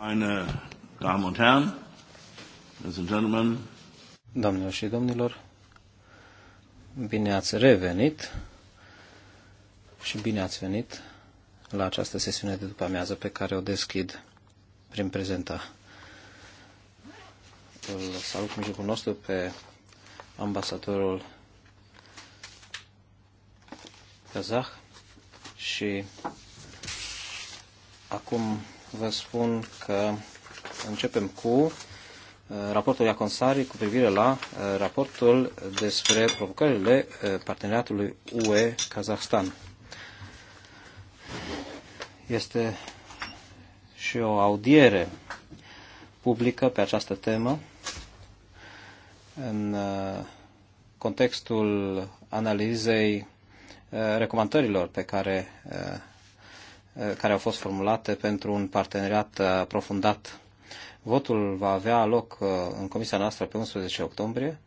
Meine Damen und Herren, ladies and gentlemen. Doamnelor și domnilor, bine ați revenit și bine ați venit la această sesiune de după amiază pe care o deschid prin prezenta. Îl salut în mijlocul nostru pe ambasadorul kazah și acum vă spun că începem cu uh, raportul Iaconsari cu privire la uh, raportul despre provocările uh, parteneriatului UE-Kazahstan. Este și o audiere publică pe această temă în contextul analizei recomandărilor pe care Eh, care au fost formulate pentru un parteneriat aprofundat. Votul va avea loc eh, în comisia noastră pe 11 octombrie,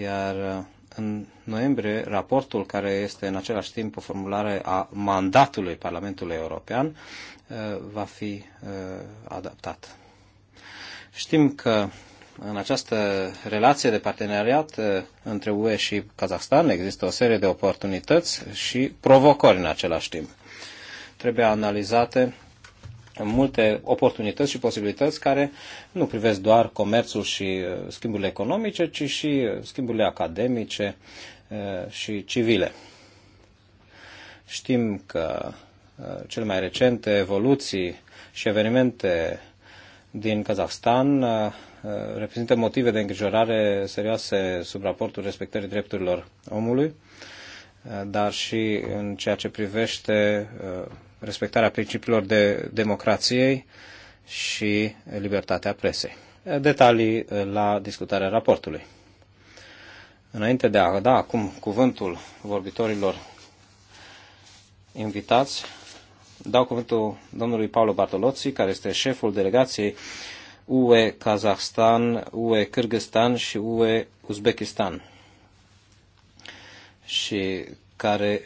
iar eh, în noiembrie raportul care este în același timp o formulare a mandatului Parlamentului European va fi adaptat. Știm că în această relație de parteneriat între UE și Kazahstan există o serie de oportunități și provocări în același timp trebuie analizate multe oportunități și posibilități care nu privesc doar comerțul și uh, schimburile economice, ci și uh, schimburile academice uh, și civile. Știm că cele mai recente evoluții și evenimente din Kazahstan reprezintă motive de îngrijorare serioase sub raportul respectării drepturilor omului, dar și în ceea ce privește respectarea principiilor de democrației și libertatea presei. Detalii la discutarea raportului. Înainte de a da acum cuvântul vorbitorilor invitați, dau cuvântul domnului Paolo Bartolozzi, care este șeful delegației UE Kazahstan, UE Kyrgyzstan și UE Uzbekistan și care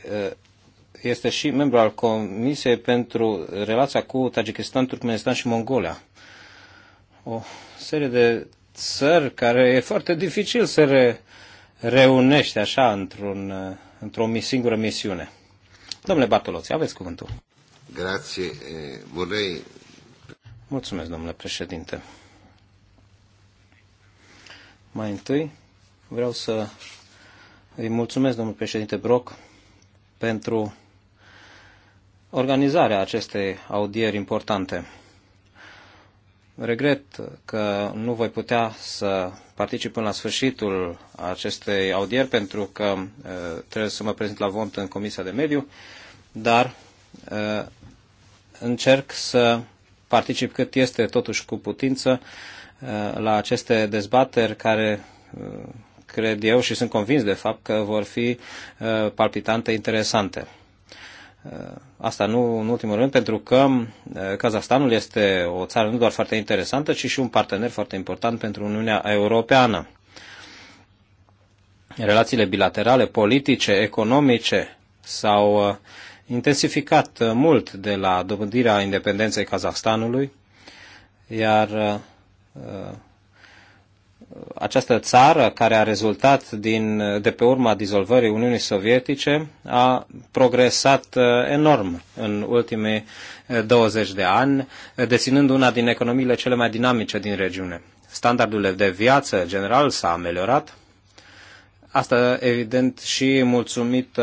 este și membru al Comisiei pentru relația cu Tajikistan, Turkmenistan și Mongolia. O serie de țări care e foarte dificil să re, reunește așa într-un, într-o singură misiune. Domnule Bartoloți, aveți cuvântul. Grație. Vorrei... Mulțumesc, domnule președinte. Mai întâi vreau să îi mulțumesc, domnul președinte Broc, pentru organizarea acestei audieri importante. Regret că nu voi putea să particip până la sfârșitul acestei audieri pentru că uh, trebuie să mă prezint la vot în Comisia de Mediu, dar uh, încerc să particip cât este totuși cu putință uh, la aceste dezbateri care cred eu și sunt convins de fapt că vor fi palpitante, interesante. Uh, asta nu în ultimul rând, pentru că uh, Kazahstanul este o țară nu doar foarte interesantă, ci și un partener foarte important pentru Uniunea Europeană. Relațiile bilaterale, politice, economice s-au uh, intensificat mult de la dobândirea independenței Kazahstanului, iar această țară care a rezultat din, de pe urma dizolvării Uniunii Sovietice a progresat uh, enorm în ultimii 20 uh, de ani, uh, deținând una din economiile cele mai dinamice din regiune. Standardul de viață general s-a ameliorat, asta evident și mulțumit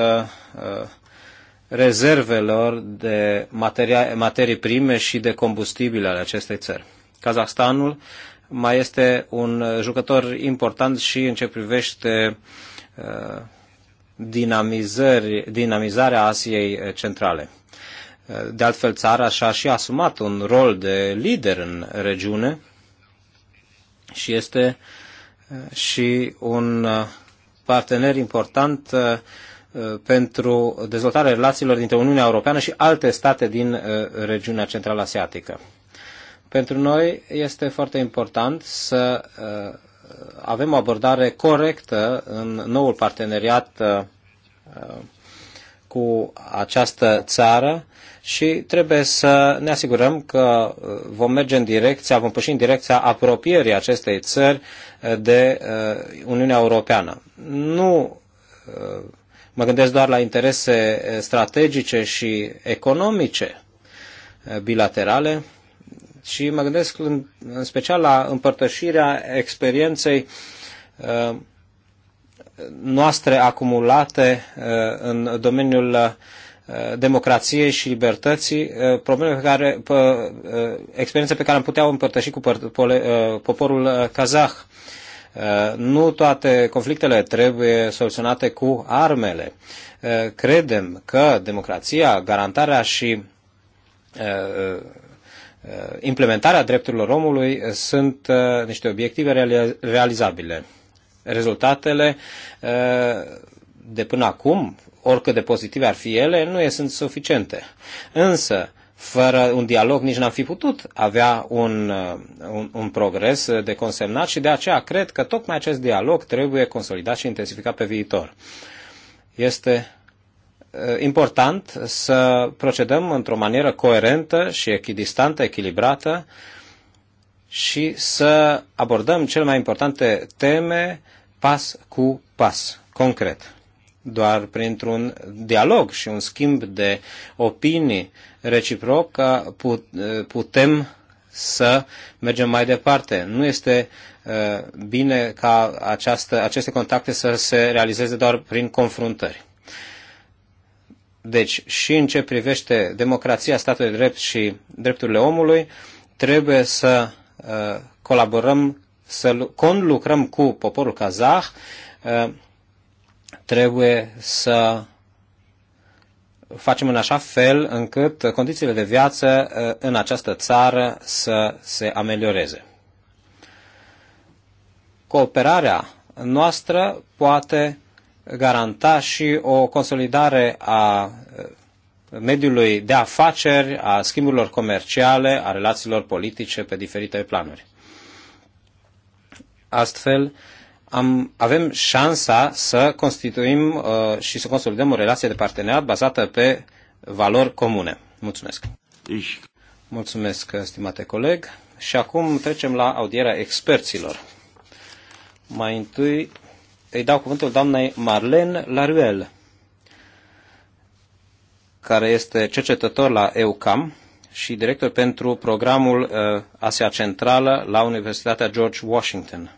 rezervelor de materia, materii prime și de combustibile ale acestei țări. Kazahstanul mai este un uh, jucător important și în ce privește uh, dinamizarea Asiei uh, Centrale. De altfel, țara și-a și asumat un rol de lider în regiune și este și un partener important pentru dezvoltarea relațiilor dintre Uniunea Europeană și alte state din regiunea central asiatică. Pentru noi este foarte important să uh, avem o abordare corectă în noul parteneriat uh, cu această țară și trebuie să ne asigurăm că uh, vom merge în direcția, vom păși în direcția apropierii acestei țări de Uniunea Europeană. Nu mă gândesc doar la interese strategice și economice bilaterale, și mă gândesc în, în special la împărtășirea experienței uh, noastre acumulate uh, în domeniul uh, democrației și libertății, probleme pe care, experiențe pe care am putea o împărtăși cu poporul kazah. Nu toate conflictele trebuie soluționate cu armele. Credem că democrația, garantarea și Uh, implementarea drepturilor omului uh, sunt uh, niște obiective realizabile. Rezultatele de până acum, oricât de pozitive ar fi ele, nu sunt suficiente. Însă, fără un dialog nici n-am fi putut avea un, un, un progres de consemnat și de aceea cred că tocmai acest dialog trebuie consolidat și intensificat pe viitor. Este Uh, important să procedăm într-o manieră coerentă și echidistantă, echilibrată și să abordăm cele mai importante teme pas cu pas, concret. Doar printr-un dialog și un schimb de opinii reciproc uh, putem să mergem mai departe. Nu este uh, bine ca această, aceste contacte să se realizeze doar prin confruntări. Deci și în ce privește democrația, statul de drept și drepturile omului, trebuie să uh, colaborăm, să conlucrăm cu poporul kazah, uh, trebuie să facem în așa fel încât condițiile de viață uh, în această țară să se amelioreze. Cooperarea noastră poate garanta și o consolidare a mediului de afaceri, a schimburilor comerciale, a relațiilor politice pe diferite planuri. Astfel, am, avem șansa să constituim uh, și să consolidăm o relație de parteneriat bazată pe valori comune. Mulțumesc! Ich. Mulțumesc, stimate coleg. Și acum trecem la audierea experților. Mai întâi îi dau cuvântul doamnei Marlene Laruel, care este cercetător la EUCAM și director pentru programul uh, Asia Centrală la Universitatea George Washington.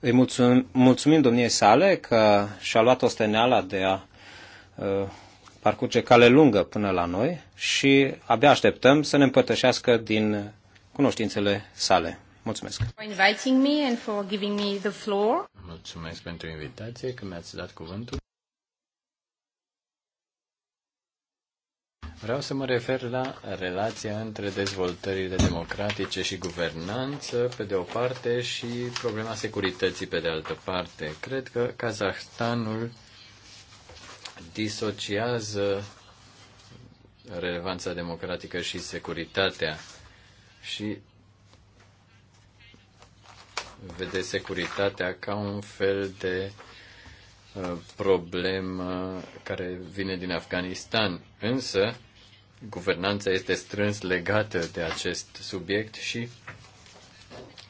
Îi mulțumim, mulțumim domniei sale că și-a luat steneala de a uh, parcurge cale lungă până la noi și abia așteptăm să ne împărtășească din cunoștințele sale. Mulțumesc. For inviting me and for giving me the floor. Mulțumesc pentru invitație, că mi-ați dat cuvântul. Vreau să mă refer la relația între dezvoltările democratice și guvernanță, pe de o parte, și problema securității, pe de altă parte. Cred că Kazahstanul disociază relevanța democratică și securitatea și vede securitatea ca un fel de uh, problemă care vine din Afganistan. Însă, guvernanța este strâns legată de acest subiect și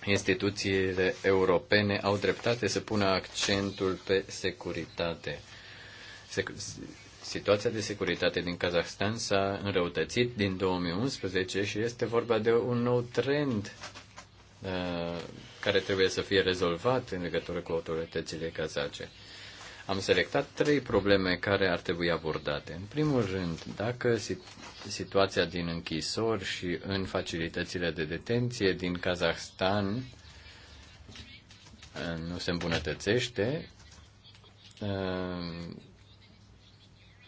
instituțiile europene au dreptate să pună accentul pe securitate. situația de securitate din Kazahstan s-a înrăutățit din 2011 și este vorba de un nou trend uh, care trebuie să fie rezolvat în legătură cu autoritățile cazace. Am selectat trei probleme care ar trebui abordate. În primul rând, dacă situația din închisori și în facilitățile de detenție din Kazahstan uh, nu se îmbunătățește, uh,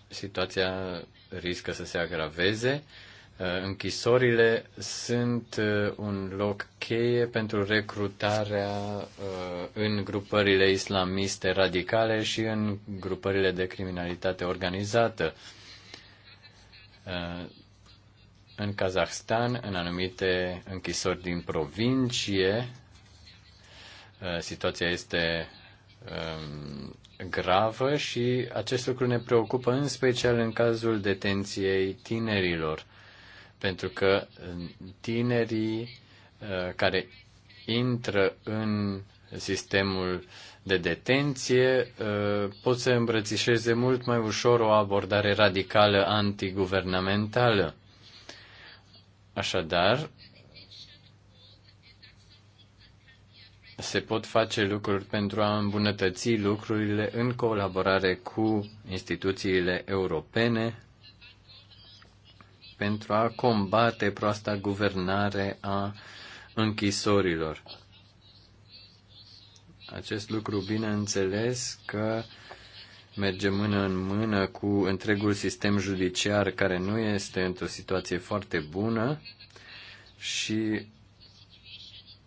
situația riscă să se agraveze Eh, închisorile sunt eh, un loc cheie pentru recrutarea eh, în grupările islamiste radicale și în grupările de criminalitate organizată. În Kazahstan, în anumite închisori din provincie, situația este ehm, gravă și acest lucru ne preocupă în special în cazul detenției tinerilor pentru că tinerii uh, care intră în sistemul de detenție uh, pot să îmbrățișeze mult mai ușor o abordare radicală antiguvernamentală. Așadar, se pot face lucruri pentru a îmbunătăți lucrurile în colaborare cu instituțiile europene pentru a combate proasta guvernare a închisorilor. Acest lucru, bineînțeles, că merge mână în mână cu întregul sistem judiciar care nu este într-o situație foarte bună și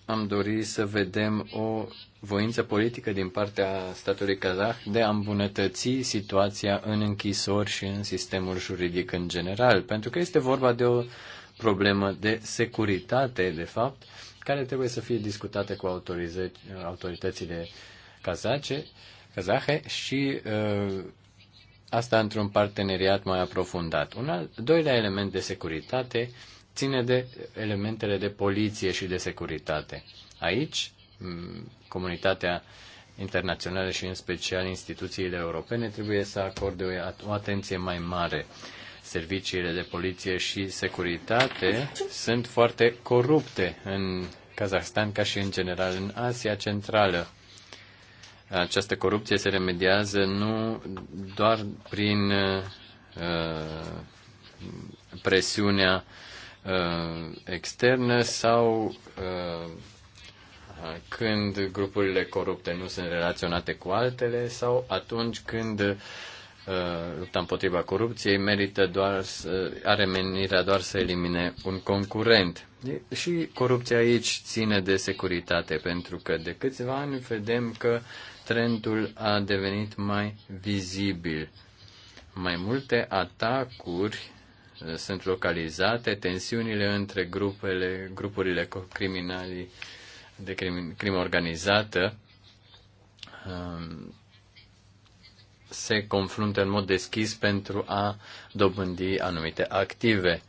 am dorit să vedem o voință politică din partea statului kazah de a îmbunătăți situația în închisori și în sistemul juridic în general, pentru că este vorba de o problemă de securitate, de fapt, care trebuie să fie discutată cu autoritățile kazace, kazahe și uh, asta într-un parteneriat mai aprofundat. Un al doilea element de securitate ține de elementele de poliție și de securitate. Aici comunitatea internațională și în special instituțiile europene trebuie să acorde o atenție mai mare. Serviciile de poliție și securitate sunt foarte corupte în Kazahstan ca și în general în Asia Centrală. Această corupție se remediază nu doar prin uh, presiunea uh, externă sau uh, când grupurile corupte nu sunt relaționate cu altele sau atunci când uh, lupta împotriva corupției merită doar să, are menirea doar să elimine un concurent. Și corupția aici ține de securitate, pentru că de câțiva ani vedem că trendul a devenit mai vizibil. Mai multe atacuri uh, sunt localizate, tensiunile între grupele, grupurile criminali de crimă organizată um, se confruntă în mod deschis pentru a dobândi anumite active.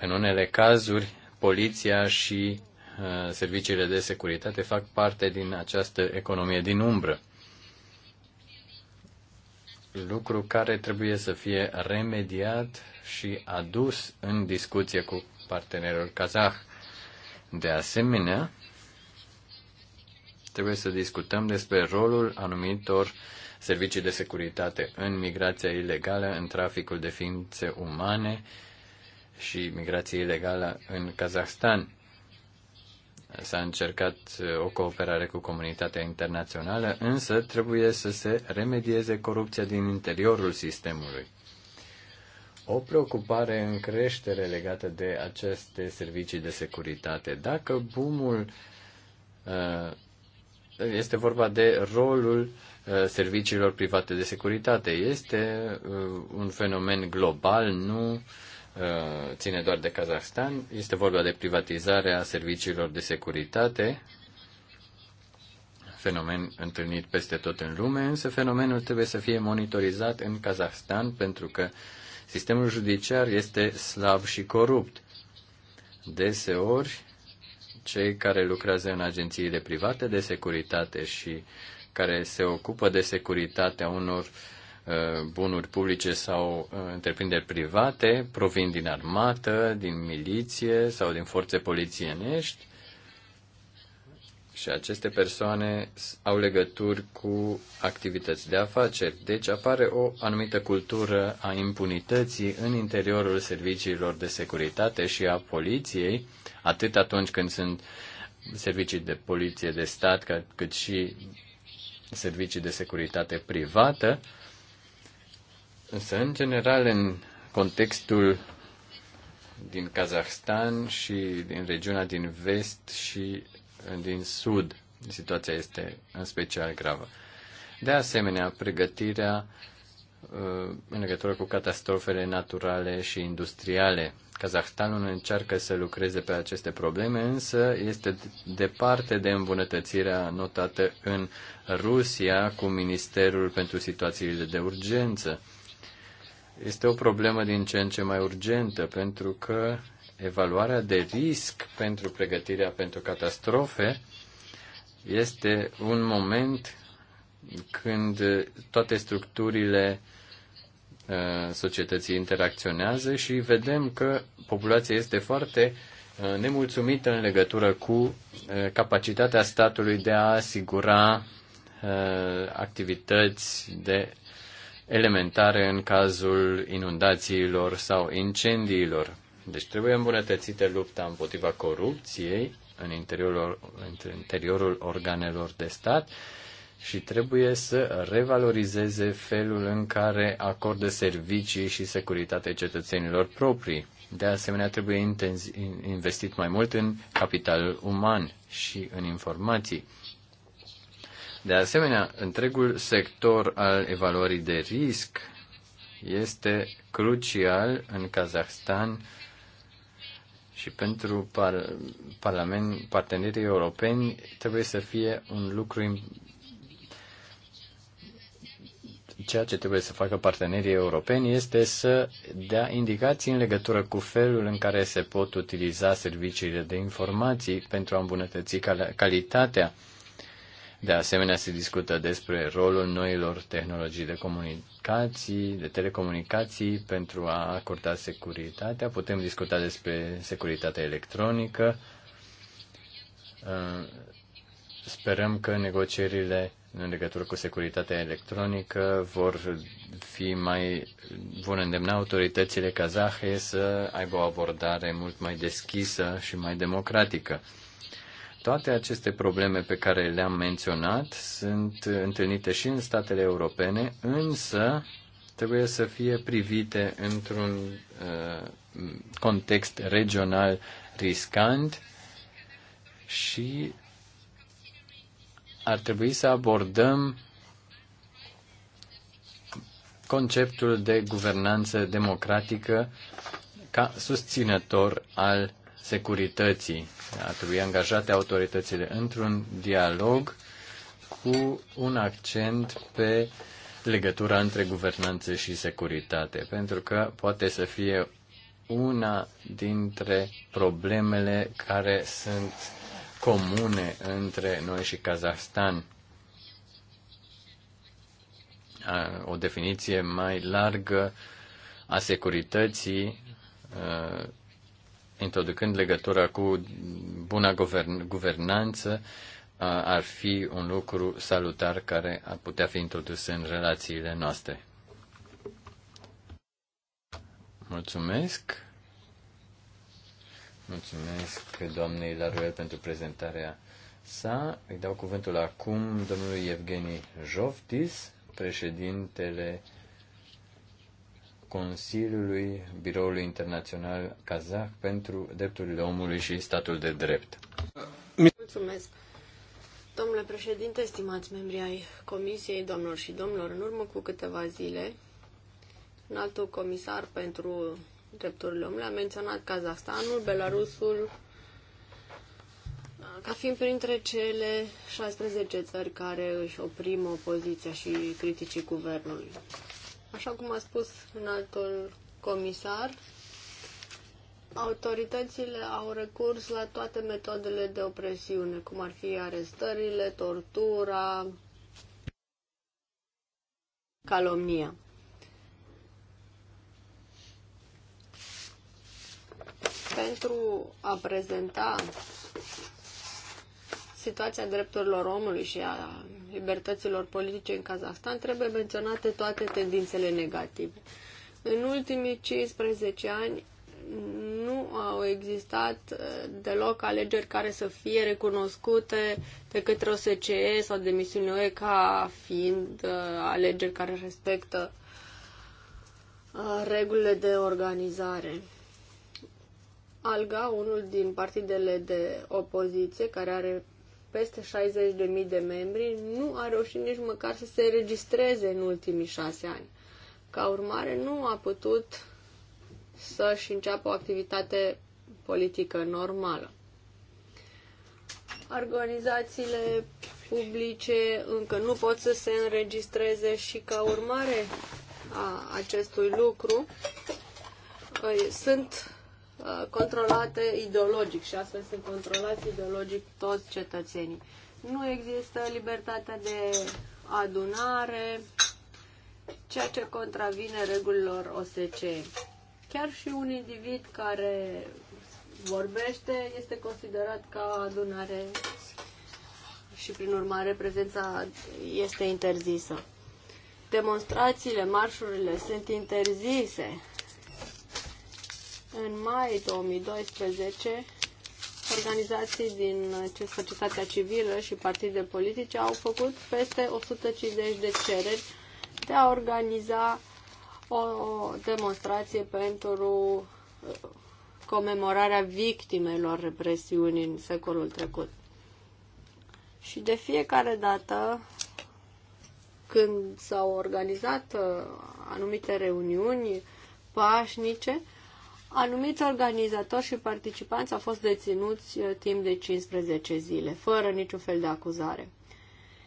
În unele cazuri, poliția și uh, serviciile de securitate fac parte din această economie din umbră. Lucru care trebuie să fie remediat și adus în discuție cu partenerul kazah. De asemenea, Trebuie să discutăm despre rolul anumitor servicii de securitate în migrația ilegală, în traficul de ființe umane și migrație ilegală în Kazahstan. S-a încercat uh, o cooperare cu comunitatea internațională, însă trebuie să se remedieze corupția din interiorul sistemului. O preocupare în creștere legată de aceste servicii de securitate. Dacă bumul uh, este vorba de rolul uh, serviciilor private de securitate. Este uh, un fenomen global, nu uh, ține doar de Kazahstan. Este vorba de privatizarea serviciilor de securitate, fenomen întâlnit peste tot în lume, însă fenomenul trebuie să fie monitorizat în Kazahstan pentru că sistemul judiciar este slab și corupt. Deseori, cei care lucrează în agențiile private de securitate și care se ocupă de securitatea unor uh, bunuri publice sau uh, întreprinderi private provin din armată, din miliție sau din forțe polițienești și aceste persoane au legături cu activități de afaceri. Deci apare o anumită cultură a impunității în interiorul serviciilor de securitate și a poliției, atât atunci când sunt servicii de poliție de stat, cât și servicii de securitate privată. Însă, în general, în contextul din Kazahstan și din regiunea din vest și din sud. Situația este în special gravă. De asemenea, pregătirea uh, în legătură cu catastrofele naturale și industriale. Kazahstanul încearcă să lucreze pe aceste probleme, însă este departe de îmbunătățirea notată în Rusia cu Ministerul pentru Situațiile de Urgență. Este o problemă din ce în ce mai urgentă, pentru că evaluarea de risc pentru pregătirea pentru catastrofe este un moment când toate structurile uh, societății interacționează și vedem că populația este foarte uh, nemulțumită în legătură cu uh, capacitatea statului de a asigura activități de elementare în cazul inundațiilor sau incendiilor. Deci trebuie îmbunătățită lupta împotriva corupției în interiorul, în interiorul organelor de stat și trebuie să revalorizeze felul în care acordă servicii și securitate cetățenilor proprii. De asemenea, trebuie investit mai mult în capitalul uman și în informații. De asemenea, întregul sector al evaluării de risc este crucial în Kazahstan și pentru par, parlament, partenerii europeni trebuie să fie un lucru ceea ce trebuie să facă partenerii europeni este să dea indicații în legătură cu felul în care se pot utiliza serviciile de informații pentru a îmbunătăți calitatea de asemenea, se discută despre rolul noilor tehnologii de comunicații, de telecomunicații pentru a acorda securitatea. Putem discuta despre securitatea electronică. Uh, sperăm că negocierile în legătură cu securitatea electronică vor fi mai vor îndemna autoritățile kazahe să aibă o abordare mult mai deschisă și mai democratică. Toate aceste probleme pe care le-am menționat sunt întâlnite și în statele europene, însă trebuie să fie privite într-un uh, context regional riscant și ar trebui să abordăm conceptul de guvernanță democratică ca susținător al securității. Ar trebui angajate autoritățile într-un dialog cu un accent pe legătura între guvernanță și securitate, pentru că poate să fie una dintre problemele care sunt comune între noi și Kazahstan. O definiție mai largă a securității introducând legătura cu buna guvern- guvernanță, ar fi un lucru salutar care ar putea fi introdus în relațiile noastre. Mulțumesc! Mulțumesc doamnei Laruel pentru prezentarea sa. Îi dau cuvântul acum domnului Evgeni Joftis, președintele Consiliului Biroului Internațional Kazah pentru Drepturile Omului și Statul de Drept. Mulțumesc! Domnule președinte, stimați membri ai Comisiei, domnilor și domnilor, în urmă cu câteva zile, un altul comisar pentru drepturile omului a menționat Kazahstanul, Belarusul, ca fiind printre cele 16 țări care își oprim opoziția și criticii guvernului. Așa cum a spus în altul comisar, autoritățile au recurs la toate metodele de opresiune, cum ar fi arestările, tortura, calomnia. Pentru a prezenta situația drepturilor omului și a libertăților politice în Kazahstan, trebuie menționate toate tendințele negative. În ultimii 15 ani nu au existat uh, deloc alegeri care să fie recunoscute de către OSCE sau de misiunea UE ca fiind uh, alegeri care respectă uh, regulile de organizare. ALGA, unul din partidele de opoziție care are peste 60.000 de membri, nu a reușit nici măcar să se registreze în ultimii șase ani. Ca urmare, nu a putut să-și înceapă o activitate politică normală. Organizațiile publice încă nu pot să se înregistreze și ca urmare a acestui lucru ă, sunt Uh, controlate ideologic și astfel sunt controlați ideologic toți cetățenii. Nu există libertatea de adunare, ceea ce contravine regulilor OSCE. Chiar și un individ care vorbește este considerat ca adunare și prin urmare prezența este interzisă. Demonstrațiile, marșurile sunt interzise în mai 2012, organizații din uh, societatea civilă și partide politice au făcut peste 150 de cereri de a organiza o demonstrație pentru uh, comemorarea victimelor represiunii în secolul trecut. Și de fiecare dată când s-au organizat uh, anumite reuniuni pașnice, Anumiți organizatori și participanți au fost deținuți eh, timp de 15 zile, fără niciun fel de acuzare.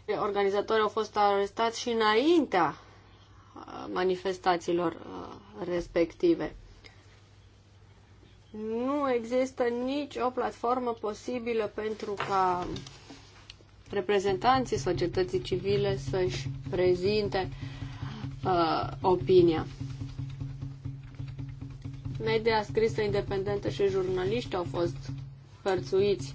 Eh, Organizatorii au fost arestați și înaintea eh, manifestațiilor respective. Nu există nici o platformă posibilă pentru ca reprezentanții societății civile să-și prezinte uh, opinia media scrisă independentă și jurnaliști au fost hărțuiți.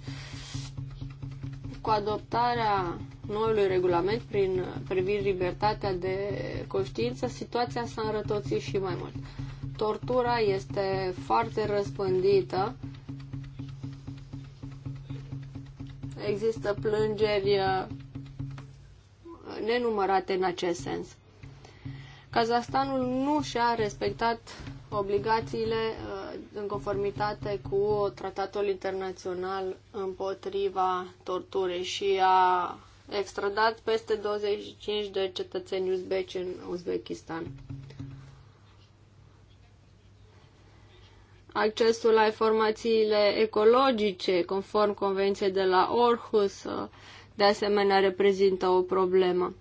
Cu adoptarea noului regulament prin privind libertatea de conștiință, situația s-a înrătoțit și mai mult. Tortura este foarte răspândită. Există plângeri uh, nenumărate în acest sens. Kazahstanul nu și-a respectat obligațiile uh, în conformitate cu tratatul internațional împotriva torturii și a extradat peste 25 de cetățeni uzbeci în Uzbekistan. Accesul la informațiile ecologice, conform Convenției de la Orhus, uh, de asemenea reprezintă o problemă.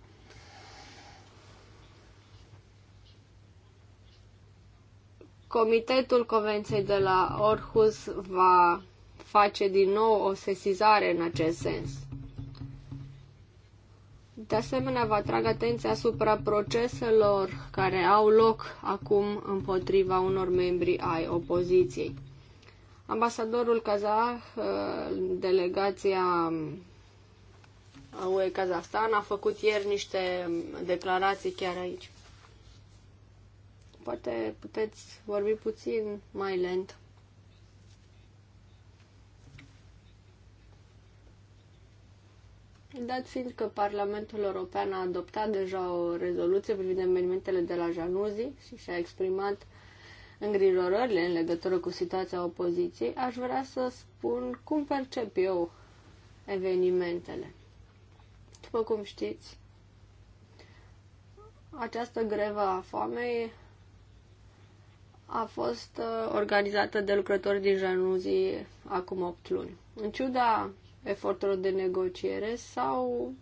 Comitetul Convenției de la Orhus va face din nou o sesizare în acest sens. De asemenea, vă atrag atenția asupra proceselor care au loc acum împotriva unor membri ai opoziției. Ambasadorul Kazah, eh, delegația UE Kazahstan, a făcut ieri niște declarații chiar aici. Poate puteți vorbi puțin mai lent. Dat fiind că Parlamentul European a adoptat deja o rezoluție privind evenimentele de la Januzi și și-a exprimat îngrijorările în legătură cu situația opoziției, aș vrea să spun cum percep eu evenimentele. După cum știți, această grevă a foamei a fost uh, organizată de lucrători din Januzi acum 8 luni. În ciuda eforturilor de negociere, sau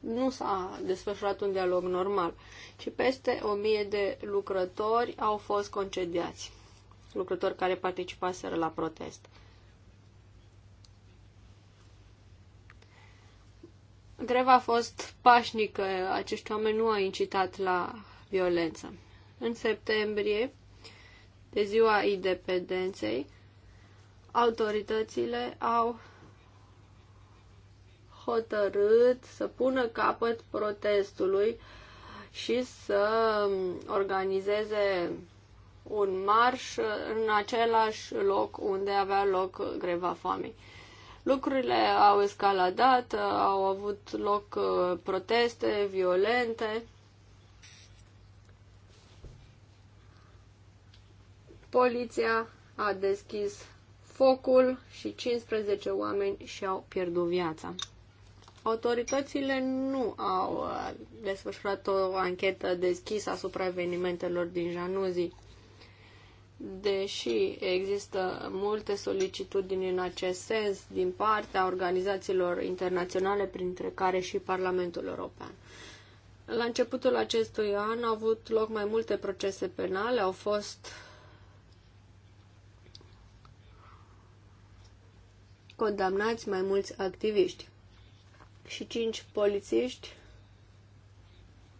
nu s-a desfășurat un dialog normal, ci peste 1000 de lucrători au fost concediați, lucrători care participaseră la protest. Greva a fost pașnică, acești oameni nu au incitat la violență. În septembrie, de ziua independenței, autoritățile au hotărât să pună capăt protestului și să organizeze un marș în același loc unde avea loc greva foamei. Lucrurile au escaladat, au avut loc uh, proteste violente Poliția a deschis focul și 15 oameni și-au pierdut viața. Autoritățile nu au uh, desfășurat o anchetă deschisă asupra evenimentelor din Januzi, deși există multe solicitudini în acest sens din partea organizațiilor internaționale, printre care și Parlamentul European. La începutul acestui an au avut loc mai multe procese penale, au fost condamnați mai mulți activiști și cinci polițiști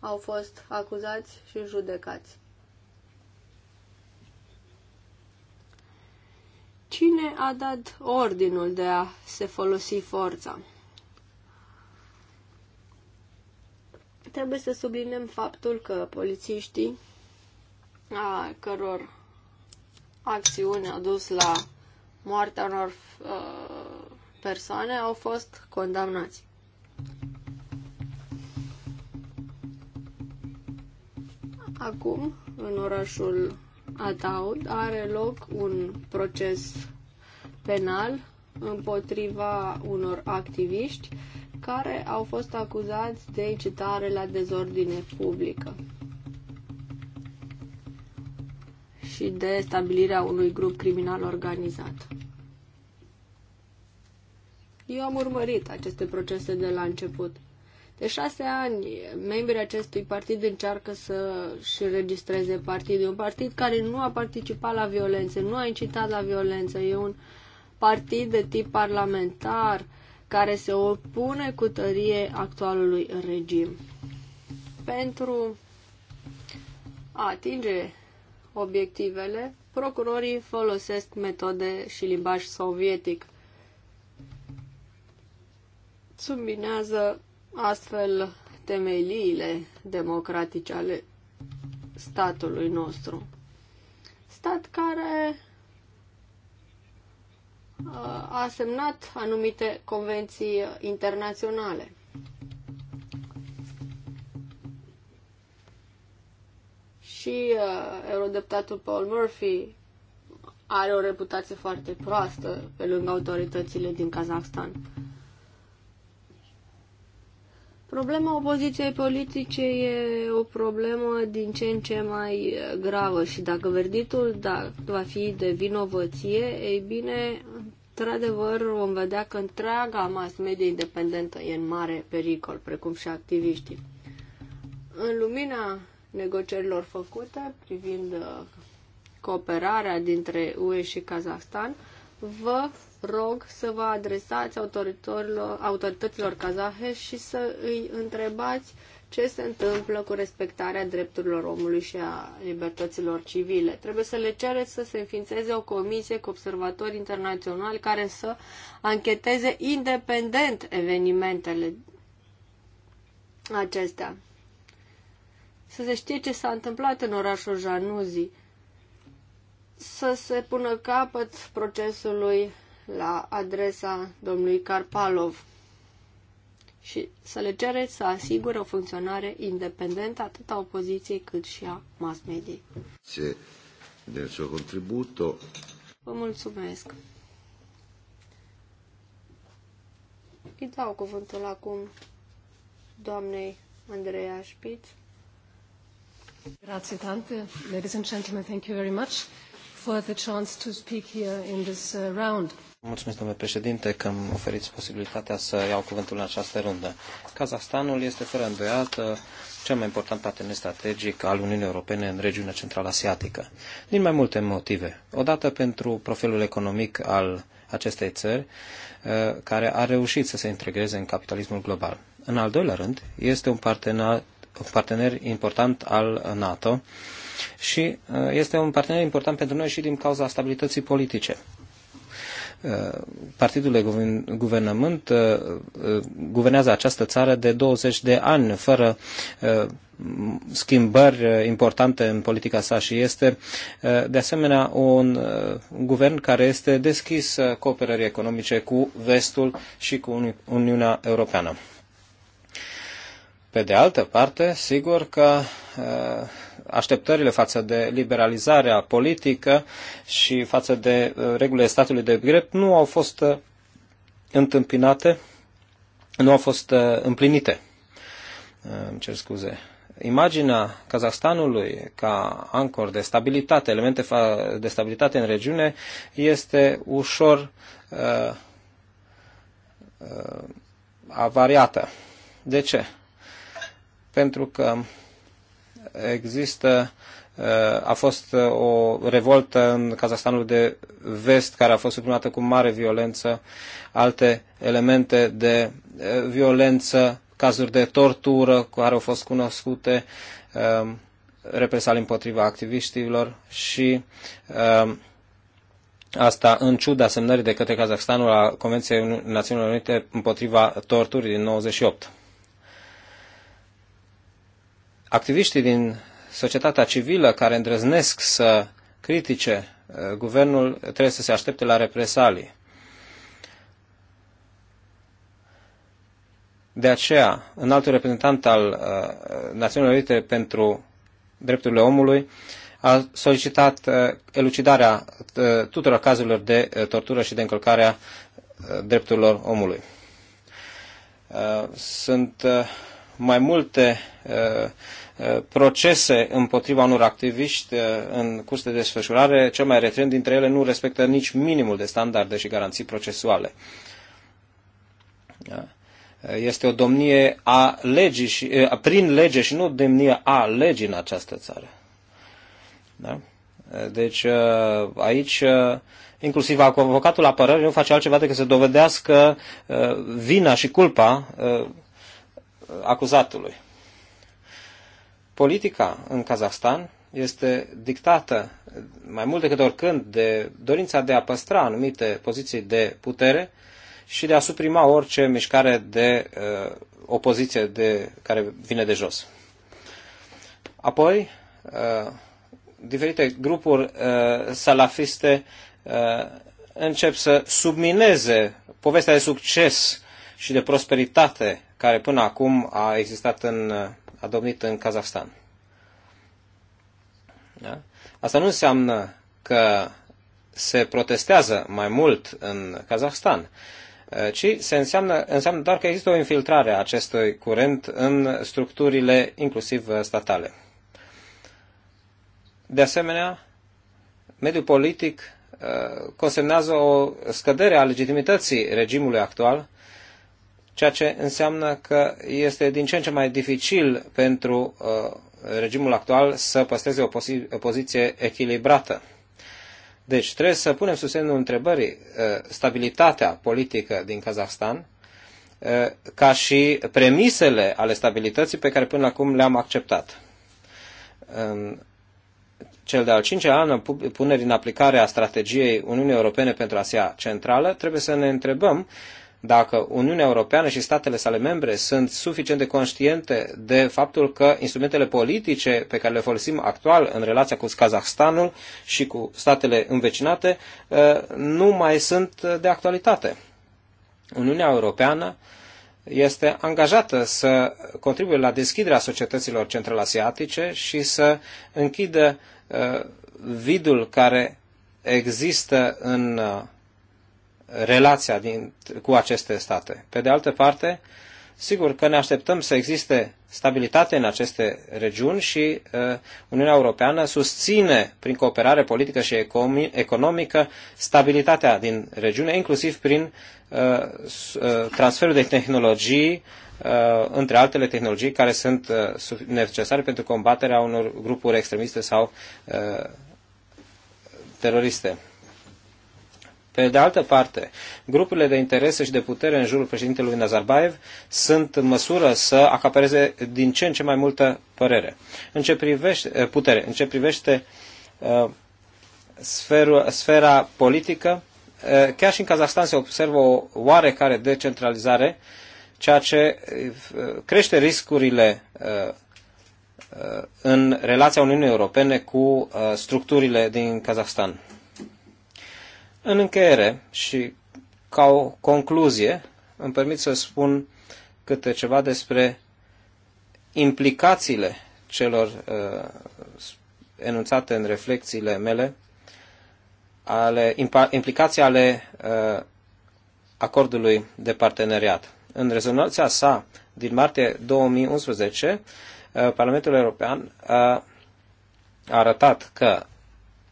au fost acuzați și judecați. Cine a dat ordinul de a se folosi forța? Trebuie să subliniem faptul că polițiștii a căror acțiune a dus la moartea unor uh, persoane au fost condamnați. Acum, în orașul Ataud, are loc un proces penal împotriva unor activiști care au fost acuzați de incitare la dezordine publică și de stabilirea unui grup criminal organizat. Eu am urmărit aceste procese de la început. De șase ani, membrii acestui partid încearcă să și înregistreze partidul. Un partid care nu a participat la violențe, nu a incitat la violență. E un partid de tip parlamentar care se opune cu tărie actualului regim. Pentru a atinge obiectivele, procurorii folosesc metode și limbaj sovietic subminează astfel temeliile democratice ale statului nostru. Stat care uh, a semnat anumite convenții internaționale. Și uh, eurodeptatul Paul Murphy are o reputație foarte proastă pe lângă autoritățile din Kazakhstan. Problema opoziției politice e o problemă din ce în ce mai gravă și dacă verdictul da, va fi de vinovăție, ei bine, într-adevăr vom vedea că întreaga mass media independentă e în mare pericol, precum și activiștii. În lumina negocierilor făcute privind uh, cooperarea dintre UE și Kazahstan, vă rog să vă adresați autorităților kazahe și să îi întrebați ce se întâmplă cu respectarea drepturilor omului și a libertăților civile. Trebuie să le cereți să se înființeze o comisie cu observatori internaționali care să ancheteze independent evenimentele acestea. Să se știe ce s-a întâmplat în orașul Januzi. Să se pună capăt procesului la adresa domnului Karpalov și să le cere să asigure o funcționare independentă atât a opoziției cât și a mass media Se del suo contributo. Vă mulțumesc. Îi dau cuvântul acum doamnei Andreea Spitz. Grazie tante. Ladies and gentlemen, thank you very much for the chance to speak here in this uh, round. Mulțumesc, domnule președinte, că îmi oferiți posibilitatea să iau cuvântul în această rundă. Kazahstanul este fără îndoială cel mai important partener strategic al Uniunii Europene în regiunea central-asiatică, din mai multe motive. Odată pentru profilul economic al acestei țări, eh, care a reușit să se integreze în capitalismul global. În al doilea rând, este un partener, un partener important al NATO și eh, este un partener important pentru noi și din cauza stabilității politice. Uh, partidul de guvernământ uh, uh, guvernează această țară de 20 de ani, fără schimbări importante în politica sa și este de asemenea un guvern care este deschis cooperării economice cu Vestul și cu Uniunea Europeană. Pe de altă parte, sigur că așteptările față de liberalizarea politică și față de uh, regulile statului de drept nu au fost uh, întâmpinate, nu au fost uh, împlinite. Îmi cer scuze. Imaginea Kazahstanului ca ancor de stabilitate, elemente de stabilitate în regiune, este ușor uh, uh, avariată. De ce? Pentru că există uh, a fost uh, o revoltă în Kazahstanul de vest care a fost suprimată cu mare violență, alte elemente de uh, violență, cazuri de tortură care au fost cunoscute, um, represalii împotriva activiștilor și um, asta în ciuda semnării de către Kazahstanul a Convenției Națiunilor Unite împotriva torturii din 98. Activiștii din societatea civilă care îndrăznesc să critique uh, guvernul trebuie să se aștepte la represalii. De aceea, în altul reprezentant al uh, Națiunilor Unite pentru Drepturile Omului a solicitat uh, elucidarea uh, tuturor cazurilor de uh, tortură și de încălcarea uh, drepturilor omului. Uh, sunt uh, mai multe uh, procese împotriva unor activiști uh, în curs de desfășurare, cel mai retrând dintre ele nu respectă nici minimul de standarde și garanții procesuale. Da. Este o domnie a legii și, uh, prin lege și nu domnie a legii în această țară. Da? Deci uh, aici inclusiv avocatul apărării nu face altceva decât să dovedească vina și culpa acuzatului. Politica în Kazahstan este dictată mai mult decât oricând de dorința de a păstra anumite poziții de putere și de a suprima orice mișcare de uh, opoziție de, care vine de jos. Apoi, uh, diferite grupuri uh, salafiste uh, încep să submineze povestea de succes și de prosperitate care până acum a existat în uh, a domnit în Kazahstan. Da? Asta nu înseamnă că se protestează mai mult în Kazahstan, eh, ci se înseamnă, înseamnă doar că există o infiltrare a acestui curent în structurile inclusiv eh, statale. De asemenea, mediul politic eh, consemnează o scădere a legitimității regimului actual ceea ce înseamnă că este din ce în ce mai dificil pentru uh, regimul actual să păstreze o, o poziție echilibrată. Deci trebuie să punem sub semnul întrebării uh, stabilitatea politică din Kazahstan uh, ca și premisele ale stabilității pe care până acum le-am acceptat. În um, cel de-al cincea an punerii în aplicare a strategiei Uniunii Europene pentru Asia Centrală, trebuie să ne întrebăm dacă Uniunea Europeană și statele sale membre sunt suficient de conștiente de faptul că instrumentele politice pe care le folosim actual în relația cu Kazahstanul și cu statele învecinate uh, nu mai sunt de actualitate. Uniunea Europeană este angajată să contribuie la deschiderea societăților asiatice și să închidă uh, vidul care există în uh, relația din, cu aceste state. Pe de altă parte, sigur că ne așteptăm să existe stabilitate în aceste regiuni și uh, Uniunea Europeană susține prin cooperare politică și economică stabilitatea din regiune, inclusiv prin uh, uh, transferul de tehnologii, uh, între altele tehnologii care sunt uh, necesare pentru combaterea unor grupuri extremiste sau uh, teroriste. Pe de altă parte, grupurile de interese și de putere în jurul președintelui Nazarbayev sunt în măsură să acapereze din ce în ce mai multă părere. În ce privește, eh, putere. În ce privește uh, sferul, sfera politică, uh, chiar și în Kazahstan se observă o oarecare decentralizare, ceea ce uh, crește riscurile uh, în relația Uniunii Europene cu structurile din Kazahstan. În încheiere și ca o concluzie, îmi permit să spun câte ceva despre implicațiile celor uh, enunțate în reflexiile mele, ale, implicația ale uh, acordului de parteneriat. În rezoluția sa din martie 2011, uh, Parlamentul European uh, a arătat că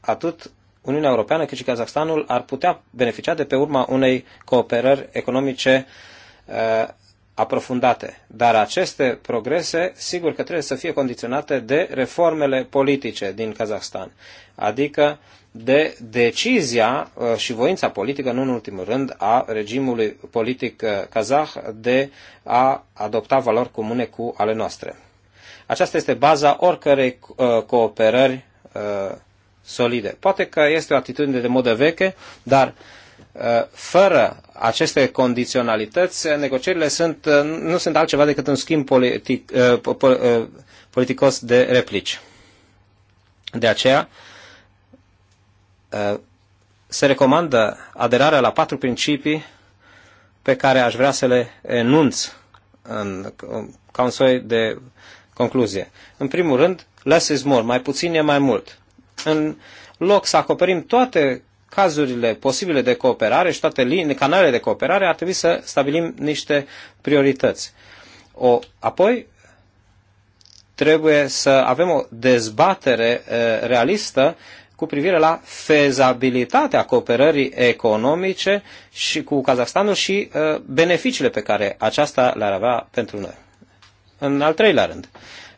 atât Uniunea Europeană, cât și Kazahstanul ar putea beneficia de pe urma unei cooperări economice uh, aprofundate. Dar aceste progrese, sigur că trebuie să fie condiționate de reformele politice din Kazahstan, adică de decizia uh, și voința politică, nu în ultimul rând, a regimului politic uh, kazah de a adopta valori comune cu ale noastre. Aceasta este baza oricărei uh, cooperări solide. Poate că este o atitudine de modă veche, dar uh, fără aceste condiționalități, negocierile sunt, uh, nu sunt altceva decât un schimb politic, uh, politicos de replici. De aceea, se recomandă aderarea la patru principii pe care aș vrea să le enunț în, ca un soi de concluzie. În primul rând, less is more, mai puțin e mai mult. În loc să acoperim toate cazurile posibile de cooperare și toate linii, canalele de cooperare, ar trebui să stabilim niște priorități. O, apoi, trebuie să avem o dezbatere uh, realistă cu privire la fezabilitatea cooperării economice și cu Kazahstanul și uh, beneficiile pe care aceasta le-ar avea pentru noi. În al treilea rând,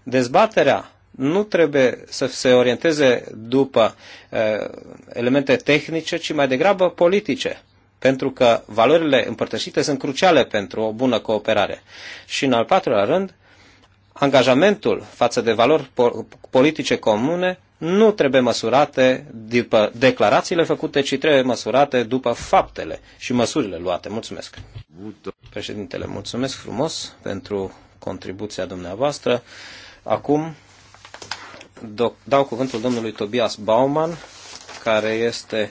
dezbaterea nu trebuie să se orienteze după uh, elemente tehnice, ci mai degrabă politice, pentru că valorile împărtășite sunt cruciale pentru o bună cooperare. Și în al patrulea rând, angajamentul față de valori politice comune nu trebuie măsurate după declarațiile făcute, ci trebuie măsurate după faptele și măsurile luate. Mulțumesc. Președintele, mulțumesc frumos pentru contribuția dumneavoastră. Acum dau cuvântul domnului Tobias Bauman, care este,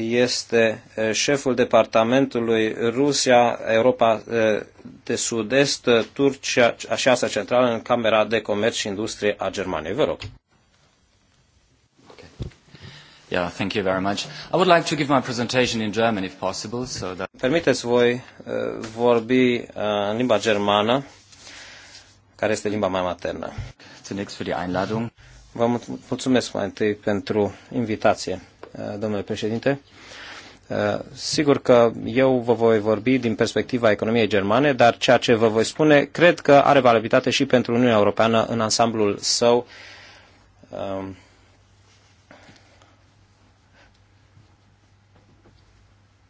este eh, șeful departamentului Rusia, Europa eh, de Sud-Est, Turcia așa Asia Centrală în Camera de Comerț și Industrie a Germaniei. Vă rog. Yeah, thank you very much. I would like to give my presentation in German if possible, so that Permiteți voi uh, vorbi uh, în limba germană, care este limba mea maternă zunächst für die Einladung. Vă mulțumesc mai întâi pentru invitație, uh, domnule președinte. Uh, sigur că eu vă voi vorbi din perspectiva economiei germane, dar ceea ce vă voi spune cred că are validitate și pentru Uniunea Europeană în ansamblul său. Um,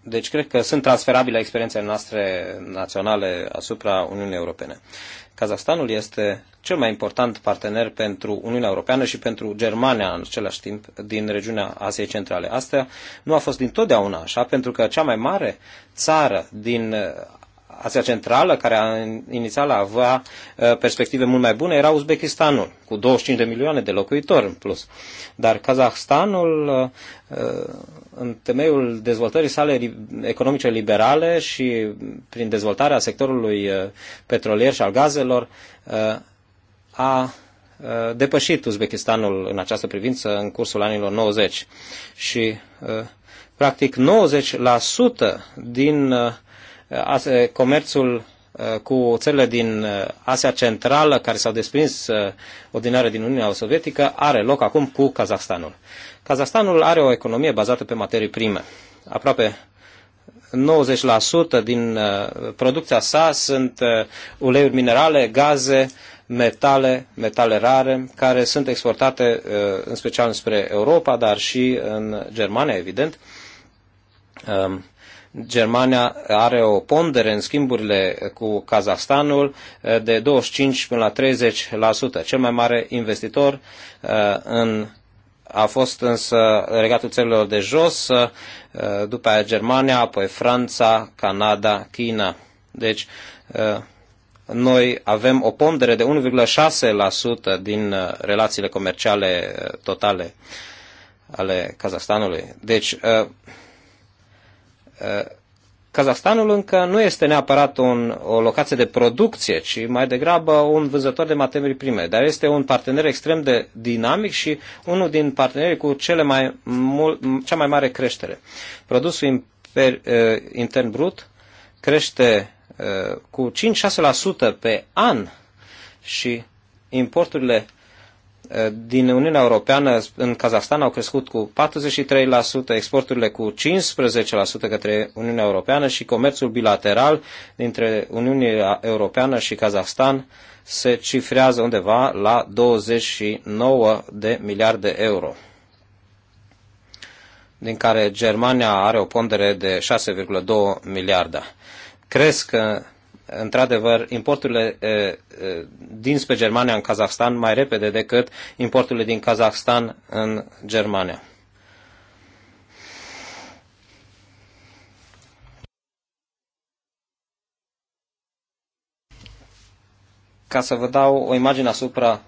deci cred că sunt transferabile experiențele noastre naționale asupra Uniunii Europene. Kazahstanul este cel mai important partener pentru Uniunea Europeană și pentru Germania în același timp din regiunea Asiei Centrale. Asta nu a fost dintotdeauna așa, pentru că cea mai mare țară din Asia Centrală, care a, inițial avea uh, perspective mult mai bune, era Uzbekistanul, cu 25 de milioane de locuitori în plus. Dar Kazahstanul, uh, uh, în temeiul dezvoltării sale economice liberale și prin dezvoltarea sectorului petrolier și al gazelor, a depășit Uzbekistanul în această privință în cursul anilor 90 și practic 90% din comerțul cu țările din Asia Centrală, care s-au desprins ordinare din Uniunea Sovietică, are loc acum cu Kazahstanul. Kazahstanul are o economie bazată pe materii prime. Aproape 90% din producția sa sunt uleiuri minerale, gaze, metale, metale rare, care sunt exportate în special spre Europa, dar și în Germania, evident. Germania are o pondere în schimburile cu Kazahstanul eh, de 25 până la 30%. Cel mai mare investitor eh, în a fost însă regatul țărilor de jos, eh, după aia Germania, apoi Franța, Canada, China. Deci noi avem o pondere de 1,6% din relațiile comerciale totale ale Kazahstanului. Deci Kazahstanul încă nu este neapărat un, o locație de producție, ci mai degrabă un vânzător de materii prime, dar este un partener extrem de dinamic și unul din partenerii cu cele mai mul, cea mai mare creștere. Produsul imper, uh, intern brut crește uh, cu 5-6% pe an și importurile din Uniunea Europeană în Kazahstan au crescut cu 43%, exporturile cu 15% către Uniunea Europeană și comerțul bilateral dintre Uniunea Europeană și Kazahstan se cifrează undeva la 29 de miliarde euro din care Germania are o pondere de 6,2 miliarde. Cresc într-adevăr, importurile dinspre Germania în Kazahstan mai repede decât importurile din Kazahstan în Germania. Ca să vă dau o imagine asupra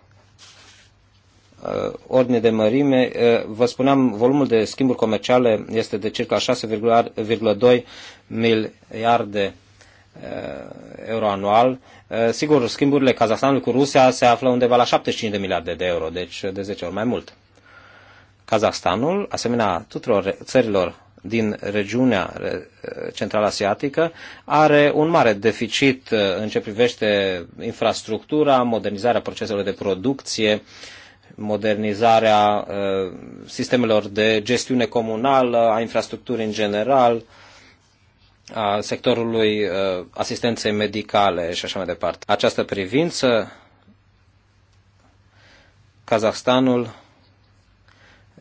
ordine de mărime. Vă spuneam, volumul de schimburi comerciale este de circa 6,2 miliarde Uh, euro anual. Uh, sigur, schimburile Kazahstanului cu Rusia se află undeva la 75 de miliarde de euro, deci de 10 ori mai mult. Kazahstanul, asemenea tuturor țărilor din regiunea uh, central-asiatică, are un mare deficit în ce privește infrastructura, modernizarea proceselor de producție, modernizarea sistemelor de gestiune comunală, a infrastructurii în general, a sectorului uh, asistenței medicale și așa mai departe. Această privință, Kazahstanul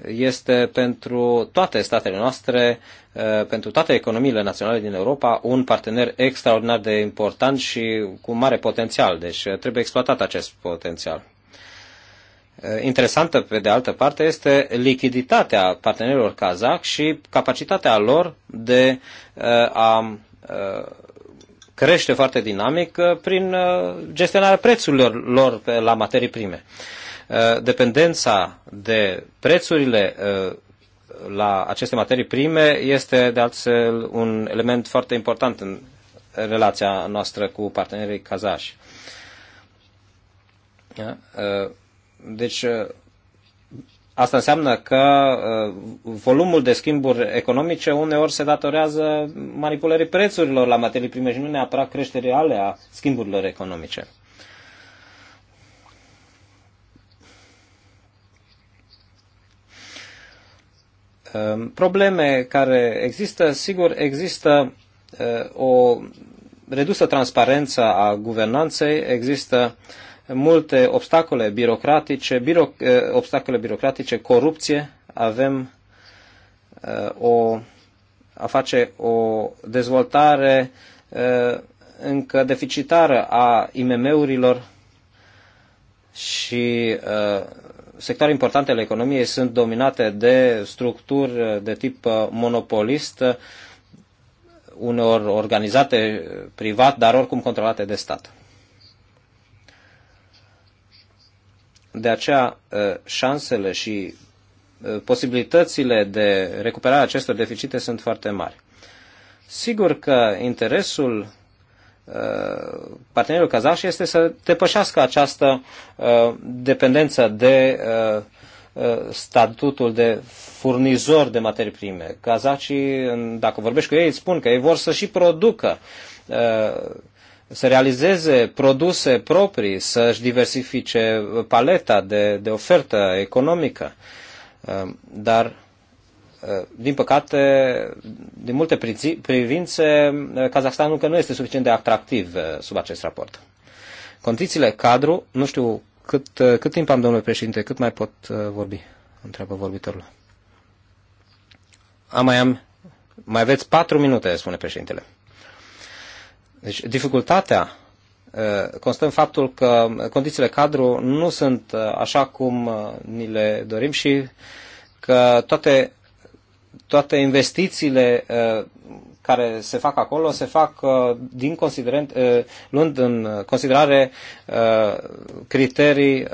este pentru toate statele noastre, uh, pentru toate economiile naționale din Europa, un partener extraordinar de important și cu mare potențial. Deci uh, trebuie exploatat acest potențial. Eh, interesantă, pe de altă parte, este lichiditatea partenerilor kazac și capacitatea lor de eh, a eh, crește foarte dinamic prin gestionarea prețurilor lor la materii prime. Dependența de prețurile la aceste materii prime este, de altfel, un element foarte important în relația noastră cu partenerii kazași. Deci, uh, asta înseamnă că uh, volumul de schimburi economice uneori se datorează manipulării prețurilor la materii prime și nu neapărat creșterii ale a schimburilor economice. Um, probleme care există, sigur, există uh, o redusă transparență a guvernanței, există uh, multe obstacole birocratice, biro, eh, obstacole birocratice, corupție, avem eh, o, a face o dezvoltare eh, încă deficitară a IMM-urilor și sectoare importante ale economiei sunt dominate de structuri de tip monopolist, uneori organizate privat, dar oricum controlate de stat. De aceea, ă, șansele și ă, posibilitățile de recuperare a acestor deficite sunt foarte mari. Sigur că interesul ă, partenerul kazaș este să depășească această dependență de statutul de furnizor de materii prime. Kazacii, dacă vorbești cu ei, îți spun că ei vor să și producă să realizeze produse proprii, să-și diversifice paleta de, de ofertă economică. Ehm, dar, ehm, din păcate, din multe privințe, ehm, Kazahstanul încă nu este suficient de atractiv sub acest raport. Condițiile cadru, nu știu cât, cât timp am, domnule președinte, cât mai pot vorbi, întreabă vorbitorul. Am mai am, mai aveți patru minute, spune președintele. Deci dificultatea ă, constă în faptul că condițiile cadru nu sunt ă, așa cum ă, ni le dorim și că toate, toate investițiile care se fac acolo se fac din considerent, luând în considerare criterii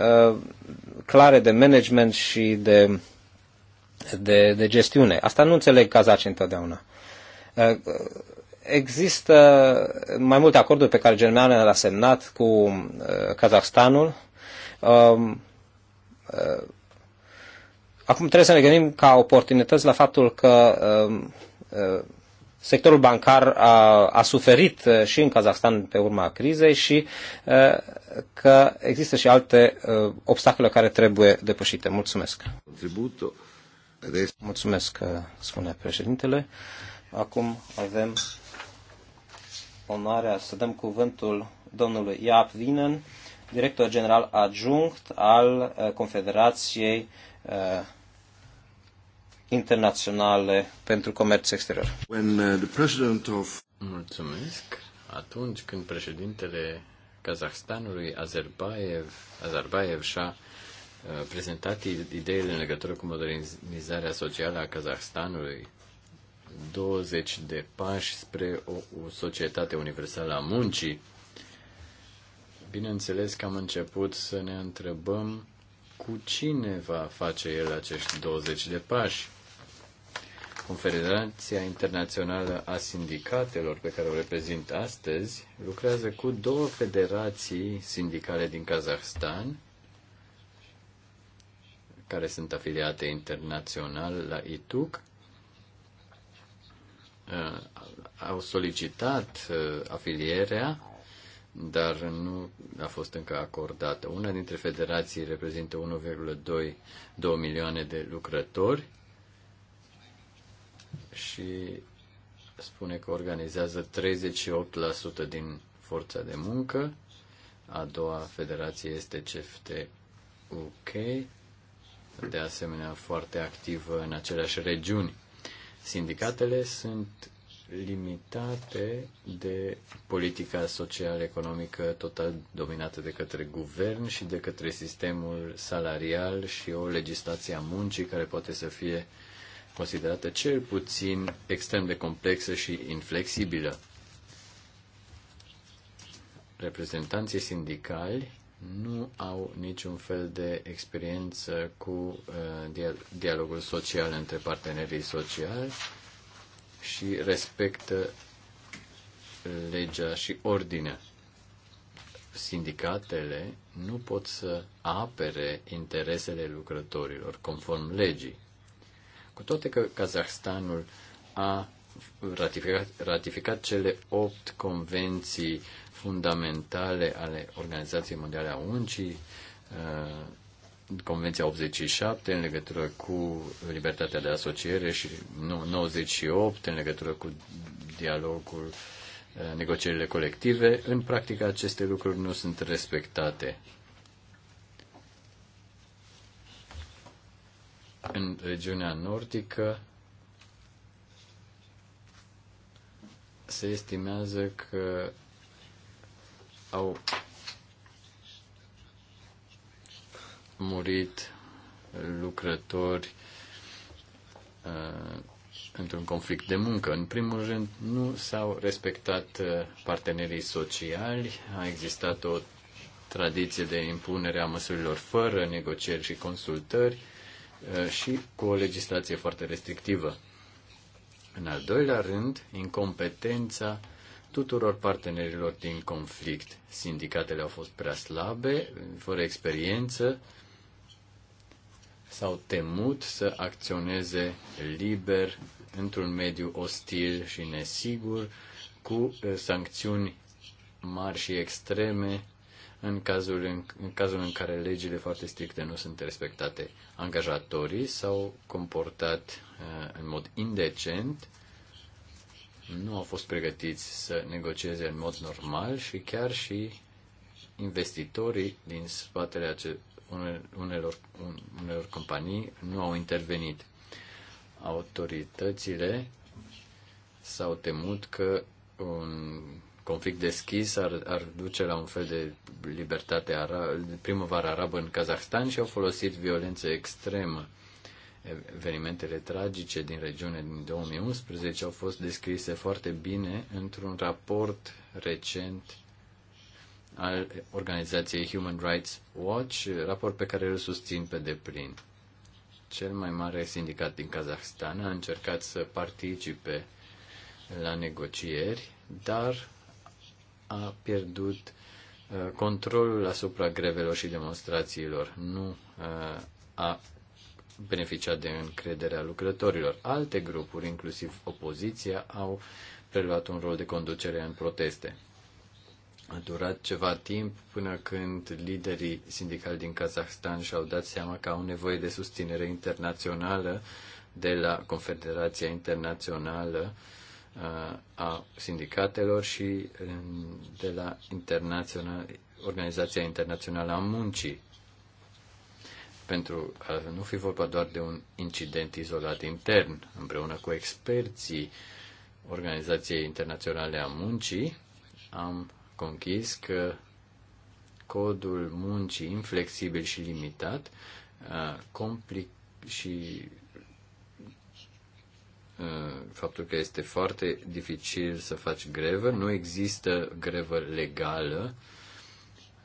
clare de management și de, de, de gestiune. Asta nu înțeleg cazaci întotdeauna există mai multe acorduri pe care Germania le-a semnat cu uh, Kazahstanul. Um, uh, acum trebuie să ne gândim ca oportunități la faptul că uh, uh, sectorul bancar a, a suferit uh, și în Kazahstan pe urma crizei și uh, că există și alte uh, obstacole care trebuie depășite. Mulțumesc. Contributo. Mulțumesc, uh, spune președintele. Acum avem onoarea să dăm cuvântul domnului Iap Vinen, director general adjunct al uh, Confederației uh, Internaționale pentru Comerț Exterior. When uh, the president of... Mulțumesc. Atunci când președintele Kazahstanului Azerbaev, Azerbaev și-a prezentat ideile în legătură cu modernizarea socială a Kazahstanului 20 de pași spre o, societate universală a muncii, bineînțeles că am început să ne întrebăm cu cine va face el acești 20 de pași. Confederația Internațională a Sindicatelor, pe care o reprezint astăzi, lucrează cu două federații sindicale din Kazahstan, care sunt afiliate internațional la ITUC, Uh, au solicitat uh, afilierea, dar nu a fost încă acordată. Una dintre federații reprezintă 1,2 milioane de lucrători și spune că organizează 38% din forța de muncă. A doua federație este CFTUK, de asemenea foarte activă în aceleași regiuni. Sindicatele sunt limitate de politica social-economică total dominată de către guvern și de către sistemul salarial și o legislație a muncii care poate să fie considerată cel puțin extrem de complexă și inflexibilă. Reprezentanții sindicali nu au niciun fel de experiență cu uh, dialogul social între partenerii sociali și respectă legea și ordinea. Sindicatele nu pot să apere interesele lucrătorilor conform legii. Cu toate că Kazahstanul a ratificat, ratificat cele opt convenții fundamentale ale Organizației Mondiale a Muncii, uh, Convenția 87 în legătură cu libertatea de asociere și 98 în legătură cu dialogul, uh, negocierile colective, în practică aceste lucruri nu sunt respectate. În regiunea nordică se estimează că au murit lucrători uh, într-un conflict de muncă. În primul rând, nu s-au respectat uh, partenerii sociali, a existat o tradiție de impunere a măsurilor fără negocieri și consultări uh, și cu o legislație foarte restrictivă. În al doilea rând, incompetența uh, tuturor partenerilor din conflict. Sindicatele au fost prea slabe, fără experiență, s-au temut să acționeze liber într-un mediu ostil și nesigur, cu uh, sancțiuni mari și extreme în cazul în, în cazul în care legile foarte stricte nu sunt respectate. Angajatorii s-au comportat uh, în mod indecent nu au fost pregătiți să negocieze în mod normal și chiar și investitorii din spatele unelor, unelor companii nu au intervenit. Autoritățile s-au temut că un conflict deschis ar, ar duce la un fel de libertate ara- primăvară arabă în Kazahstan și au folosit violență extremă evenimentele tragice din regiune din 2011 au fost descrise foarte bine într-un raport recent al organizației Human Rights Watch, raport pe care îl susțin pe deplin. Cel mai mare sindicat din Kazahstan a încercat să participe la negocieri, dar a pierdut uh, controlul asupra grevelor și demonstrațiilor. Nu uh, a beneficiat de încrederea lucrătorilor. Alte grupuri, inclusiv opoziția, au preluat un rol de conducere în proteste. A durat ceva timp până când liderii sindicali din Kazahstan și-au dat seama că au nevoie de susținere internațională de la Confederația Internațională uh, a Sindicatelor și uh, de la Internațional, Organizația Internațională a Muncii pentru a nu fi vorba doar de un incident izolat intern, împreună cu experții Organizației Internaționale a Muncii, am conchis că codul muncii inflexibil și limitat uh, complic- și uh, faptul că este foarte dificil să faci grevă, nu există grevă legală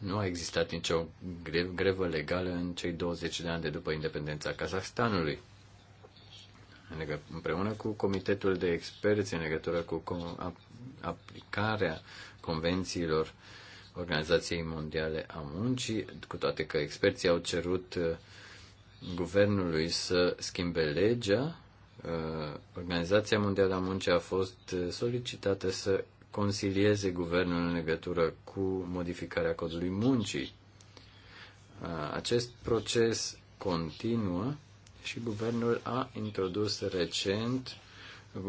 nu a existat nicio grevă legală în cei 20 de ani de după independența Kazahstanului. Împreună cu Comitetul de Experți în legătură cu aplicarea convențiilor Organizației Mondiale a Muncii, cu toate că experții au cerut uh, guvernului să schimbe legea, uh, Organizația Mondială a Muncii a fost uh, solicitată să consilieze guvernul în legătură cu modificarea codului muncii. Acest proces continuă și guvernul a introdus recent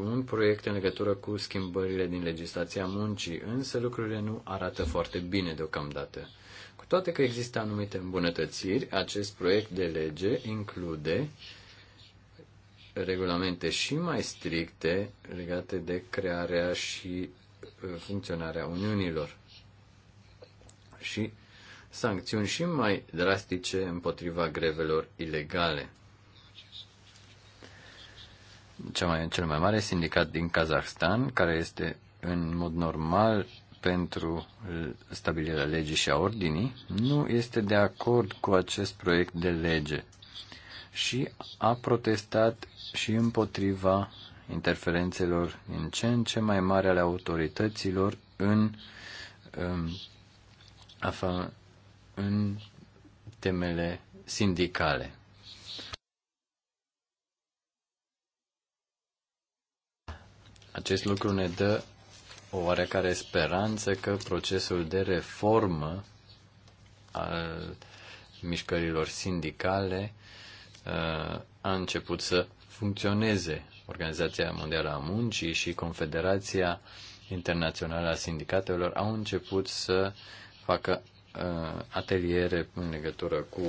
un proiect în legătură cu schimbările din legislația muncii, însă lucrurile nu arată foarte bine deocamdată. Cu toate că există anumite îmbunătățiri, acest proiect de lege include regulamente și mai stricte legate de crearea și Uh, funcționarea Uniunilor și sancțiuni și mai drastice împotriva grevelor ilegale. Cea mai, cel mai mare sindicat din Kazahstan, care este în mod normal pentru stabilirea legii și a ordinii, nu este de acord cu acest proiect de lege și a protestat și împotriva interferențelor în ce în ce mai mare ale autorităților în, în, um, în temele sindicale. Acest lucru ne dă o oarecare speranță că procesul de reformă al mișcărilor sindicale uh, a început să funcționeze. Organizația Mondială a Muncii și Confederația Internațională a Sindicatelor au început să facă uh, ateliere în legătură cu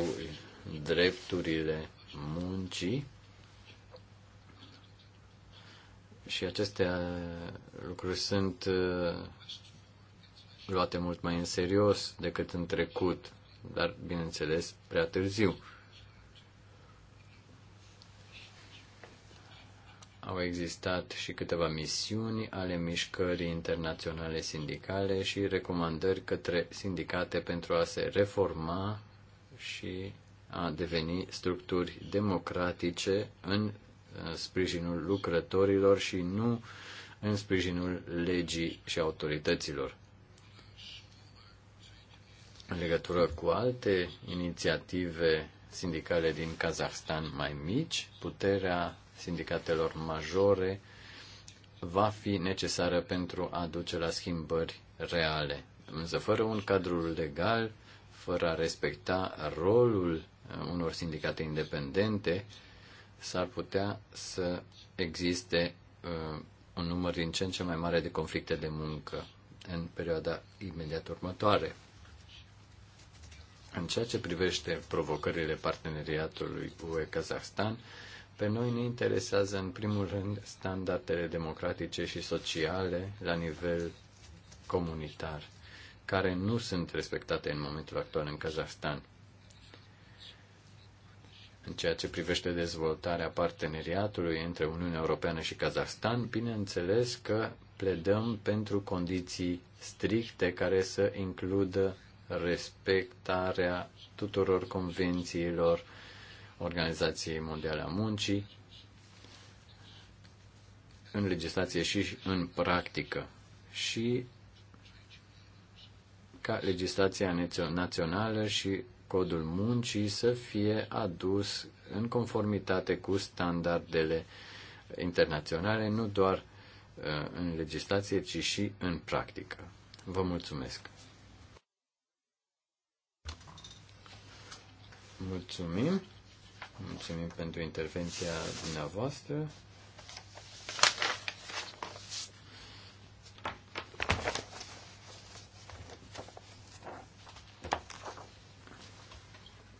drepturile muncii și aceste uh, lucruri sunt uh, luate mult mai în serios decât în trecut, dar bineînțeles prea târziu. Au existat și câteva misiuni ale mișcării internaționale sindicale și recomandări către sindicate pentru a se reforma și a deveni structuri democratice în sprijinul lucrătorilor și nu în sprijinul legii și autorităților. În legătură cu alte inițiative sindicale din Kazahstan mai mici, puterea sindicatelor majore va fi necesară pentru a duce la schimbări reale. Însă fără un cadru legal, fără a respecta rolul uh, unor sindicate independente, s-ar putea să existe uh, un număr din ce în ce mai mare de conflicte de muncă în perioada imediat următoare. În ceea ce privește provocările parteneriatului UE Kazahstan, pe noi ne interesează în primul rând standardele democratice și sociale la nivel comunitar, care nu sunt respectate în momentul actual în Kazahstan. În ceea ce privește dezvoltarea parteneriatului între Uniunea Europeană și Kazahstan, bineînțeles că pledăm pentru condiții stricte care să includă respectarea tuturor convențiilor Organizației Mondiale a Muncii, în legislație și în practică și ca legislația națională și codul muncii să fie adus în conformitate cu standardele internaționale, nu doar uh, în legislație, ci și în practică. Vă mulțumesc! Mulțumim! Mulțumim pentru intervenția dumneavoastră.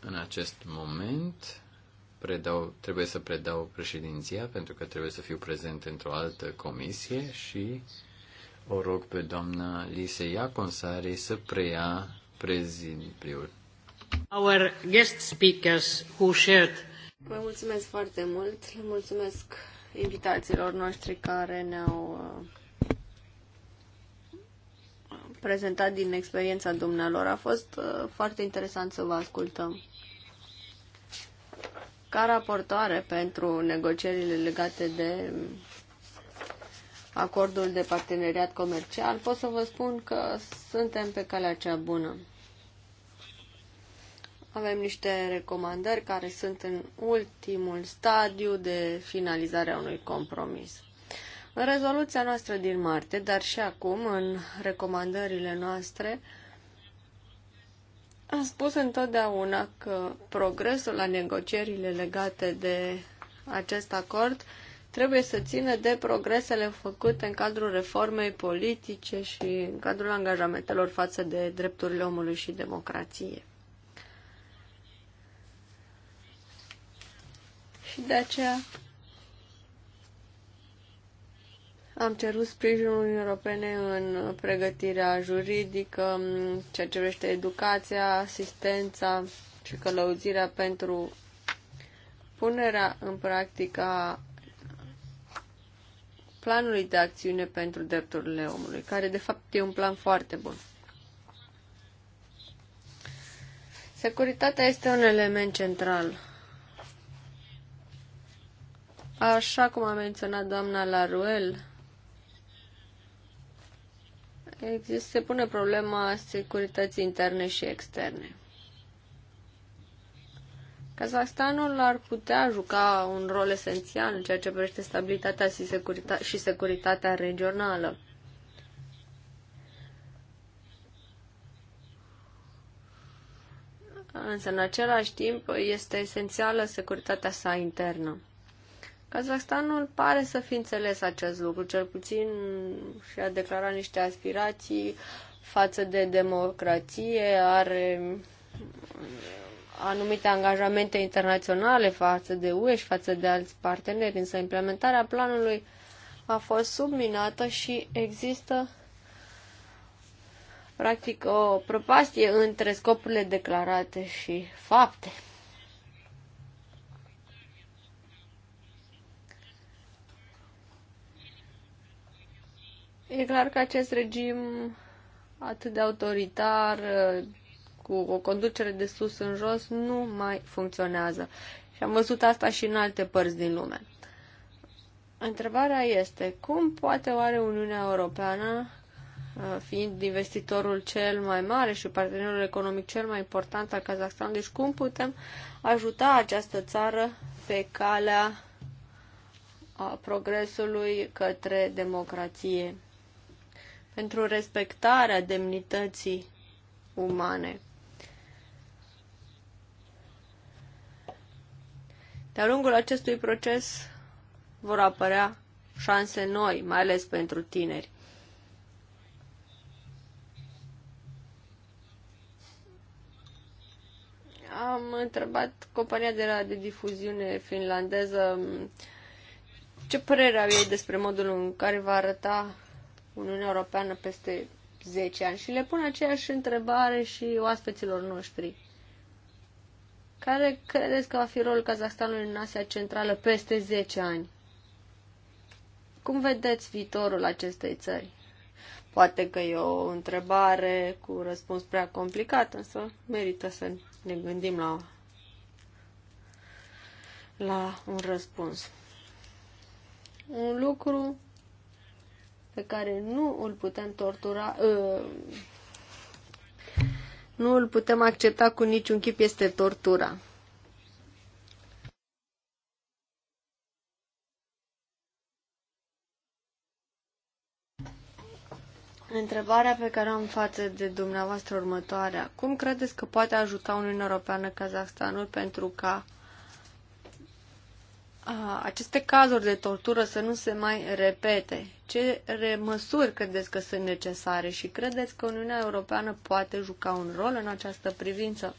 În acest moment predau, trebuie să predau președinția pentru că trebuie să fiu prezent într-o altă comisie și o rog pe doamna Lise Iaconsari să preia prezidriul. Our guest speakers who shared. Vă mulțumesc foarte mult. Le mulțumesc invitațiilor noștri care ne-au uh, prezentat din experiența dumnealor. A fost uh, foarte interesant să vă ascultăm. Ca raportoare pentru negocierile legate de acordul de parteneriat comercial, pot să vă spun că suntem pe calea cea bună. Avem niște recomandări care sunt în ultimul stadiu de finalizare a unui compromis. În rezoluția noastră din martie, dar și acum, în recomandările noastre, am spus întotdeauna că progresul la negocierile legate de acest acord trebuie să țină de progresele făcute în cadrul reformei politice și în cadrul angajamentelor față de drepturile omului și democrație. și de aceea am cerut sprijinul Uniunii Europene în pregătirea juridică, ceea ce privește educația, asistența și călăuzirea pentru punerea în practică a planului de acțiune pentru drepturile omului, care de fapt e un plan foarte bun. Securitatea este un element central Așa cum a menționat doamna Laruel, există, se pune problema securității interne și externe. Kazahstanul ar putea juca un rol esențial în ceea ce privește stabilitatea și, securita- și securitatea regională. Însă, în același timp, este esențială securitatea sa internă. Kazahstanul pare să fi înțeles acest lucru, cel puțin și a declarat niște aspirații față de democrație, are anumite angajamente internaționale față de UE și față de alți parteneri, însă implementarea planului a fost subminată și există practic o propastie între scopurile declarate și fapte. E clar că acest regim atât de autoritar, cu o conducere de sus în jos, nu mai funcționează. Și am văzut asta și în alte părți din lume. Întrebarea este, cum poate oare Uniunea Europeană, uh, fiind investitorul cel mai mare și partenerul economic cel mai important al Kazakhstanului, deci cum putem ajuta această țară pe calea uh, progresului către democrație? pentru respectarea demnității umane. De-a lungul acestui proces vor apărea șanse noi, mai ales pentru tineri. Am întrebat compania de, la, de difuziune finlandeză ce părere au ei despre modul în care va arăta Uniunea Europeană peste 10 ani și le pun aceeași întrebare și oaspeților noștri. Care credeți că va fi rolul Kazahstanului în Asia Centrală peste 10 ani? Cum vedeți viitorul acestei țări? Poate că e o întrebare cu răspuns prea complicat, însă merită să ne gândim la, la un răspuns. Un lucru pe care nu îl putem tortura, ă, nu îl putem accepta cu niciun chip este tortura. Întrebarea pe care am față de dumneavoastră următoarea. Cum credeți că poate ajuta Uniunea Europeană Kazahstanul pentru ca aceste cazuri de tortură să nu se mai repete? Ce măsuri credeți că sunt necesare și credeți că Uniunea Europeană poate juca un rol în această privință?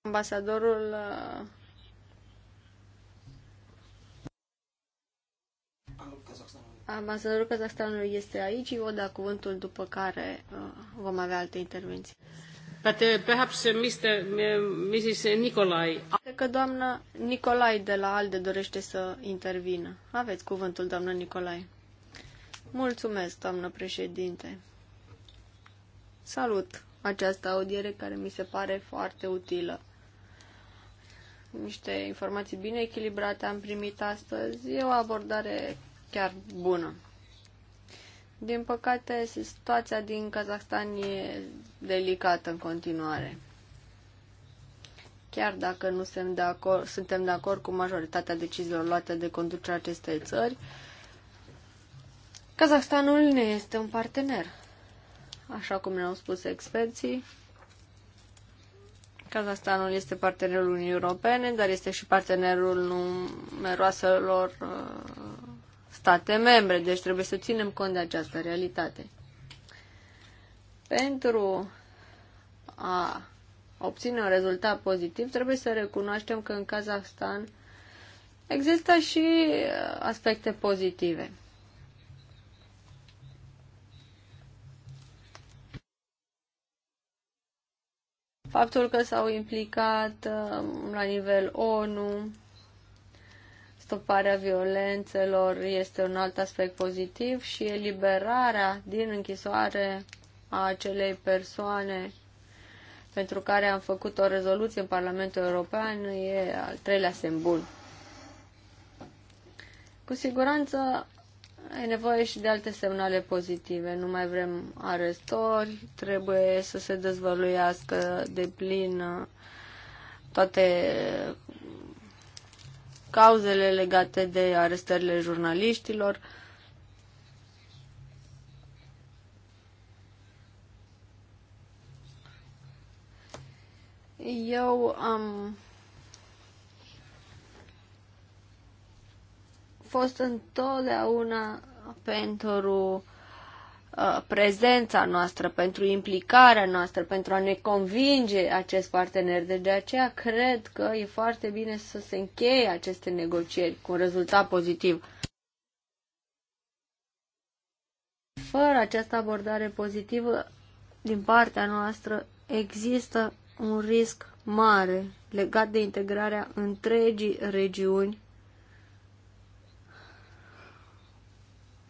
Ambasadorul Ambasadorul Kazahstanului este aici, vă da cuvântul după care uh, vom avea alte intervenții. But uh, perhaps uh, Mr. Mrs. Nicolai. Cred că doamna Nicolai de la ALDE dorește să intervină. Aveți cuvântul, doamna Nicolai. Mulțumesc, doamnă președinte. Salut această audiere care mi se pare foarte utilă. Niște informații bine echilibrate am primit astăzi. E o abordare chiar bună. Din păcate, situația din Kazahstan e delicată în continuare. Chiar dacă nu suntem de acord, suntem de acord cu majoritatea deciziilor luate de conducerea acestei țări, Kazahstanul ne este un partener. Așa cum ne-au spus experții, Kazahstanul este partenerul Uniunii Europene, dar este și partenerul numeroaselor uh, state membre, deci trebuie să ținem cont de această realitate. Pentru a obține un rezultat pozitiv, trebuie să recunoaștem că în Kazahstan există și uh, aspecte pozitive. Faptul că s-au implicat uh, la nivel ONU Stoparea violențelor este un alt aspect pozitiv și eliberarea din închisoare a acelei persoane pentru care am făcut o rezoluție în Parlamentul European e al treilea semn bun. Cu siguranță e nevoie și de alte semnale pozitive. Nu mai vrem arestori, trebuie să se dezvăluiască de plin toate cauzele legate de arestările jurnaliștilor. Eu am fost întotdeauna pentru Uh, prezența noastră, pentru implicarea noastră, pentru a ne convinge acest partener. Deci de aceea cred că e foarte bine să se încheie aceste negocieri cu un rezultat pozitiv. Fără această abordare pozitivă, din partea noastră, există un risc mare legat de integrarea întregii regiuni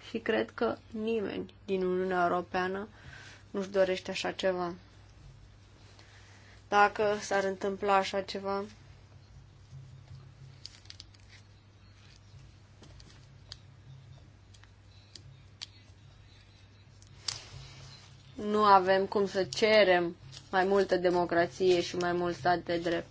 și cred că nimeni din Uniunea Europeană nu-și dorește așa ceva. Dacă s-ar întâmpla așa ceva, nu avem cum să cerem mai multă democrație și mai mult stat de drept.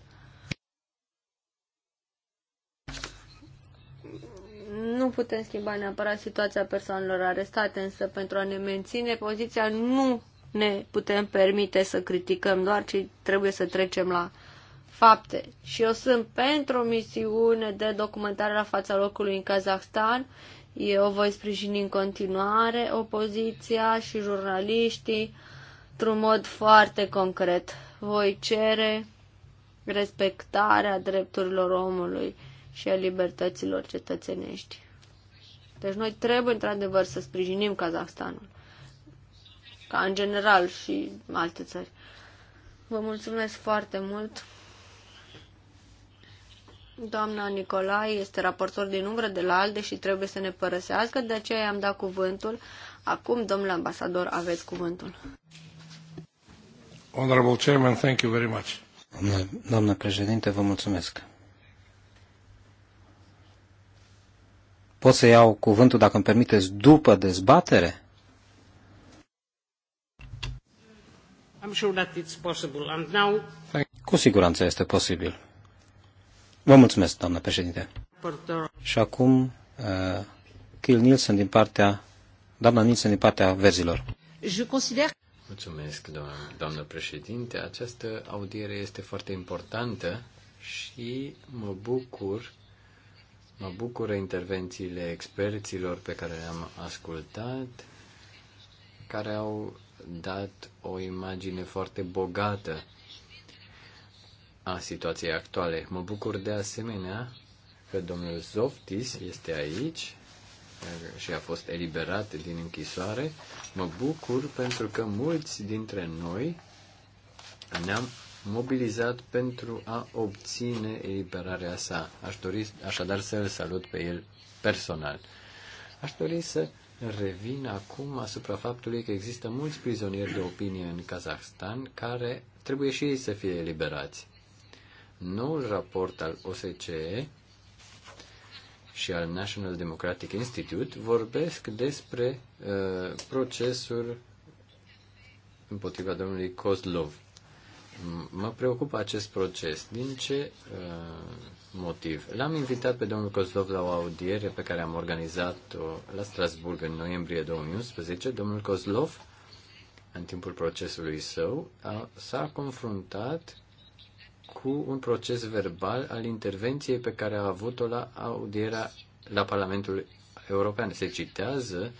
Nu putem schimba neapărat situația persoanelor arestate, însă pentru a ne menține poziția nu ne putem permite să criticăm, doar ci trebuie să trecem la fapte. Și eu sunt pentru o misiune de documentare la fața locului în Kazahstan. Eu voi sprijini în continuare opoziția și jurnaliștii într-un mod foarte concret. Voi cere respectarea drepturilor omului și a libertăților cetățenești. Deci noi trebuie într-adevăr să sprijinim Kazahstanul, ca în general și alte țări. Vă mulțumesc foarte mult. Doamna Nicolai este raportor din umbră de la ALDE și trebuie să ne părăsească, de aceea i-am dat cuvântul. Acum, domnule ambasador, aveți cuvântul. Honorable Chairman, thank you very much. Doamnă, președinte, vă mulțumesc. Pot să iau cuvântul, dacă îmi permiteți, după dezbatere? Sure now... Cu siguranță este posibil. Vă mulțumesc, doamnă președinte. Și acum, uh, Kill Nielsen din partea, doamna Nielsen din partea verzilor. Je consider... Mulțumesc, doamnă președinte. Această audiere este foarte importantă și mă bucur Mă bucură intervențiile experților pe care le-am ascultat, care au dat o imagine foarte bogată a situației actuale. Mă bucur de asemenea că domnul Zoftis este aici și a fost eliberat din închisoare. Mă bucur pentru că mulți dintre noi ne-am mobilizat pentru a obține eliberarea sa. Aș dori așadar să l salut pe el personal. Aș dori să revin acum asupra faptului că există mulți prizonieri de opinie în Kazahstan care trebuie și ei să fie eliberați. Noul raport al OSCE și al National Democratic Institute vorbesc despre uh, procesul împotriva domnului Kozlov mă preocupă acest proces. Din ce uh, motiv? L-am invitat pe domnul Kozlov la o audiere pe care am organizat-o la Strasburg în noiembrie 2011. Domnul Kozlov, în timpul procesului său, a, s-a confruntat cu un proces verbal al intervenției pe care a avut-o la audierea la Parlamentul European. Se citează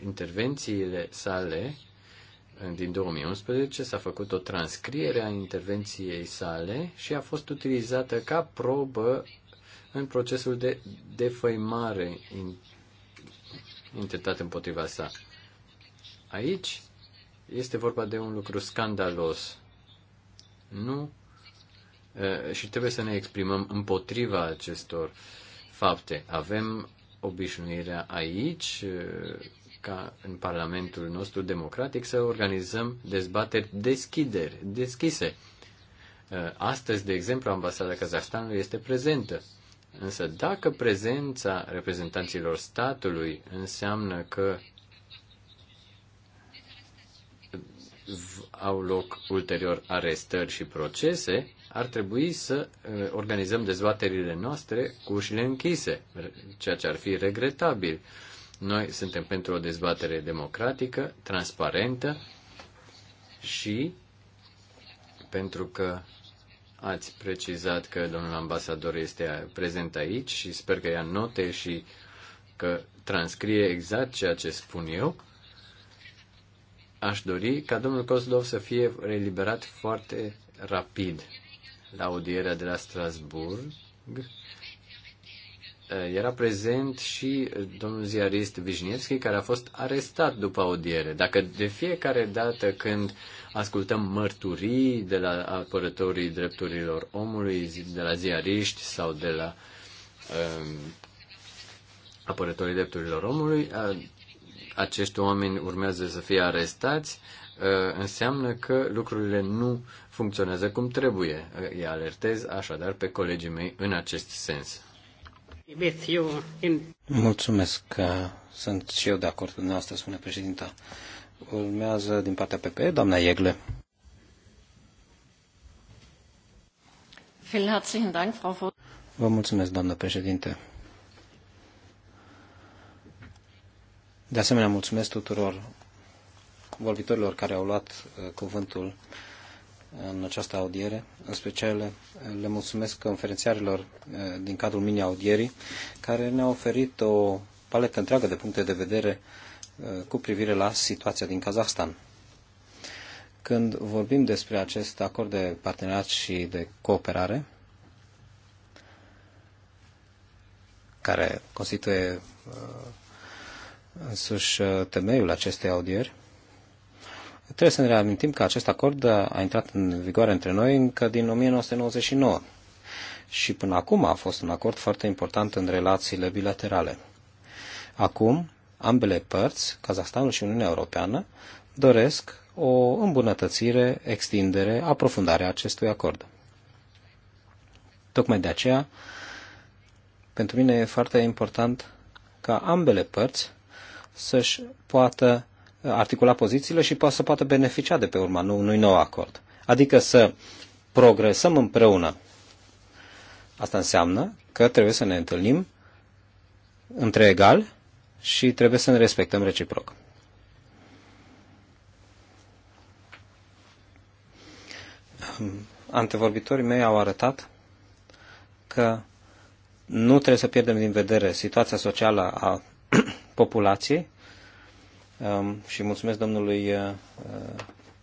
intervențiile sale din 2011 s-a făcut o transcriere a intervenției sale și a fost utilizată ca probă în procesul de defăimare intentat împotriva sa. Aici este vorba de un lucru scandalos. Nu? Și trebuie să ne exprimăm împotriva acestor fapte. Avem obișnuirea aici ca în Parlamentul nostru democratic să organizăm dezbateri deschideri, deschise. Uh, astăzi, de exemplu, ambasada Kazahstanului este prezentă. Însă dacă prezența reprezentanților statului înseamnă că au loc ulterior arestări și procese, ar trebui să uh, organizăm dezbaterile noastre cu ușile închise, ceea ce ar fi regretabil. Noi suntem pentru o dezbatere democratică, transparentă și pentru că ați precizat că domnul ambasador este prezent aici și sper că ia note și că transcrie exact ceea ce spun eu, aș dori ca domnul Kozlov să fie eliberat foarte rapid la audierea de la Strasburg Eh, era prezent și eh, domnul ziarist Vișnievski, care a fost arestat după audiere. Dacă de fiecare dată când ascultăm mărturii de la apărătorii drepturilor omului, de la ziariști sau de la uh, apărătorii drepturilor omului, uh, acești oameni urmează să fie arestați, uh, înseamnă că lucrurile nu funcționează cum trebuie. Îi alertez așadar pe colegii mei în acest sens. Mulțumesc că sunt și eu de acord cu dumneavoastră, spune președinta. Urmează din partea PP, doamna Iegle. Vă mulțumesc, doamnă președinte. De asemenea, mulțumesc tuturor vorbitorilor care au luat uh, cuvântul în această audiere. În special le mulțumesc conferențiarilor eh, din cadrul mini-audierii, care ne-au oferit o paletă întreagă de puncte de vedere eh, cu privire la situația din Kazahstan. Când vorbim despre acest acord de parteneriat și de cooperare, care constituie eh, însuși temeiul acestei audieri, Trebuie să ne reamintim că acest acord a intrat în vigoare între noi încă din 1999 și până acum a fost un acord foarte important în relațiile bilaterale. Acum, ambele părți, Kazahstanul și Uniunea Europeană, doresc o îmbunătățire, extindere, aprofundare a acestui acord. Tocmai de aceea, pentru mine e foarte important ca ambele părți să-și poată articula pozițiile și poate să poată beneficia de pe urma unui nou acord. Adică să progresăm împreună. Asta înseamnă că trebuie să ne întâlnim între egal și trebuie să ne respectăm reciproc. Antevorbitorii mei au arătat că nu trebuie să pierdem din vedere situația socială a populației, Um, și mulțumesc domnului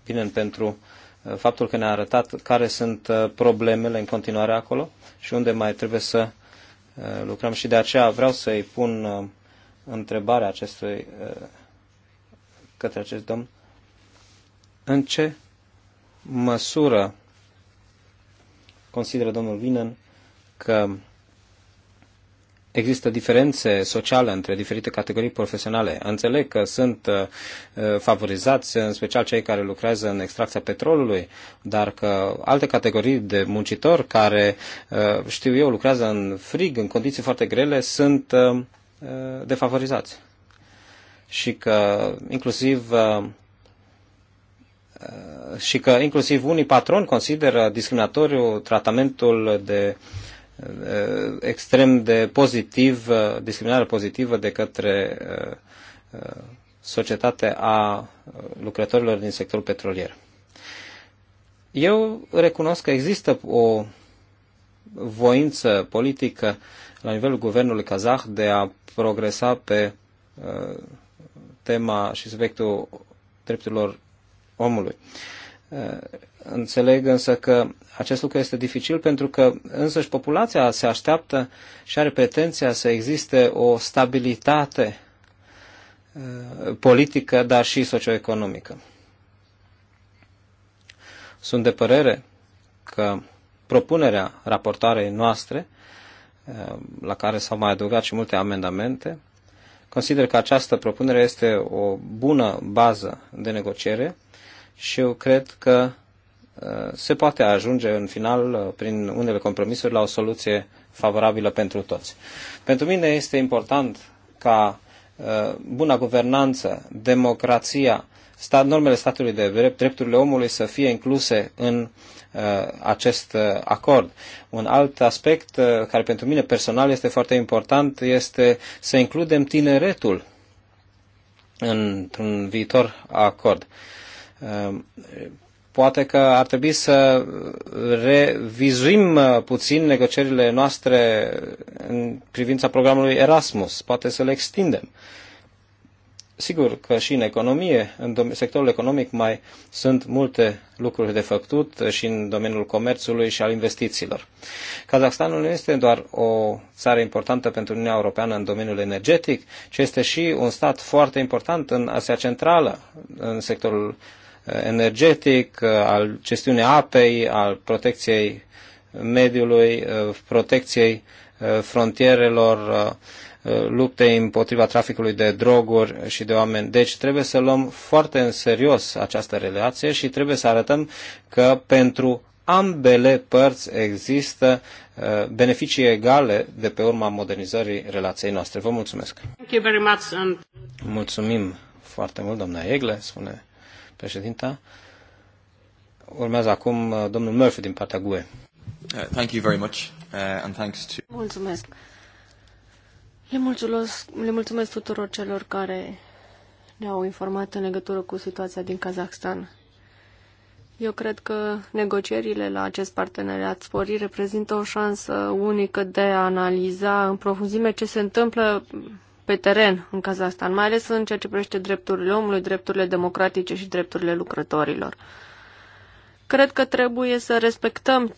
Pinen uh, uh, pentru uh, faptul că ne-a arătat care sunt problemele în continuare acolo și unde mai trebuie să lucrăm și de aceea vreau să-i pun întrebarea acestui către acest domn în ce măsură consideră domnul Vinen că există diferențe sociale între diferite categorii profesionale. Înțeleg că sunt uh, uh, favorizați, în special cei care lucrează în extracția petrolului, dar că alte categorii de muncitori care, uh, știu eu, lucrează în frig, în condiții foarte grele, sunt defavorizați. Și că inclusiv și că inclusiv unii patroni consideră discriminatoriu tratamentul de uh, Uh, extrem de pozitiv, uh, discriminare pozitivă de către uh, societatea a lucrătorilor din sectorul petrolier. Eu recunosc că există o voință politică la nivelul guvernului kazah de a progresa pe tema și subiectul drepturilor omului. Uh, Eh, înțeleg însă că acest lucru este dificil pentru că însăși populația se așteaptă și are pretenția să existe o stabilitate eh, politică, dar și socioeconomică. Sunt de părere că propunerea raportarei noastre, eh, la care s-au mai adăugat și multe amendamente, consider că această propunere este o bună bază de negociere și eu cred că uh, se poate ajunge în final, uh, prin unele compromisuri, la o soluție favorabilă pentru toți. Pentru mine este important ca uh, buna guvernanță, democrația, stat, normele statului de drept, drepturile omului să fie incluse în uh, acest uh, acord. Un alt aspect uh, care pentru mine personal este foarte important este să includem tineretul într-un viitor acord. Uh, Ehm, poate că ar trebui să revizuim uh, puțin negocierile noastre în privința programului Erasmus. Poate să le extindem. Sigur că și în economie, în sectorul economic mai sunt multe lucruri de făcut și în domeniul comerțului și al investițiilor. Kazakhstanul nu este doar o țară importantă pentru Uniunea Europeană în domeniul energetic, ci este și un stat foarte important în Asia Centrală, în sectorul energetic, al gestiunii apei, al protecției mediului, uh, protecției uh, frontierelor, uh, luptei împotriva traficului de droguri și de oameni. Deci trebuie să luăm foarte în serios această relație și trebuie să arătăm că pentru ambele părți există beneficii egale de pe urma modernizării relației noastre. Vă mulțumesc! Mulțumim foarte mult, doamna Egle, spune președinta. Urmează acum uh, domnul Murphy din partea GUE. Uh, thank you very much uh, and thanks to... Mulțumesc. Le mulțumesc, le mulțumesc tuturor celor care ne-au informat în legătură cu situația din Kazakhstan. Eu cred că negocierile la acest parteneriat sporit reprezintă o șansă unică de a analiza în profunzime ce se întâmplă pe teren în Kazahstan, mai ales în ceea ce privește drepturile omului, drepturile democratice și drepturile lucrătorilor. Cred că trebuie să respectăm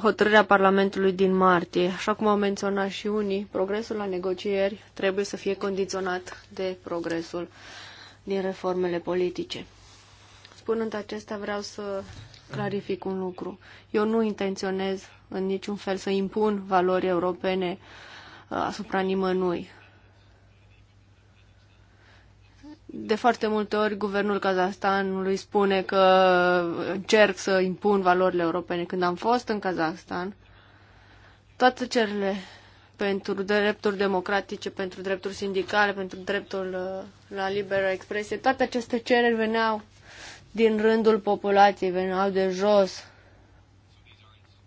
hotărârea Parlamentului din martie. Așa cum au menționat și unii, progresul la negocieri trebuie să fie condiționat de progresul din reformele politice. Spunând acesta, vreau să clarific un lucru. Eu nu intenționez în niciun fel să impun valori europene uh, asupra nimănui. De foarte multe ori, guvernul Kazahstanului spune că încerc să impun valorile europene. Când am fost în Kazahstan, toate cerile pentru drepturi democratice, pentru drepturi sindicale, pentru dreptul uh, la liberă expresie, toate aceste cereri veneau din rândul populației, veneau de jos.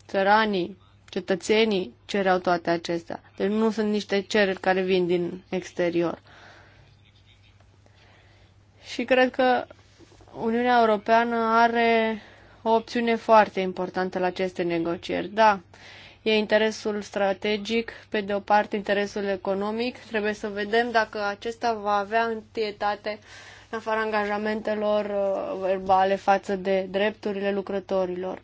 Țăranii, cetățenii cereau toate acestea. Deci nu sunt niște cereri care vin din exterior. Și cred că Uniunea Europeană are o opțiune foarte importantă la aceste negocieri. Da, e interesul strategic, pe de o parte interesul economic. Trebuie să vedem dacă acesta va avea întietate în afara angajamentelor uh, verbale față de drepturile lucrătorilor.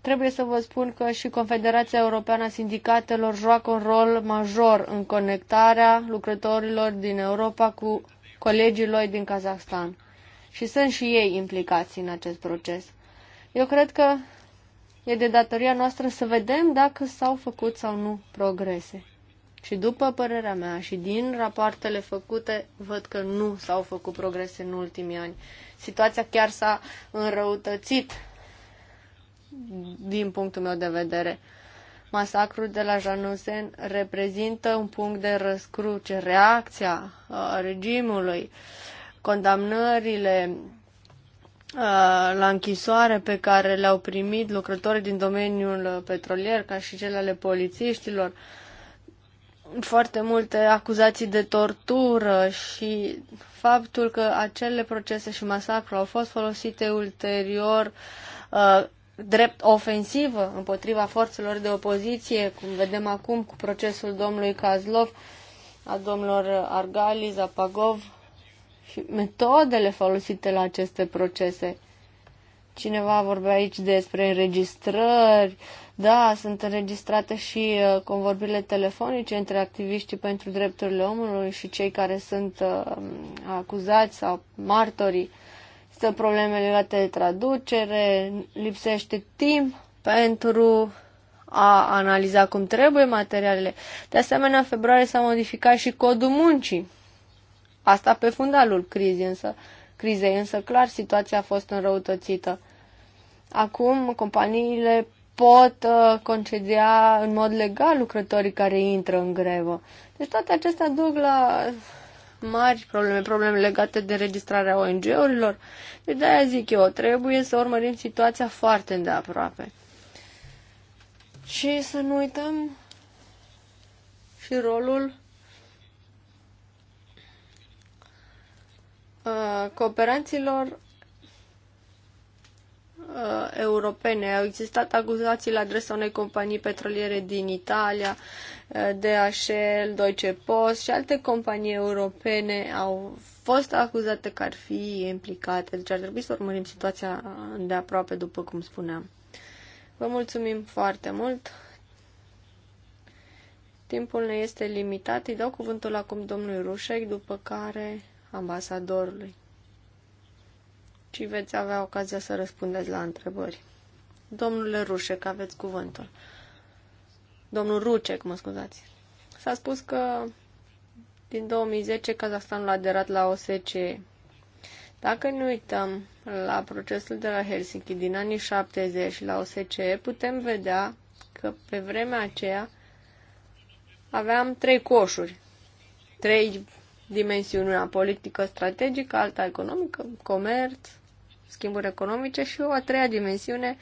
Trebuie să vă spun că și Confederația Europeană a Sindicatelor joacă un rol major în conectarea lucrătorilor din Europa cu colegii lui din Kazahstan. Și sunt și ei implicați în acest proces. Eu cred că e de datoria noastră să vedem dacă s-au făcut sau nu progrese. Și după părerea mea și din rapoartele făcute, văd că nu s-au făcut progrese în ultimii ani. Situația chiar s-a înrăutățit din punctul meu de vedere. Masacrul de la Janusen reprezintă un punct de răscruce, reacția uh, regimului, condamnările uh, la închisoare pe care le-au primit lucrătorii din domeniul petrolier, ca și cele ale polițiștilor, foarte multe acuzații de tortură și faptul că acele procese și masacru au fost folosite ulterior uh, drept ofensivă împotriva forțelor de opoziție, cum vedem acum cu procesul domnului Kazlov, a domnilor Argali, Zapagov și metodele folosite la aceste procese. Cineva vorbea aici despre înregistrări. Da, sunt înregistrate și uh, convorbirile telefonice între activiștii pentru drepturile omului și cei care sunt uh, acuzați sau martorii. Există probleme legate de traducere, lipsește timp pentru a analiza cum trebuie materialele. De asemenea, în februarie s-a modificat și codul muncii. Asta pe fundalul crizei, însă, crizei, însă clar situația a fost înrăutățită. Acum companiile pot uh, concedia în mod legal lucrătorii care intră în grevă. Deci toate acestea duc la mari probleme, probleme legate de registrarea ONG-urilor. Deci de-aia zic eu, trebuie să urmărim situația foarte îndeaproape. Și să nu uităm și rolul uh, cooperanților uh, europene. Au existat acuzații la adresa unei companii petroliere din Italia, uh, DHL, Deutsche Post și alte companii europene au fost acuzate că ar fi implicate. Deci ar trebui să urmărim situația de aproape, după cum spuneam. Vă mulțumim foarte mult. Timpul ne este limitat. Îi dau cuvântul acum domnului Rușec, după care ambasadorului ci veți avea ocazia să răspundeți la întrebări. Domnule Rușec, aveți cuvântul. Domnul Rucec, mă scuzați. S-a spus că din 2010 Kazahstanul a aderat la OSCE. Dacă ne uităm la procesul de la Helsinki din anii 70 la OSCE, putem vedea că pe vremea aceea aveam trei coșuri, trei dimensiuni, una politică strategică, alta economică, comerț schimburi economice și o a treia dimensiune,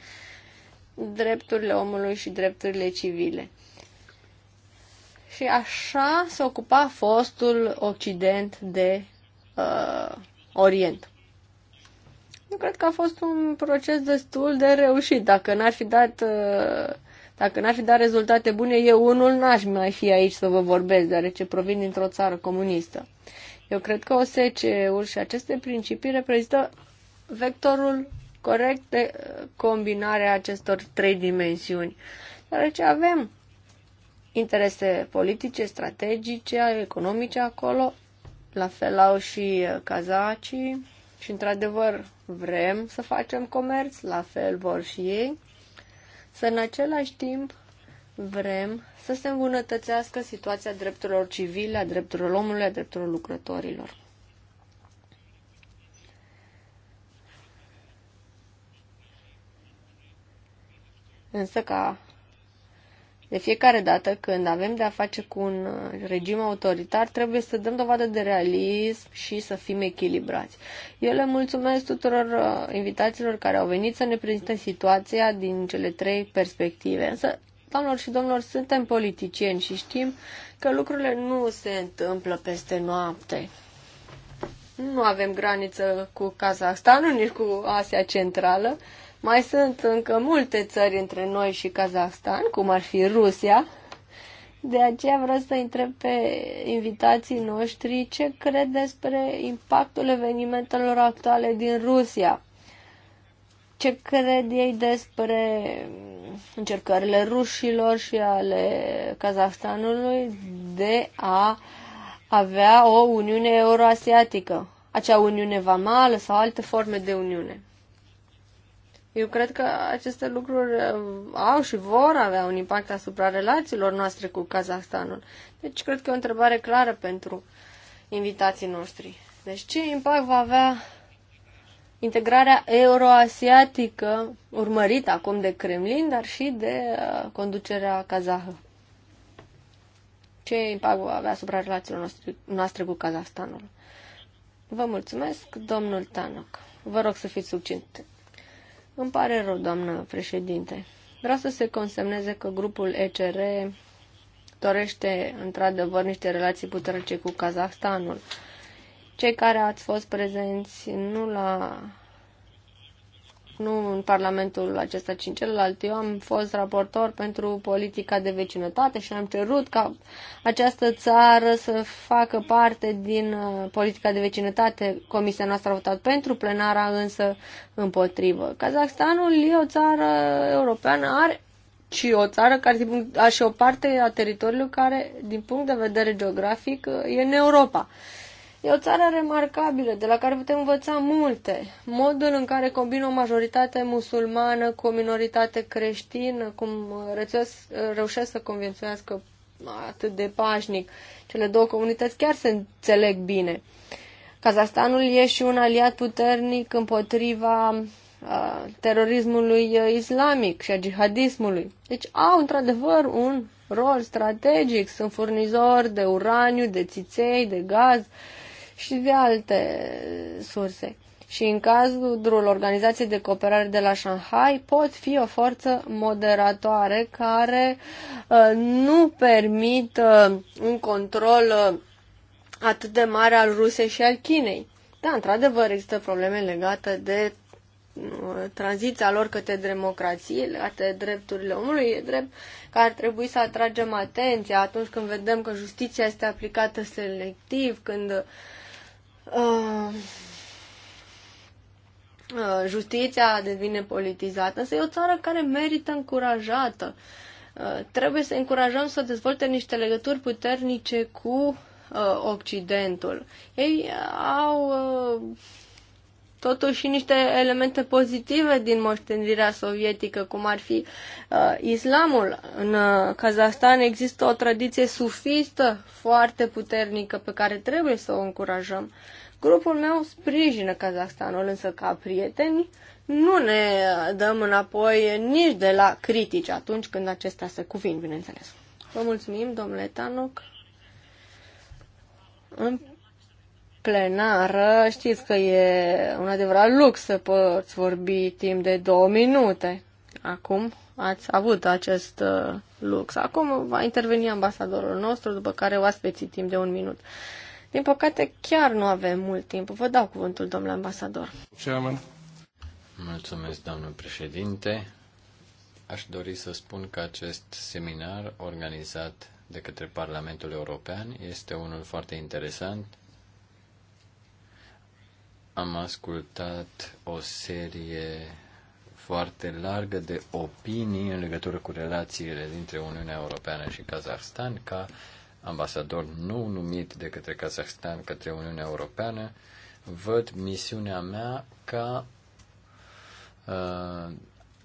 drepturile omului și drepturile civile. Și așa se ocupa fostul Occident de uh, Orient. Eu cred că a fost un proces destul de reușit. Dacă n-ar fi dat, uh, dacă n-ar fi dat rezultate bune, eu unul n-aș mai fi aici să vă vorbesc, deoarece provin dintr-o țară comunistă. Eu cred că o ul și aceste principii reprezintă vectorul corect de uh, combinare a acestor trei dimensiuni. Deoarece avem interese politice, strategice, economice acolo, la fel au și uh, cazacii și într-adevăr vrem să facem comerț, la fel vor și ei, să în același timp vrem să se îmbunătățească situația drepturilor civile, a drepturilor omului, a drepturilor lucrătorilor. Însă ca de fiecare dată când avem de a face cu un uh, regim autoritar, trebuie să dăm dovadă de realism și să fim echilibrați. Eu le mulțumesc tuturor uh, invitațiilor care au venit să ne prezinte situația din cele trei perspective. Însă, doamnelor și domnilor, suntem politicieni și știm că lucrurile nu se întâmplă peste noapte. Nu avem graniță cu Kazahstanul, nici cu Asia Centrală. Mai sunt încă multe țări între noi și Kazahstan, cum ar fi Rusia. De aceea vreau să întreb pe invitații noștri ce cred despre impactul evenimentelor actuale din Rusia. Ce cred ei despre încercările rușilor și ale Kazahstanului de a avea o Uniune Euroasiatică, acea Uniune Vamală sau alte forme de Uniune. Eu cred că aceste lucruri uh, au și vor avea un impact asupra relațiilor noastre cu Kazahstanul. Deci cred că e o întrebare clară pentru invitații noștri. Deci ce impact va avea integrarea euroasiatică urmărită acum de Kremlin, dar și de uh, conducerea kazahă? Ce impact va avea asupra relațiilor noastre, cu Kazahstanul? Vă mulțumesc, domnul Tanok. Vă rog să fiți subținte. Îmi pare rău, doamnă președinte. Vreau să se consemneze că grupul ECR dorește într-adevăr niște relații puternice cu Kazahstanul. Cei care ați fost prezenți nu la nu în Parlamentul acesta, ci în celălalt. Eu am fost raportor pentru politica de vecinătate și am cerut ca această țară să facă parte din uh, politica de vecinătate. Comisia noastră a votat pentru, plenara însă împotrivă. Kazakhstanul e o țară europeană, are și o țară care are și o parte a teritoriului care, din punct de vedere geografic, uh, e în Europa. E o țară remarcabilă, de la care putem învăța multe. Modul în care combină o majoritate musulmană cu o minoritate creștină, cum uh, uh, reușesc să convențuiască atât de pașnic. Cele două comunități chiar se înțeleg bine. Kazahstanul e și un aliat puternic împotriva uh, terorismului islamic și a jihadismului. Deci au într-adevăr un rol strategic, sunt furnizori de uraniu, de țiței, de gaz, uh, și de alte surse. Și în cazul organizației de cooperare de la Shanghai pot fi o forță moderatoare care uh, nu permit uh, un control uh, atât de mare al Rusiei și al Chinei. Da, într-adevăr, există probleme legate de uh, tranziția lor către democrație, legate de drepturile omului, e drept că ar trebui să atragem atenția atunci când vedem că justiția este aplicată selectiv, când Uh, uh, justiția devine politizată, însă e o țară care merită încurajată. Uh, trebuie să încurajăm să dezvolte niște legături puternice cu Occidentul. Ei au totuși niște elemente pozitive din moștenirea sovietică, cum ar fi uh, islamul. În uh, Kazahstan există o tradiție sufistă foarte puternică pe care trebuie să o încurajăm. Grupul meu sprijină Kazahstanul, însă ca prieteni nu ne uh, dăm înapoi nici de la critici atunci când acestea se cuvin, bineînțeles. Vă mulțumim, domnule Tanuc. În plenară știți că e un adevărat lux să poți vorbi timp de două minute. Acum ați avut acest uh, lux. Acum va interveni ambasadorul nostru, după care oaspeții timp de un minut. Din păcate, chiar nu avem mult timp. Vă dau cuvântul, domnule ambasador. Chairman. Mulțumesc, doamnă președinte. Aș dori să spun că acest seminar organizat de către Parlamentul European este unul foarte interesant am ascultat o serie foarte largă de opinii în legătură cu relațiile dintre Uniunea Europeană și Kazahstan ca ambasador nu numit de către Kazahstan către Uniunea Europeană, văd misiunea mea ca uh,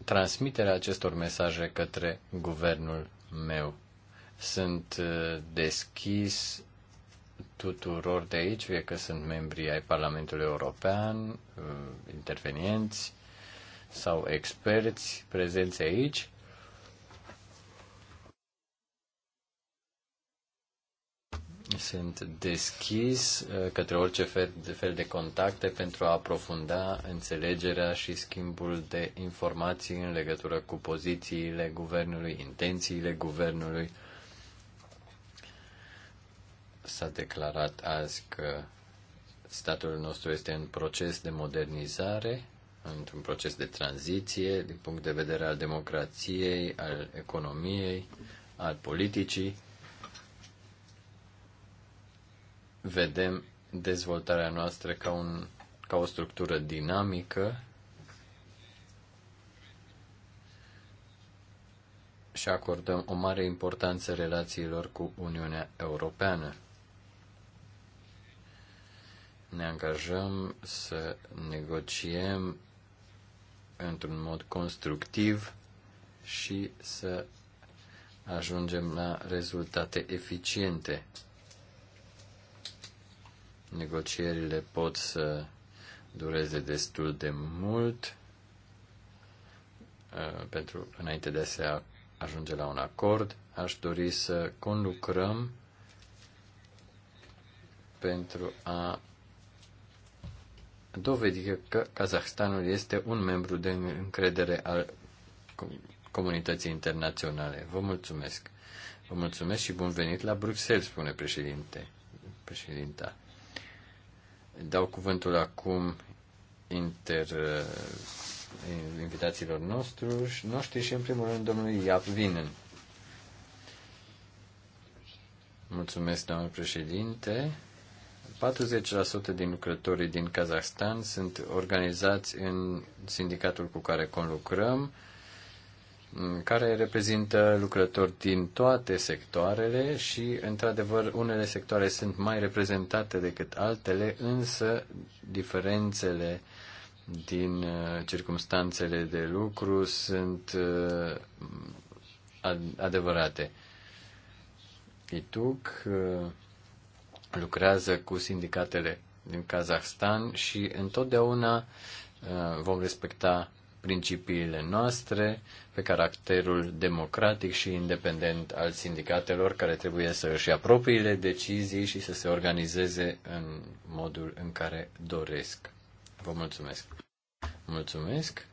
transmiterea acestor mesaje către guvernul meu. Sunt uh, deschis tuturor de aici, fie că sunt membri ai Parlamentului European, uh, intervenienți sau experți prezenți aici. Sunt deschis uh, către orice fel de, fel de contacte pentru a aprofunda înțelegerea și schimbul de informații în legătură cu pozițiile guvernului, intențiile guvernului s-a declarat azi că statul nostru este în proces de modernizare, într-un proces de tranziție din punct de vedere al democrației, al economiei, al politicii. Vedem dezvoltarea noastră ca, un, ca o structură dinamică și acordăm o mare importanță relațiilor cu Uniunea Europeană ne angajăm să negociem într-un mod constructiv și să ajungem la rezultate eficiente. Negocierile pot să dureze destul de mult uh, pentru înainte de a se ajunge la un acord. Aș dori să conlucrăm pentru a dovedi că Kazahstanul este un membru de încredere al comunității internaționale. Vă mulțumesc. Vă mulțumesc și bun venit la Bruxelles, spune președinte. președinta. Dau cuvântul acum inter eh, invitațiilor nostru, noștri și în primul rând domnului Iap Vinen. Mulțumesc, domnul președinte. 40% din lucrătorii din Kazahstan sunt organizați în sindicatul cu care conlucrăm, mm, care reprezintă lucrători din toate sectoarele și, într-adevăr, unele sectoare sunt mai reprezentate decât altele, însă diferențele din uh, circumstanțele de lucru sunt uh, adevărate. Ituc uh, lucrează cu sindicatele din Kazahstan și întotdeauna uh, vom respecta principiile noastre pe caracterul democratic și independent al sindicatelor care trebuie să își ia propriile decizii și să se organizeze în modul în care doresc. Vă mulțumesc. Mulțumesc.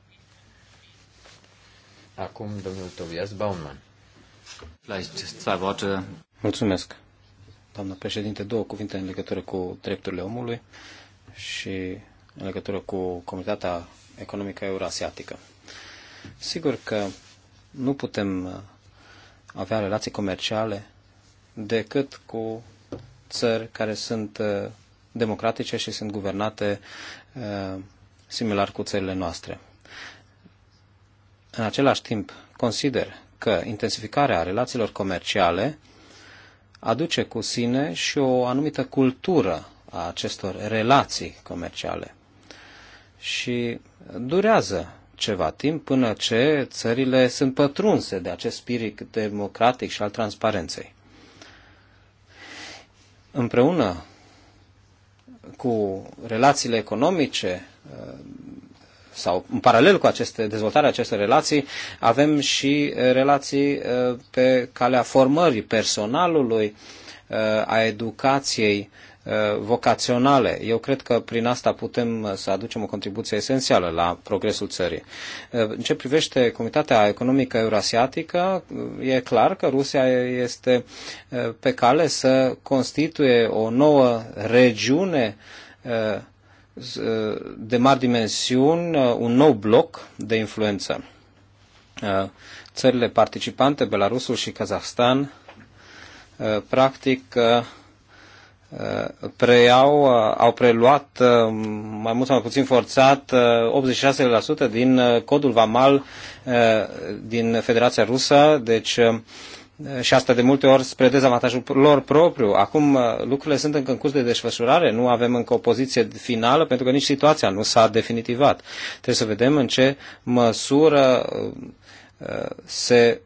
Acum domnul Tobias Baumann. Mulțumesc doamna președinte, două cuvinte în legătură cu drepturile omului și în legătură cu Comunitatea Economică Eurasiatică. Sigur că nu putem uh, avea relații comerciale decât cu țări care sunt uh, democratice și sunt guvernate uh, similar cu țările noastre. În același timp, consider că intensificarea relațiilor comerciale aduce cu sine și o anumită cultură a acestor relații comerciale. Și durează ceva timp până ce țările sunt pătrunse de acest spirit democratic și al transparenței. Împreună cu relațiile economice sau în paralel cu aceste, dezvoltarea acestor relații, avem și eh, relații eh, pe calea formării personalului, eh, a educației vocaționale. Eu cred că prin asta putem să aducem o contribuție esențială la progresul țării. În ce privește Comunitatea Economică Eurasiatică, e clar că Rusia este pe cale să constituie o nouă regiune de mari dimensiuni uh, un nou bloc de influență. Uh, țările participante, Belarusul și Kazahstan, uh, practic preiau, au preluat mai mult sau mai puțin forțat 86% din codul vamal din Federația Rusă, deci și asta de multe ori spre dezavantajul lor propriu. Acum uh, lucrurile sunt încă în curs de desfășurare, nu avem încă o poziție finală pentru că nici situația nu s-a definitivat. Trebuie să vedem în ce măsură uh, se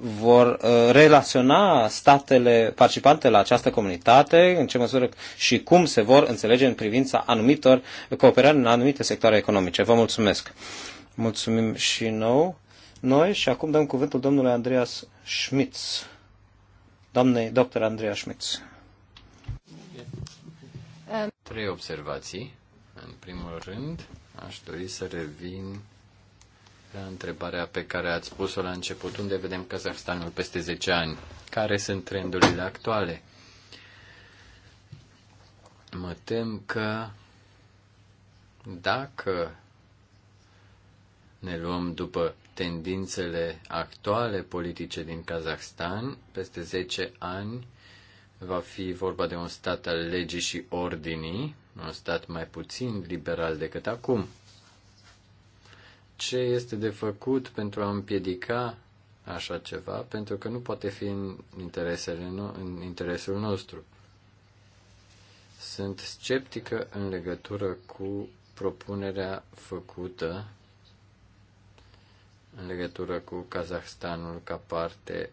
vor uh, relaționa statele participante la această comunitate, în ce măsură și cum se vor înțelege în privința anumitor cooperări în anumite sectoare economice. Vă mulțumesc! Mulțumim și nou! noi și acum dăm cuvântul domnului Andreas Schmitz, doamnei doctor Andreas Schmitz. Trei observații. În primul rând, aș dori să revin la întrebarea pe care ați pus-o la început. Unde vedem Kazahstanul peste 10 ani? Care sunt trendurile actuale? Mă tem că dacă ne luăm după tendințele actuale politice din Kazakhstan. Peste 10 ani va fi vorba de un stat al legii și ordinii, un stat mai puțin liberal decât acum. Ce este de făcut pentru a împiedica așa ceva? Pentru că nu poate fi în, interesele în interesul nostru. Sunt sceptică în legătură cu propunerea făcută în legătură cu Kazahstanul ca parte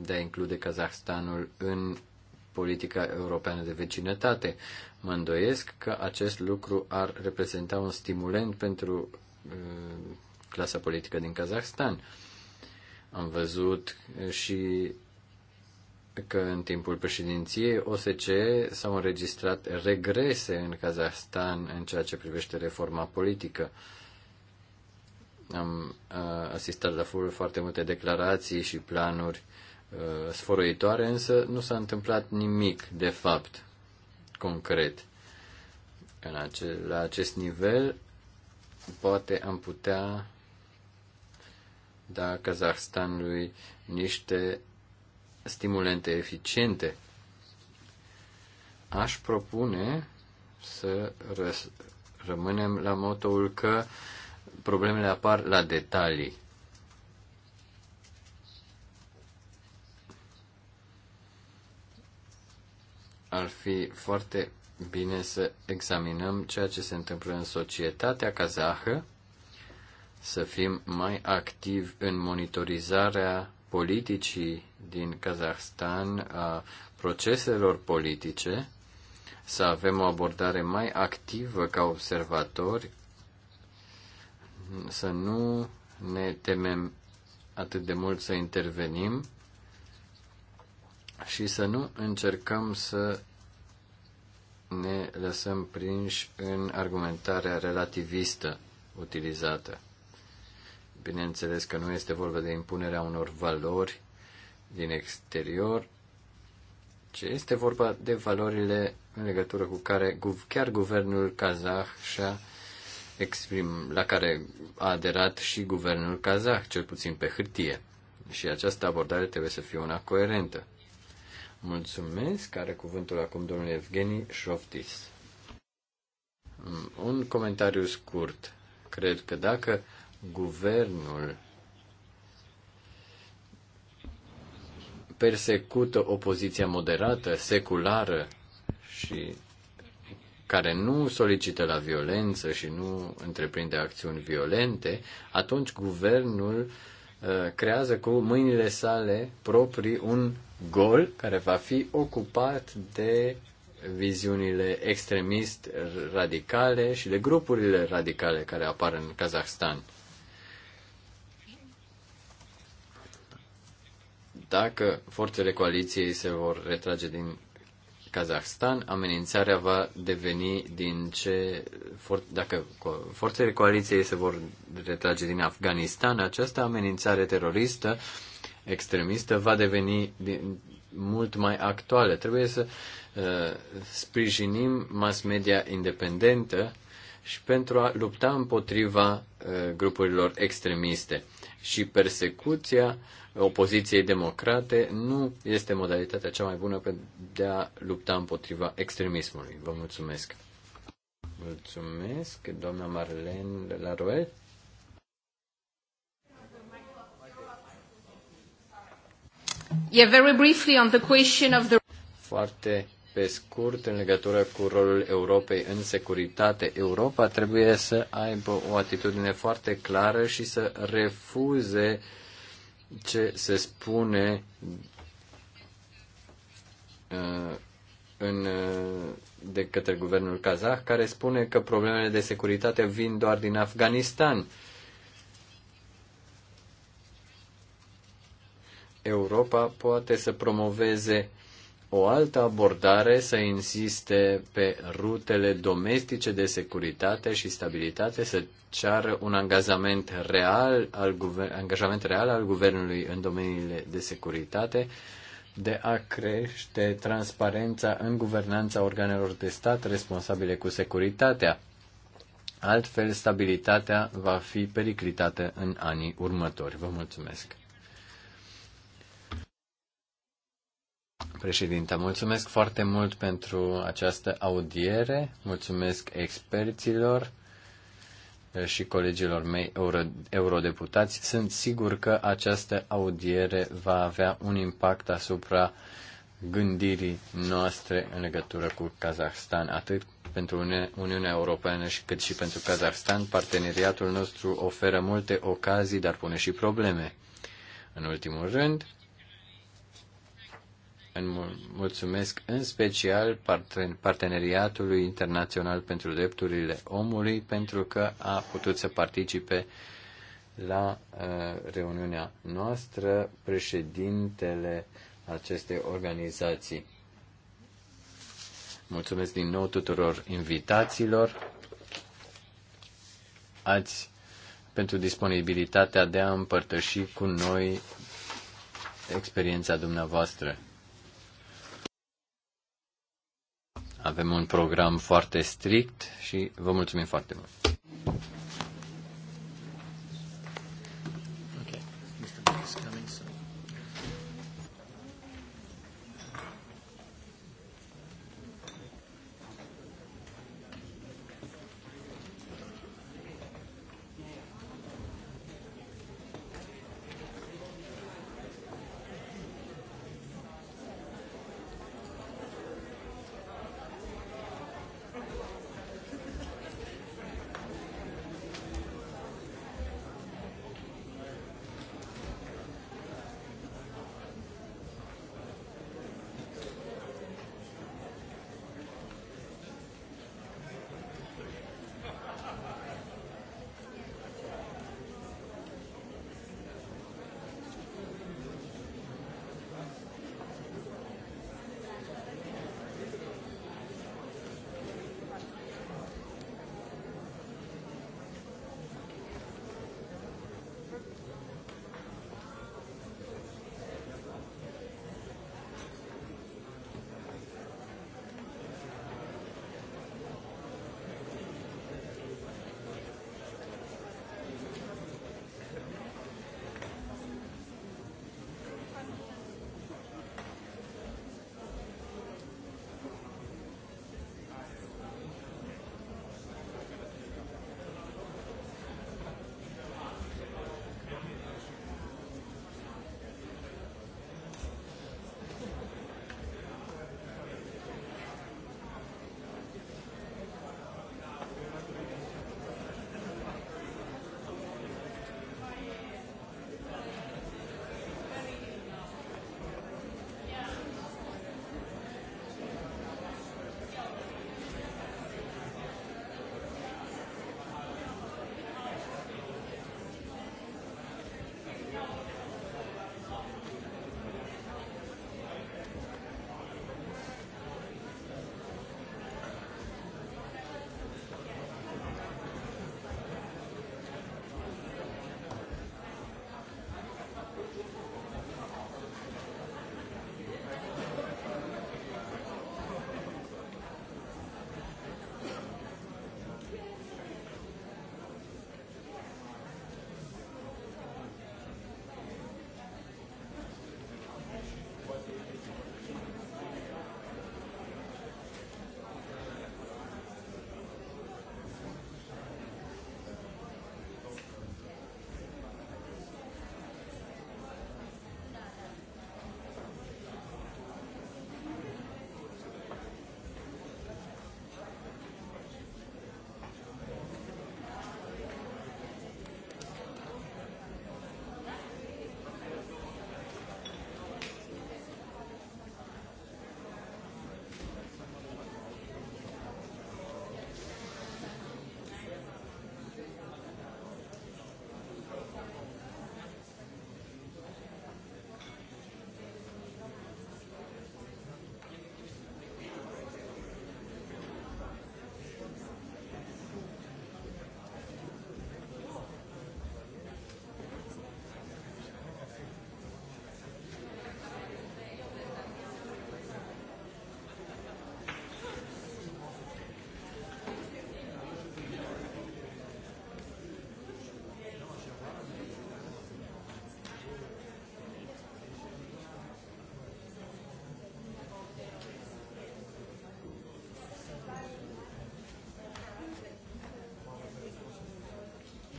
de a include Kazahstanul în politica europeană de vecinătate. Mă îndoiesc că acest lucru ar reprezenta un stimulent pentru uh, clasa politică din Kazahstan. Am văzut uh, și că în timpul președinției OSCE s-au înregistrat regrese în Kazahstan în ceea ce privește reforma politică. Am asistat la foarte multe declarații și planuri sfărăitoare, însă nu s-a întâmplat nimic, de fapt, concret. În ace- la acest nivel, poate am putea da Kazahstanului niște stimulente eficiente. Aș propune să rămânem la motoul că uh, problemele apar la detalii. Ar fi foarte bine să examinăm ceea ce se întâmplă în societatea kazahă, să fim mai activi în monitorizarea politicii din Kazahstan, a proceselor politice, să avem o abordare mai activă ca observatori să nu ne temem atât de mult să intervenim și să nu încercăm să ne lăsăm prinși în argumentarea relativistă utilizată. Bineînțeles că nu este vorba de impunerea unor valori din exterior, ci este vorba de valorile în legătură cu care chiar guvernul kazah și-a exprim, la care a aderat și guvernul kazah, cel puțin pe hârtie. Și această abordare trebuie să fie una coerentă. Mulțumesc. Are cuvântul acum domnul Evgeni Șoftis. Un comentariu scurt. Cred că dacă guvernul persecută opoziția moderată, seculară și care nu solicită la violență și nu întreprinde acțiuni violente, atunci guvernul uh, creează cu mâinile sale proprii un gol care va fi ocupat de viziunile extremist radicale și de grupurile radicale care apar în Kazahstan. Dacă forțele coaliției se vor retrage din Kazahstan, amenințarea va deveni din ce, for, dacă forțele coaliției se vor retrage din Afganistan, această amenințare teroristă, extremistă, va deveni din, mult mai actuală. Trebuie să uh, sprijinim mass media independentă și pentru a lupta împotriva uh, grupurilor extremiste și persecuția opoziției democrate nu este modalitatea cea mai bună de a lupta împotriva extremismului. Vă mulțumesc! Mulțumesc, doamna Marlene Laroel. Yeah, very briefly on the question of the... Foarte pe scurt în legătură cu rolul Europei în securitate. Europa trebuie să aibă o atitudine foarte clară și să refuze ce se spune uh, în, uh, de către guvernul kazah, care spune că problemele de securitate vin doar din Afganistan. Europa poate să promoveze o altă abordare să insiste pe rutele domestice de securitate și stabilitate, să ceară un angajament real al, guver- angajament real al guvernului în domeniile de securitate, de a crește transparența în guvernanța organelor de stat responsabile cu securitatea. Altfel, stabilitatea va fi periclitată în anii următori. Vă mulțumesc! Președinte, mulțumesc foarte mult pentru această audiere, mulțumesc experților eh, și colegilor mei euro, eurodeputați. Sunt sigur că această audiere va avea un impact asupra gândirii noastre în legătură cu Kazahstan, atât pentru Uniunea Europeană și cât și pentru Kazahstan. Parteneriatul nostru oferă multe ocazii, dar pune și probleme. În ultimul rând, în mulțumesc în special Parteneriatului Internațional pentru Drepturile Omului pentru că a putut să participe la uh, reuniunea noastră președintele acestei organizații. Mulțumesc din nou tuturor invitațiilor. Ați pentru disponibilitatea de a împărtăși cu noi experiența dumneavoastră. Avem un program foarte strict și vă mulțumim foarte mult.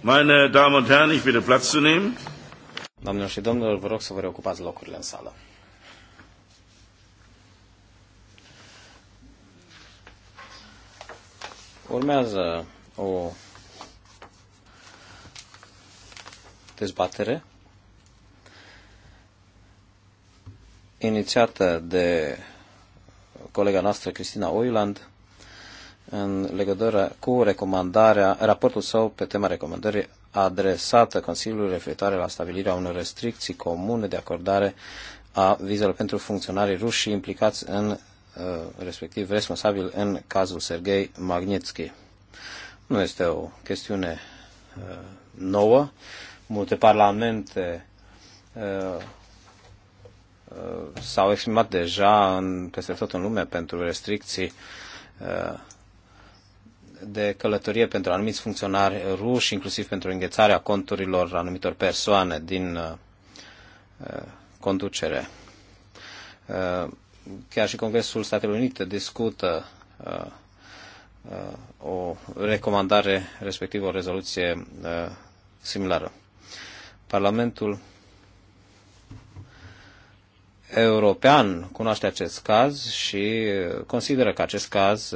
Meine Damen und Herren, ich bitte Platz zu nehmen. Doamnelor și domnilor, vă rog să vă reocupați locurile în sală. Urmează o dezbatere inițiată de colega noastră Cristina Oiland în legătură cu recomandarea, raportul său pe tema recomandării adresată Consiliului referitoare la stabilirea unor restricții comune de acordare a vizelor pentru funcționarii ruși implicați în, uh, respectiv responsabil în cazul Sergei Magnitsky. Nu este o chestiune uh, nouă. Multe parlamente uh, s-au exprimat deja în, peste tot în lume pentru restricții de călătorie pentru anumiți funcționari ruși, inclusiv pentru înghețarea conturilor anumitor persoane din uh, uh, conducere. Uh, chiar și Congresul Statelor Unite discută o recomandare, respectiv o rezoluție similară. Parlamentul european cunoaște acest caz și consideră că acest caz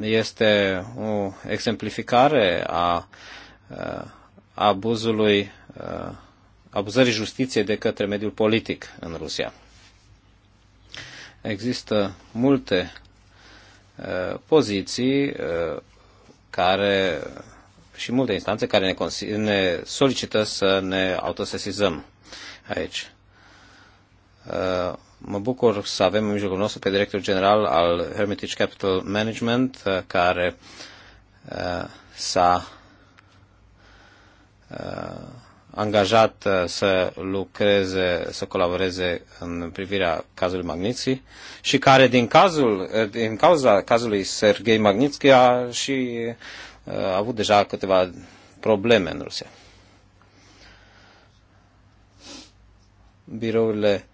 este o exemplificare a abuzului, abuzării justiției de către mediul politic în Rusia. Există multe poziții care și multe instanțe care ne, ne solicită să ne autosesizăm aici. Mă bucur să avem în mijlocul nostru pe director general al Hermitage Capital Management, uh, care uh, s-a uh, angajat să lucreze, să colaboreze în privirea cazului Magnitsky și care din, cazul, din cauza cazului Sergei Magnitsky a și a avut deja câteva probleme în Rusia. Birourile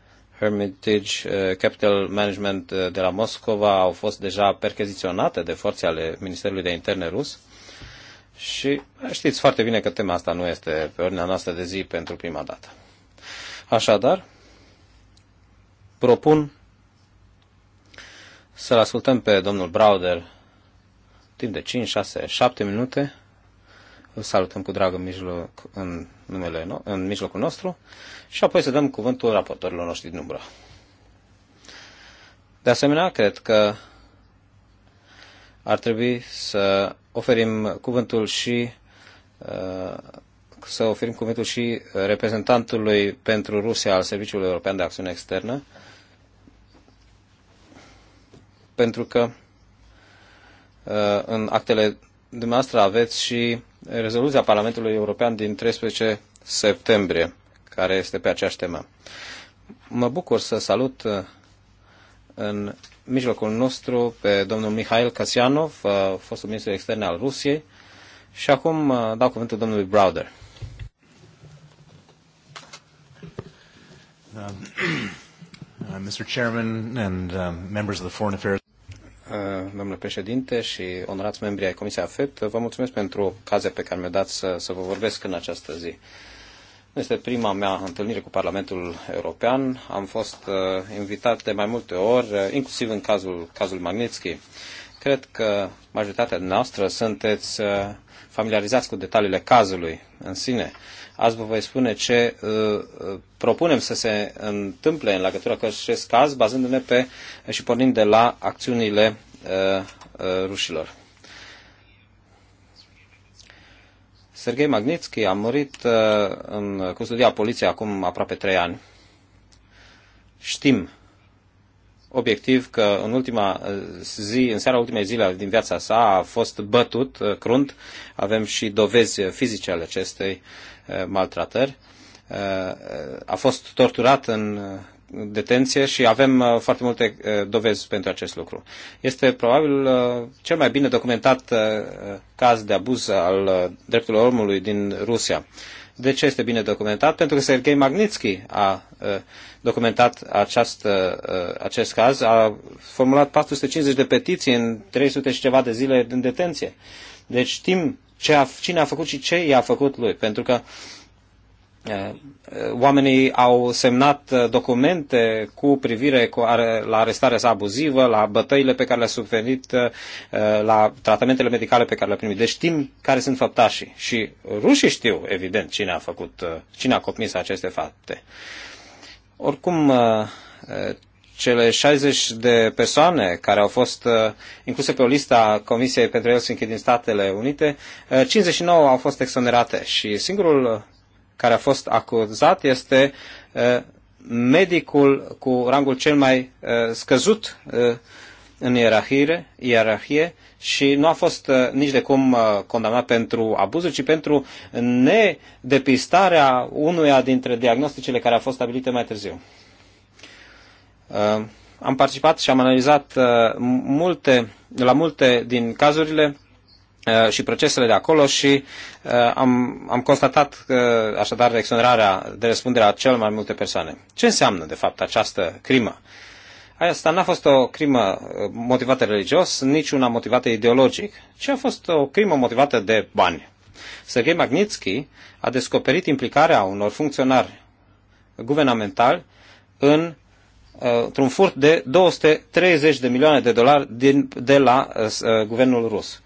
Hermitage uh, Capital Management uh, de la Moscova au fost deja percheziționate de forțe ale Ministerului de Interne rus. Și știți foarte bine că tema asta nu este pe ordinea noastră de zi pentru prima dată. Așadar, propun să-l ascultăm pe domnul Browder timp de 5, 6, 7 minute. Îl salutăm cu dragă mijloc în numele no- în mijlocul nostru și apoi să dăm cuvântul raportorilor noștri din umbră. De asemenea, cred că ar trebui să oferim cuvântul și uh, să oferim cuvântul și reprezentantului pentru Rusia al Serviciului European de Acțiune Externă, pentru că uh, în actele dumneavoastră aveți și rezoluția Parlamentului European din 13 septembrie, care este pe aceeași temă. Mă bucur să salut uh, în mijlocul nostru pe domnul Mihail Kasianov, uh, fostul ministru extern al Rusiei, și acum uh, dau cuvântul domnului Browder. Mr. Um, Chairman and um, members of the Foreign Affairs Uh, domnule președinte și onorați membri ai Comisiei AFET. Vă mulțumesc pentru ocazia pe care mi-a dat să, să vă vorbesc în această zi. Este prima mea întâlnire cu Parlamentul European. Am fost uh, invitat de mai multe ori, uh, inclusiv în cazul, cazul Magnitsky. Cred că majoritatea noastră sunteți familiarizați cu detaliile cazului în sine. Uh, Azi vă voi spune ce uh, uh, propunem să se întâmple în legătură cu acest caz, bazându-ne pe și pornind de la acțiunile uh, rușilor. Sergei Magnitsky a murit în custodia poliției acum aproape trei ani. Știm obiectiv că în ultima zi, în seara ultimei zile din viața sa a fost bătut crunt. Avem și dovezi fizice ale acestei Uh, maltratări. Uh, a fost torturat în uh, detenție și avem foarte multe dovezi pentru acest lucru. Este probabil cel mai bine documentat caz de abuz al drepturilor omului din Rusia. De ce este bine documentat? Pentru că Sergei Magnitsky a documentat acest, acest caz, a formulat 450 de petiții în 300 și ceva de zile în detenție. Deci știm ce a, cine a făcut și ce i-a făcut lui. Pentru că uh, oamenii au semnat uh, documente cu privire la arestarea sa abuzivă, la bătăile pe care le-a suferit, uh, la tratamentele medicale pe care le-a primit. Deci știm care sunt făptașii și rușii știu, evident, cine a făcut, cine a comis aceste fapte. Oricum, cele 60 de persoane care au fost uh, incluse pe o lista Comisiei pentru Helsinki din Statele Unite, 59 uh, au fost exonerate și singurul care a fost acuzat este uh, medicul cu rangul cel mai scăzut în ierarhie, ierarhie și nu a fost nici de cum condamnat pentru abuzuri, ci pentru nedepistarea unuia dintre diagnosticele care au fost stabilite mai târziu. Uh, am participat și am analizat uh, multe, la multe din cazurile uh, și procesele de acolo și am, am constatat că, așadar exonerarea de răspundere a cel mai multe persoane. Ce înseamnă, de fapt, această crimă? Asta n-a fost o crimă motivată religios, nici una motivată ideologic, ci a fost o crimă motivată de bani. Sergei Magnitsky a descoperit implicarea unor funcționari guvernamentali în Uh, într-un furt de 230 de milioane de dolari din, de la uh, uh, guvernul rus.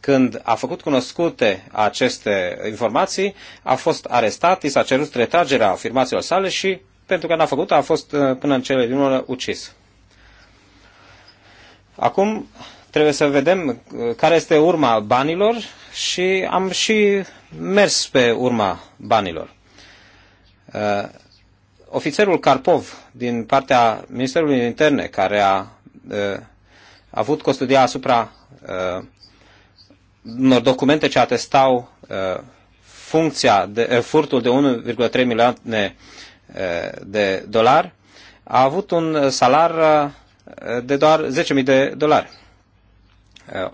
Când a făcut cunoscute aceste informații, a fost arestat, i s-a cerut retragerea afirmațiilor sale și, pentru că n-a făcut, a fost uh, până în cele din urmă ucis. Acum trebuie să vedem uh, care este urma banilor și am și mers pe urma banilor. Uh, ofițerul Karpov din partea Ministerului Interne, care a a avut custodia asupra a, unor documente ce atestau a, funcția de, a, furtul de 1,3 milioane de dolari, a avut un salar de doar 10.000 de dolari.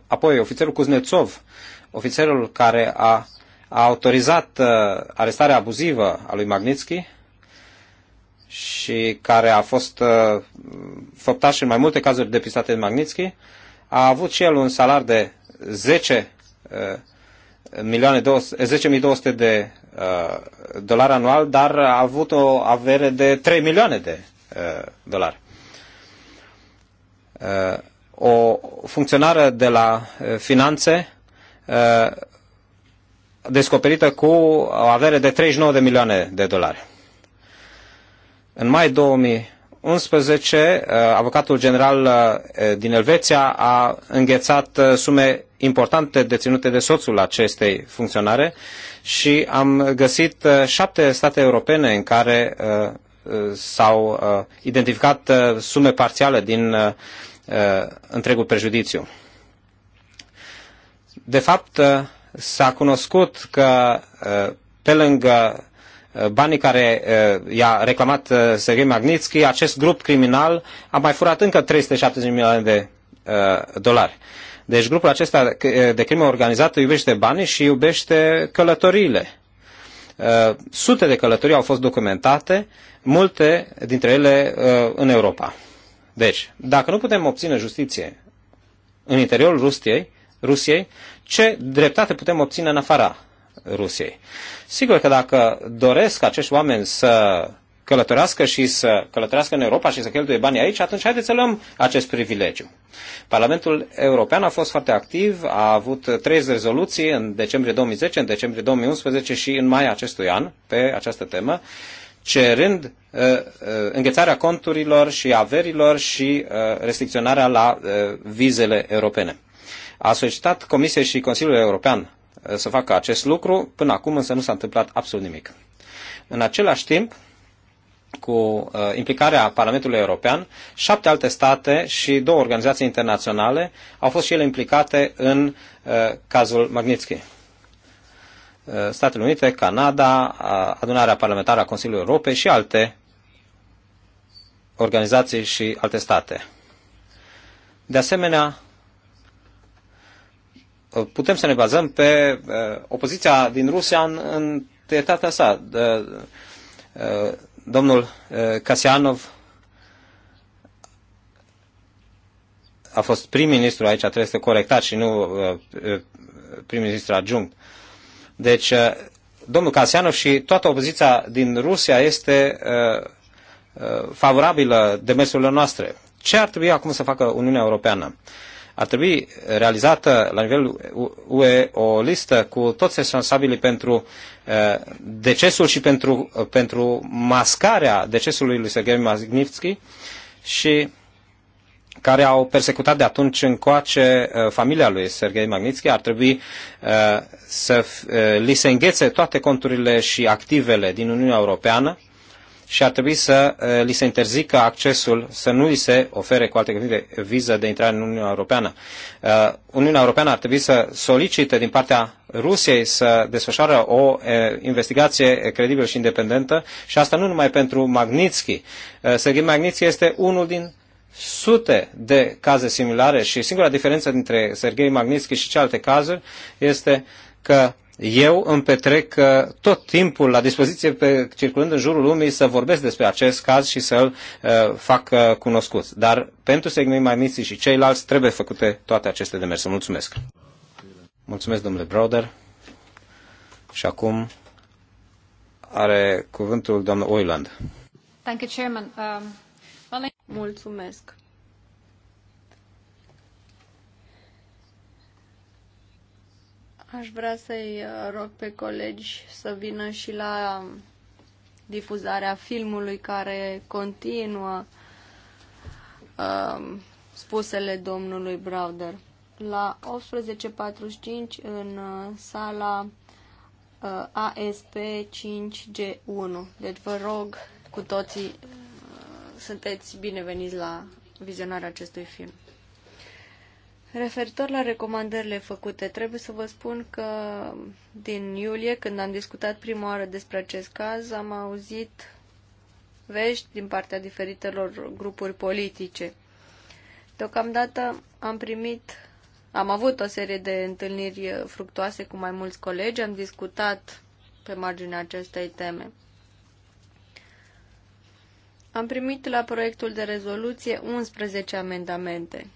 apoi, ofițerul Kuznetsov, ofițerul care a, a autorizat uh, arestarea abuzivă a lui Magnitsky, și care a fost uh, făptaș în mai multe cazuri depistate de Magnitsky, a avut și el un salar de 10 uh, milioane 10.200 de uh, dolari anual, dar a avut o avere de 3 milioane de uh, dolari. Uh, o funcționară de la uh, finanțe descoperită cu o avere de 39 de milioane de dolari. În mai 2011, uh, avocatul general uh, din Elveția a înghețat uh, sume importante deținute de soțul acestei funcționare și am găsit șapte state europene în care s-au identificat sume parțiale din întregul prejudiciu. De fapt, s-a cunoscut că pe lângă Eh, banii care eh, i-a reclamat eh, Sergei Magnitsky, acest grup criminal a mai furat încă 370 milioane de dolari. Deci grupul acesta de crimă organizată iubește banii și iubește călătoriile. Sute de călătorii au fost documentate, multe dintre ele în Europa. Deci, dacă nu putem obține justiție în interiorul Rusiei, Rusiei ce dreptate putem obține în afara Rusiei? Sigur că dacă doresc acești oameni să călătorească și să călătorească în Europa și să cheltuie banii aici, atunci haideți să luăm acest privilegiu. Parlamentul European a fost foarte activ, a avut trei rezoluții în decembrie 2010, în decembrie 2011 și în mai acestui an pe această temă, cerând uh, uh, înghețarea conturilor și averilor și uh, restricționarea la uh, vizele europene. A solicitat Comisiei și Consiliul European Eh, să facă acest lucru. Până acum însă nu s-a întâmplat absolut nimic. În același timp, cu eh, implicarea Parlamentului European, șapte alte state și două organizații internaționale au fost și ele implicate în eh, cazul Magnitsky. Statele Unite, Canada, adunarea parlamentară a Consiliului Europei și alte organizații și alte state. De asemenea, Uh, putem să ne bazăm pe uh, opoziția din Rusia în, în tăietatea sa. Uh, domnul Kasianov a fost prim-ministru aici, trebuie să corectat și nu prim-ministru adjunct. Deci, domnul Casianov și toată opoziția din Rusia este favorabilă demersurilor noastre. Ce ar trebui acum să facă Uniunea Europeană? Uh, ar trebui realizată la nivelul UE o listă cu toți responsabilii pentru eh, decesul și pentru, pentru mascarea decesului lui Sergei Magnitsky și care au persecutat de atunci încoace eh, familia lui Sergei Magnitsky, ar trebui eh, să li se înghețe toate conturile și activele din Uniunea Europeană și ar trebui să eh, li se interzică accesul, să nu li se ofere cu alte cuvinte viză de intrare în Uniunea Europeană. Eh, Uniunea Europeană ar trebui să solicite din partea Rusiei să desfășoare o eh, investigație credibilă și independentă și asta nu numai pentru Magnitsky. Serghei Magnitsky este unul din sute de caze similare și singura diferență dintre Serghei Magnitsky și celelalte cazuri este că eu îmi petrec uh, tot timpul la dispoziție pe, circulând în jurul lumii să vorbesc despre acest caz și să-l uh, fac uh, cunoscut. Dar pentru segmentul mai mici și ceilalți trebuie făcute toate aceste demersuri. Mulțumesc! Mulțumesc, domnule Broder. Și acum are cuvântul doamna Oiland. Thank you, Chairman. Um, Mulțumesc. Aș vrea să-i uh, rog pe colegi să vină și la um, difuzarea filmului care continuă uh, spusele domnului Browder. La 18.45 în uh, sala uh, ASP 5G1. Deci vă rog cu toții uh, sunteți bineveniți la vizionarea acestui film. Referitor la recomandările făcute, trebuie să vă spun că din iulie, când am discutat prima oară despre acest caz, am auzit vești din partea diferitelor grupuri politice. Deocamdată am primit, am avut o serie de întâlniri fructoase cu mai mulți colegi, am discutat pe marginea acestei teme. Am primit la proiectul de rezoluție 11 amendamente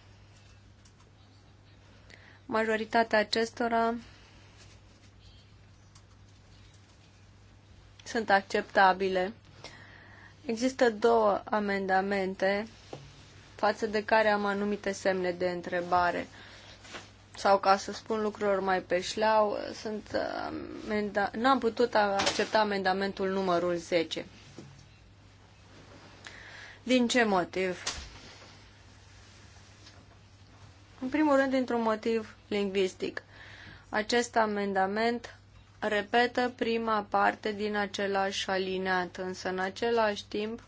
Majoritatea acestora sunt acceptabile. Există două amendamente față de care am anumite semne de întrebare. Sau ca să spun lucruri mai pe șleau, sunt amenda... n-am putut accepta amendamentul numărul 10. Din ce motiv? În primul rând, dintr-un motiv lingvistic. Acest amendament repetă prima parte din același alineat, însă în același timp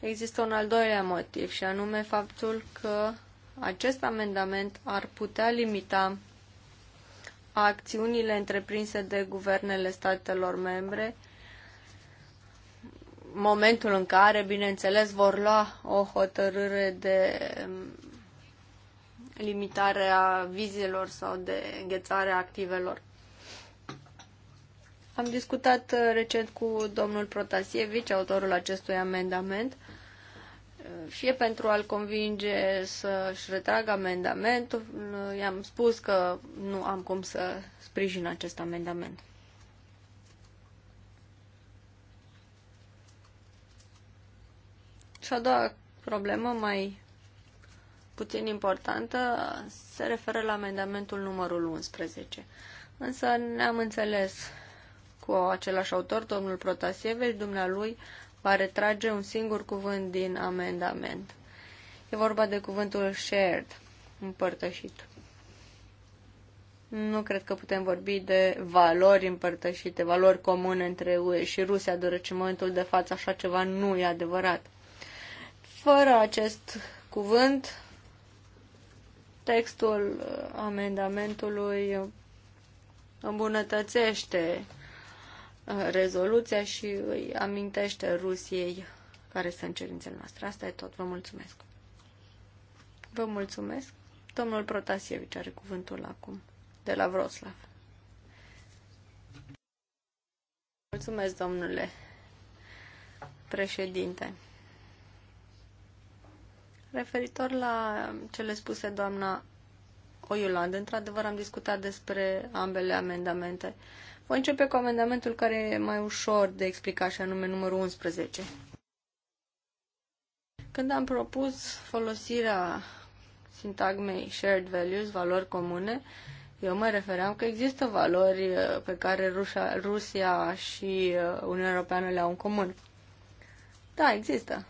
există un al doilea motiv și anume faptul că acest amendament ar putea limita acțiunile întreprinse de guvernele statelor membre momentul în care, bineînțeles, vor lua o hotărâre de limitarea vizelor sau de înghețarea activelor. Am discutat uh, recent cu domnul Protasievici, autorul acestui amendament, fie uh, pentru a-l convinge să-și retragă amendamentul, uh, i-am spus că nu am cum să sprijin acest amendament. Și a doua problemă mai puțin importantă se referă la amendamentul numărul 11. Însă ne-am înțeles cu același autor, domnul Protasievici, dumnealui va retrage un singur cuvânt din amendament. E vorba de cuvântul shared, împărtășit. Nu cred că putem vorbi de valori împărtășite, valori comune între UE și Rusia, deoarece în momentul de față așa ceva nu e adevărat. Fără acest cuvânt, Textul amendamentului îmbunătățește uh, rezoluția și îi amintește Rusiei care sunt cerințele noastre. Asta e tot. Vă mulțumesc. Vă mulțumesc. Domnul Protasievici are cuvântul acum, de la Vroslav. Mulțumesc, domnule președinte. Referitor la cele spuse doamna Oiuland, într-adevăr am discutat despre ambele amendamente. Voi începe cu amendamentul care e mai ușor de explicat, și anume numărul 11. Când am propus folosirea sintagmei shared values, valori comune, eu mă refeream că există valori uh, pe care Rusia, Rusia și uh, Uniunea Europeană le au în comun. Da, există.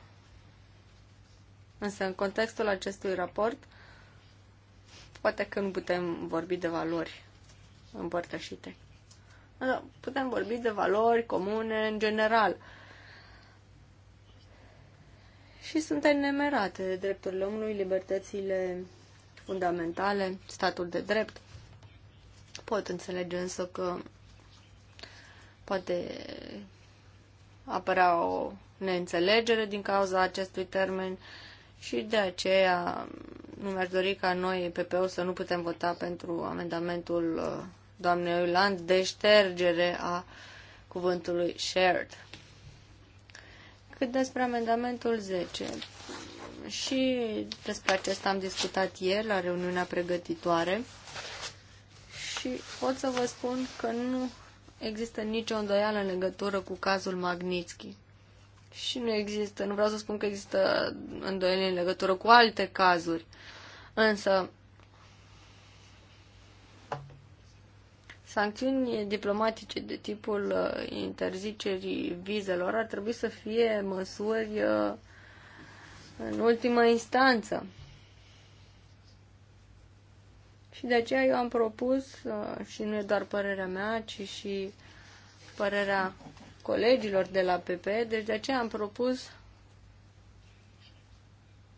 Însă, în contextul acestui raport, poate că nu putem vorbi de valori împărtășite. Putem vorbi de valori comune în general. Și sunt enumerate drepturile omului, libertățile fundamentale, statul de drept. Pot înțelege însă că poate apărea o neînțelegere din cauza acestui termen și de aceea um, nu mi-aș dori ca noi, PPO, să nu putem vota pentru amendamentul uh, doamnei Oiland de ștergere a cuvântului shared. Cât despre amendamentul 10, și despre acesta am discutat ieri la reuniunea pregătitoare și pot să vă spun că nu există nicio îndoială în legătură cu cazul Magnitsky și nu există, nu vreau să spun că există îndoieli în legătură cu alte cazuri, însă Sancțiuni diplomatice de tipul uh, interzicerii vizelor ar trebui să fie măsuri uh, în ultimă instanță. Și de aceea eu am propus, uh, și nu e doar părerea mea, ci și părerea colegilor de la PP, deci de aceea am propus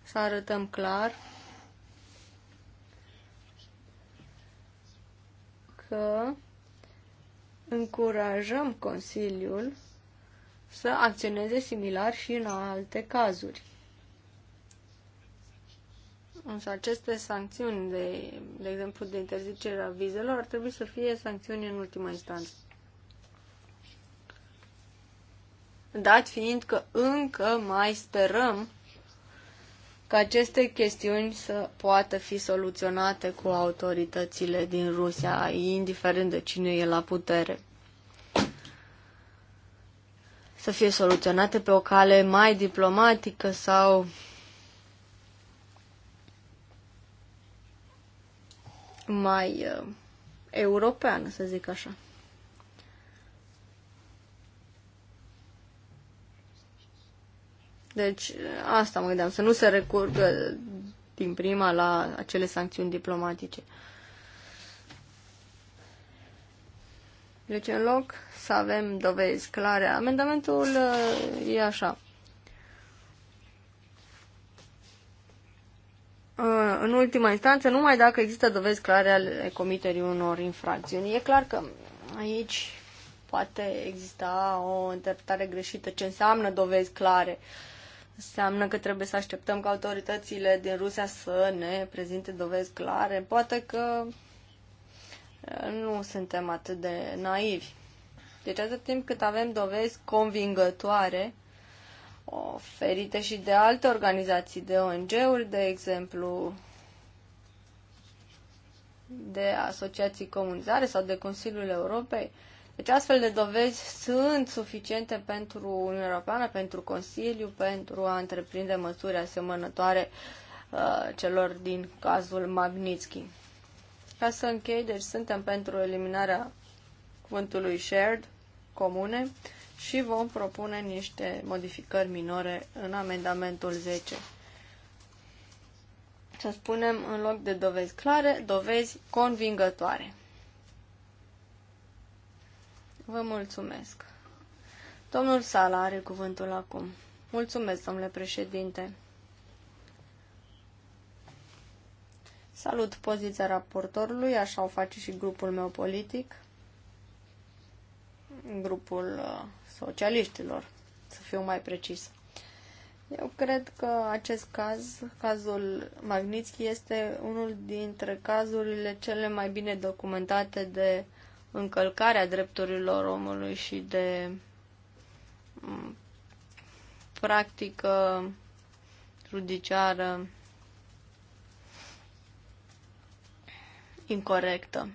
să arătăm clar că încurajăm Consiliul să acționeze similar și în alte cazuri. Însă aceste sancțiuni, de, de exemplu de interzicerea vizelor, ar trebui să fie sancțiuni în ultima instanță. dat fiind că încă mai sperăm că aceste chestiuni să poată fi soluționate cu autoritățile din Rusia, indiferent de cine e la putere. Să fie soluționate pe o cale mai diplomatică sau mai uh, europeană, să zic așa. Deci, asta mă gândeam, să nu se recurgă din prima la acele sancțiuni diplomatice. Deci, în loc să avem dovezi clare, amendamentul uh, e așa. Uh, în ultima instanță, numai dacă există dovezi clare ale comiterii unor infracțiuni. E clar că aici poate exista o interpretare greșită ce înseamnă dovezi clare. Uh, Înseamnă că trebuie să așteptăm ca autoritățile din Rusia să ne prezinte dovezi clare. Poate că uh, nu suntem atât de naivi. Deci atât timp cât avem dovezi convingătoare, oferite și de alte organizații, de ONG-uri, de exemplu, de asociații Comunizare sau de Consiliul Europei, deci astfel de dovezi sunt suficiente pentru Uniunea Europeană, pentru Consiliu, pentru a întreprinde măsuri asemănătoare uh, celor din cazul Magnitsky. Ca să închei, deci suntem pentru eliminarea cuvântului shared, comune, și vom propune niște modificări minore în amendamentul 10. Să spunem, în loc de dovezi clare, dovezi convingătoare. Vă mulțumesc. Domnul Sala are cuvântul acum. Mulțumesc, domnule președinte. Salut poziția raportorului, așa o face și grupul meu politic, grupul uh, socialiștilor, să fiu mai precis. Eu cred că acest caz, cazul Magnitsky, este unul dintre cazurile cele mai bine documentate de încălcarea drepturilor omului și de practică judiciară incorrectă.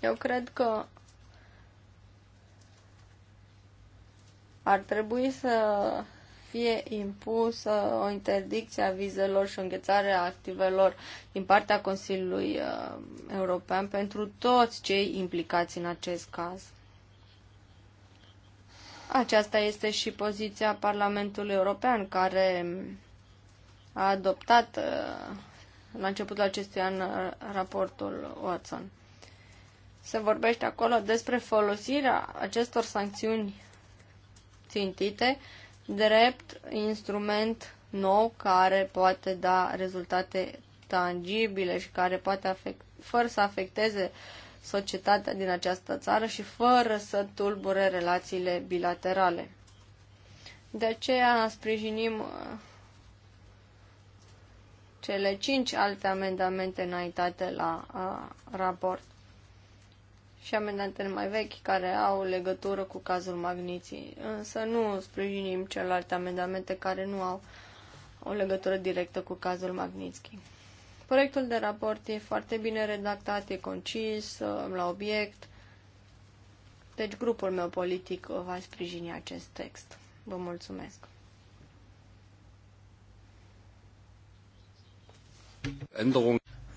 Eu cred că ar trebui să fie impusă o interdicție a vizelor și o înghețare a activelor din partea Consiliului uh, European pentru toți cei implicați în acest caz. Aceasta este și poziția Parlamentului European, care a adoptat uh, la începutul acestui an uh, raportul Watson. Se vorbește acolo despre folosirea acestor sancțiuni țintite drept instrument nou care poate da rezultate tangibile și care poate afect, fără să afecteze societatea din această țară și fără să tulbure relațiile bilaterale. De aceea sprijinim uh, cele cinci alte amendamente înaintate la a, uh, raport și amendamentele mai vechi care au legătură cu cazul Magniții, însă nu sprijinim celelalte amendamente care nu au o legătură directă cu cazul Magnitsky. Proiectul de raport e foarte bine redactat, e concis, ă, la obiect, deci grupul meu politic va sprijini acest text. Vă mulțumesc!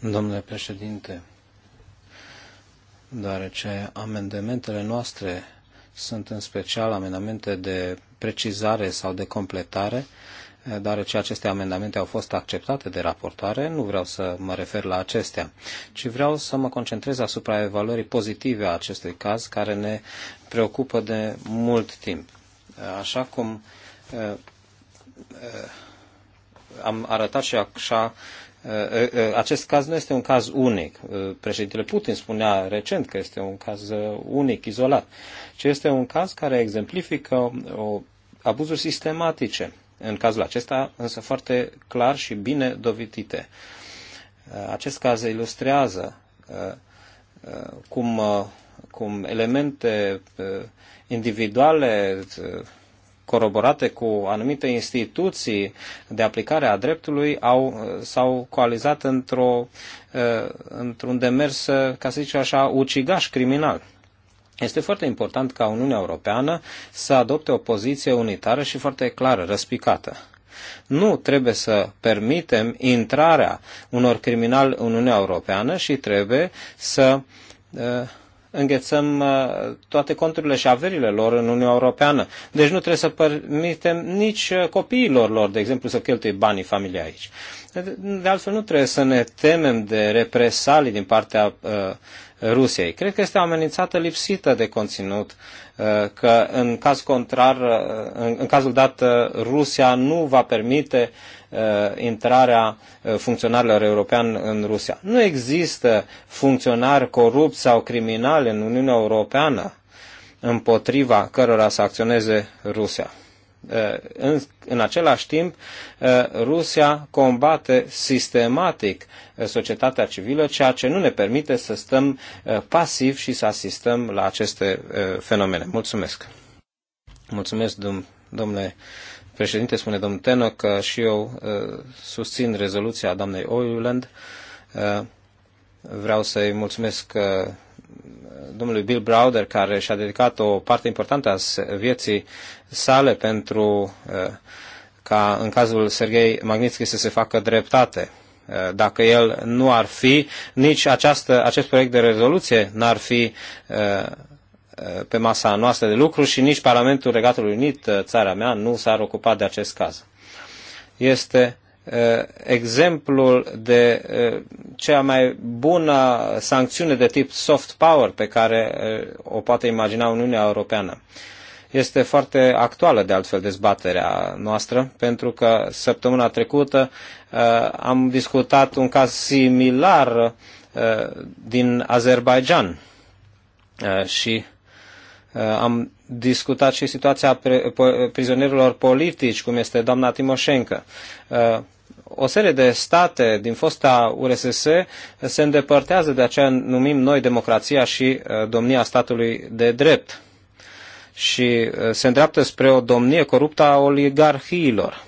Domnule președinte, deoarece amendamentele noastre sunt în special amendamente de precizare sau de completare, deoarece aceste amendamente au fost acceptate de raportare, nu vreau să mă refer la acestea, ci vreau să mă concentrez asupra evaluării pozitive a acestui caz care ne preocupă de mult timp. Așa cum eh, eh, am arătat și așa Ă, ă, acest caz nu este un caz unic. Ă, președintele Putin spunea recent că este un caz unic, izolat, ci este un caz care exemplifică o, abuzuri sistematice. În cazul acesta, însă foarte clar și bine dovitite. Acest caz ilustrează cum, cum elemente individuale coroborate cu anumite instituții de aplicare a dreptului, au, s-au coalizat într-o, eh, într-un demers, eh, ca să zicem așa, ucigaș criminal. Este foarte important ca Uniunea Europeană să adopte o poziție unitară și foarte clară, răspicată. Nu trebuie să permitem intrarea unor criminali în Uniunea Europeană și trebuie să uh, înghețăm uh, toate conturile și averile lor în Uniunea Europeană. Deci nu trebuie să permitem nici uh, copiilor lor, de exemplu, să cheltuie banii familiei aici. De altfel, nu trebuie să ne temem de represalii din partea uh, Rusiei. Cred că este o amenințată lipsită de conținut Uh, că în caz contrar, uh, în cazul dat, uh, Rusia nu va permite intrarea funcționarilor europeani în Rusia. Nu există funcționari corupți sau criminali în Uniunea Europeană împotriva cărora să acționeze Rusia. Uh, în, în același timp, uh, Rusia combate sistematic uh, societatea civilă, ceea ce nu ne permite să stăm pasiv și să asistăm la aceste fenomene. Mulțumesc! Mulțumesc, domnule președinte, spune domnul Tenoc, că și eu susțin rezoluția doamnei Oiland. Vreau să-i mulțumesc domnului Bill Browder, care și-a dedicat o parte importantă a vieții sale pentru uh, ca în cazul Sergei Magnitsky să se facă dreptate. Uh, dacă el nu ar fi, nici această, acest proiect de rezoluție n-ar fi uh, pe masa noastră de lucru și nici Parlamentul Regatului Unit, țara mea, nu s-ar ocupa de acest caz. Este Eh, exemplul de eh, cea mai bună sancțiune de tip soft power pe care eh, o poate imagina Uniunea Europeană. Este foarte actuală, de altfel, dezbaterea noastră, pentru că săptămâna trecută am discutat un caz similar din Azerbaijan și am discutat și situația prizonierilor politici, cum este doamna Timoșencă o serie de state din fosta URSS se îndepărtează de aceea numim noi democrația și uh, domnia statului de drept și uh, se îndreaptă spre o domnie coruptă a oligarhiilor.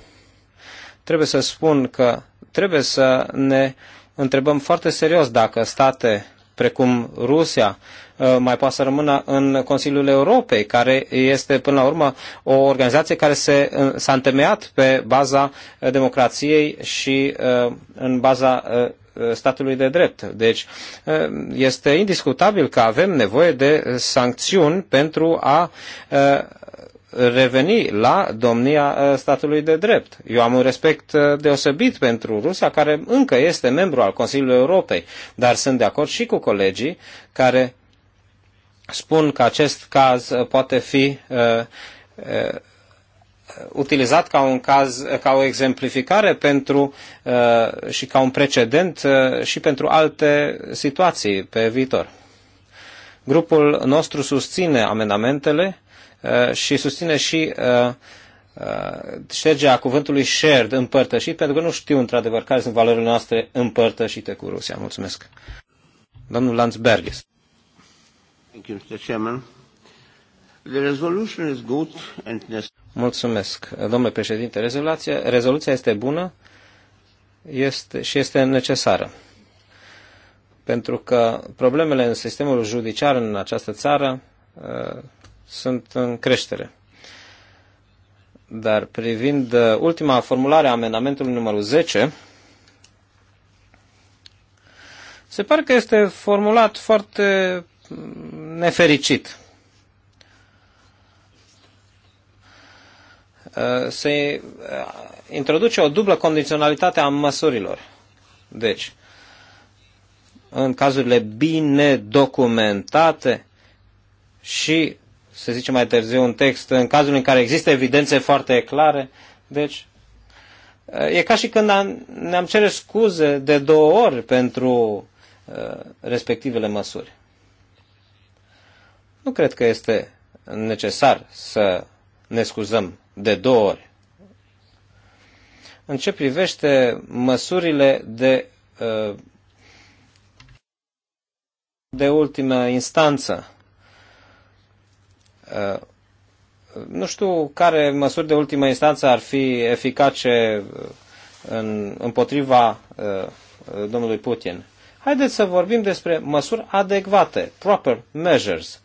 Trebuie să spun că trebuie să ne întrebăm foarte serios dacă state precum Rusia, uh, mai poate să rămână în Consiliul Europei, care este până la urmă o organizație care se, uh, s-a întemeiat pe baza uh, democrației și în baza statului de drept. Deci este indiscutabil că avem nevoie de sancțiuni pentru a reveni la domnia uh, statului de drept. Eu am un respect uh, deosebit pentru Rusia, care încă este membru al Consiliului Europei, dar sunt de acord și cu colegii care spun că acest caz uh, poate fi utilizat ca un caz, ca o exemplificare pentru uh, și ca un precedent uh, și pentru alte situații pe viitor. Grupul nostru susține amendamentele Uh, și susține și uh, uh, ștergea cuvântului shared, împărtășit, pentru că nu știu într-adevăr care sunt valorile noastre împărtășite cu Rusia. Mulțumesc. Domnul Landsbergis. Thank you, Mr. Chairman. The resolution is good and Mulțumesc, domnule președinte. Rezoluția, rezoluția este bună este, și este necesară. Pentru că problemele în sistemul judiciar în această țară sunt în creștere. Dar privind uh, ultima formulare a amendamentului numărul 10, se pare că este formulat foarte mm, nefericit. Uh, se uh, introduce o dublă condiționalitate a măsurilor. Deci, în cazurile bine documentate și să zicem mai târziu, un text în cazul în care există evidențe foarte clare. Deci, e ca și când am, ne-am cere scuze de două ori pentru uh, respectivele măsuri. Nu cred că este necesar să ne scuzăm de două ori. În ce privește măsurile de, uh, de ultimă instanță, Uh, nu știu care măsuri de ultimă instanță ar fi eficace uh, în, împotriva uh, domnului Putin. Haideți să vorbim despre măsuri adecvate, proper measures.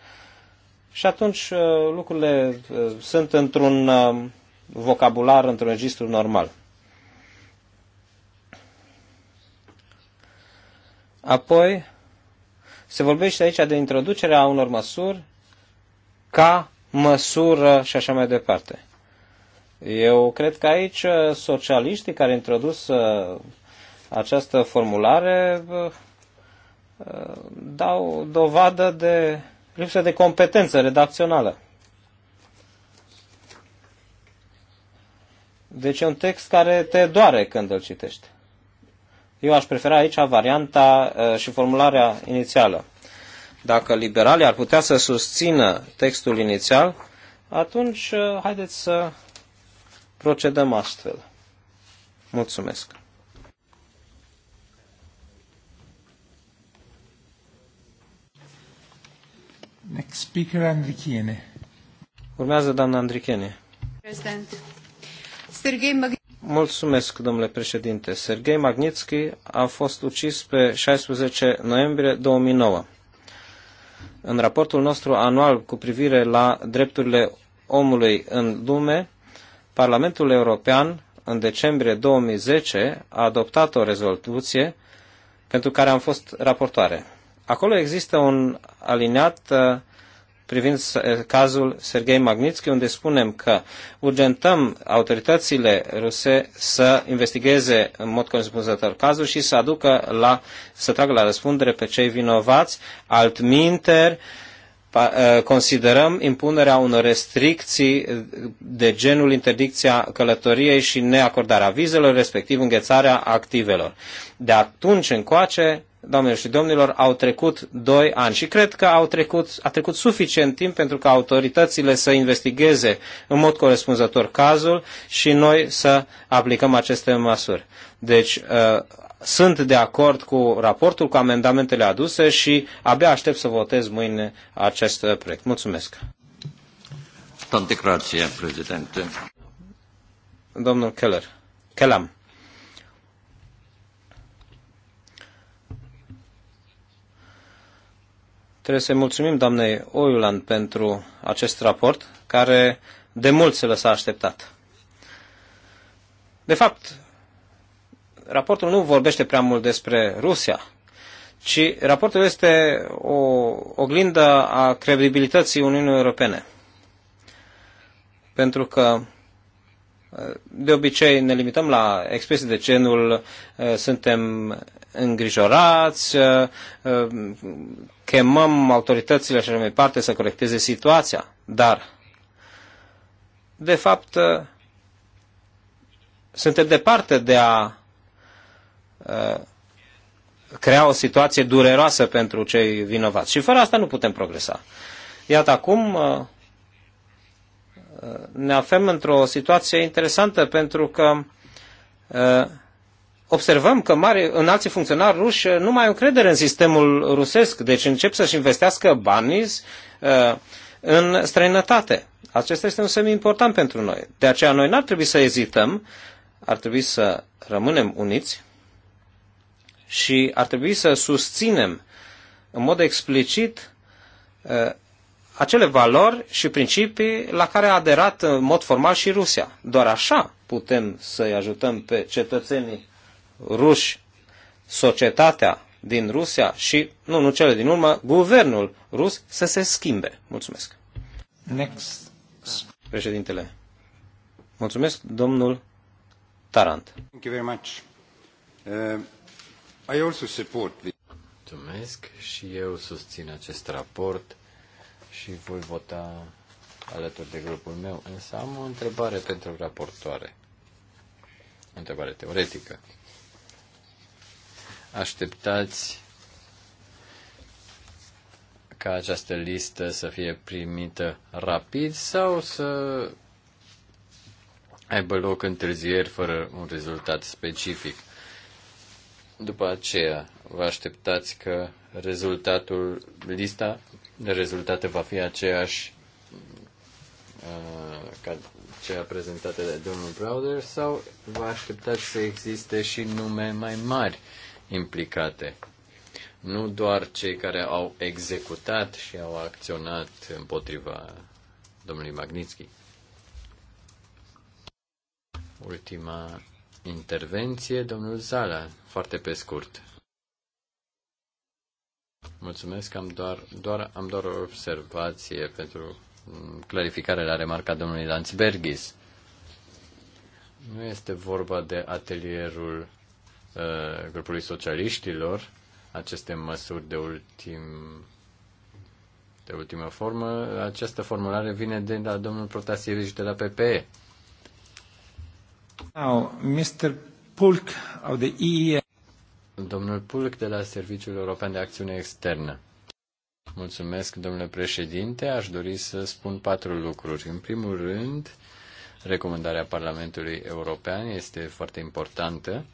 Și atunci lucrurile sunt într-un vocabular, într-un registru normal. Apoi, se vorbește aici de introducerea unor măsuri ca măsură și așa mai departe. Eu cred că aici uh, socialiștii care au introdus uh, această formulare uh, dau dovadă de lipsă de competență redacțională. Deci e un text care te doare când îl citești. Eu aș prefera aici varianta și formularea inițială. Dacă liberalii ar putea să susțină textul inițial, atunci uh, haideți să procedăm astfel. Mulțumesc! Next speaker, Andrichene. Urmează doamna Andrichene. President. Sergei Mag- Mulțumesc, domnule președinte. Sergei Magnitsky a fost ucis pe 16 noiembrie 2009 în raportul nostru anual cu privire la drepturile omului în lume, Parlamentul European, în decembrie 2010, a adoptat o rezoluție pentru care am fost raportoare. Acolo există un aliniat uh, privind eh, cazul Sergei Magnitsky, unde spunem că urgentăm autoritățile ruse să investigheze în mod corespunzător cazul și să aducă la, să tragă la răspundere pe cei vinovați, altminteri, eh, considerăm impunerea unor restricții de genul interdicția călătoriei și neacordarea vizelor, respectiv înghețarea activelor. De atunci încoace, doamnelor și domnilor, au trecut doi ani și cred că au trecut, a trecut suficient timp pentru ca autoritățile să investigheze în mod corespunzător cazul și noi să aplicăm aceste măsuri. Deci, uh, sunt de acord cu raportul, cu amendamentele aduse și abia aștept să votez mâine acest proiect. Mulțumesc. Tante grație, președinte. Domnul Keller. Kelam. Trebuie să-i mulțumim doamnei Oiuland pentru acest raport, care de mult se lăsa așteptat. De fapt, raportul nu vorbește prea mult despre Rusia, ci raportul este o oglindă a credibilității Uniunii Europene. Pentru că de obicei ne limităm la expresii de genul eh, suntem îngrijorați, eh, eh, chemăm autoritățile și așa mai departe să corecteze situația, dar de fapt suntem departe de a crea o situație dureroasă pentru cei vinovați. Și fără asta nu putem progresa. Iată acum Uh, ne aflăm într-o situație interesantă pentru că uh, observăm că mari, alții funcționari ruși uh, nu mai au încredere în sistemul rusesc, deci încep să-și investească banii în străinătate. Acesta este un semn important pentru noi. De aceea noi n-ar trebui să ezităm, ar trebui să rămânem uniți și ar trebui să susținem în mod explicit acele valori și principii la care a aderat în mod formal și Rusia. Doar așa putem să-i ajutăm pe cetățenii ruși, societatea din Rusia și, nu, nu cele din urmă, guvernul rus să se schimbe. Mulțumesc. Next. Președintele. Mulțumesc, domnul Tarant. Thank you very much. Uh, I also support the... Mulțumesc și eu susțin acest raport și voi vota alături de grupul meu. Însă am o întrebare pentru raportoare. O întrebare teoretică. Așteptați ca această listă să fie primită rapid sau să aibă loc întârzieri fără un rezultat specific? După aceea, vă așteptați că rezultatul, lista Rezultate va fi aceeași uh, ca cea prezentată de domnul Browder sau vă așteptați să existe și nume mai mari implicate? Nu doar cei care au executat și au acționat împotriva domnului Magnitsky. Ultima intervenție, domnul Zala, foarte pe scurt. Mulțumesc, am doar, doar, am doar o observație pentru clarificare la remarca domnului Lanzbergis. Nu este vorba de atelierul uh, grupului socialiștilor, aceste măsuri de ultim de ultimă formă, această formulare vine de la domnul Protasievici de la PPE. Now, Mr. Pulk of the EEA. Domnul Pulc de la Serviciul European de Acțiune Externă. Mulțumesc, domnule președinte. Aș dori să spun patru lucruri. În primul rând, recomandarea Parlamentului European este foarte importantă.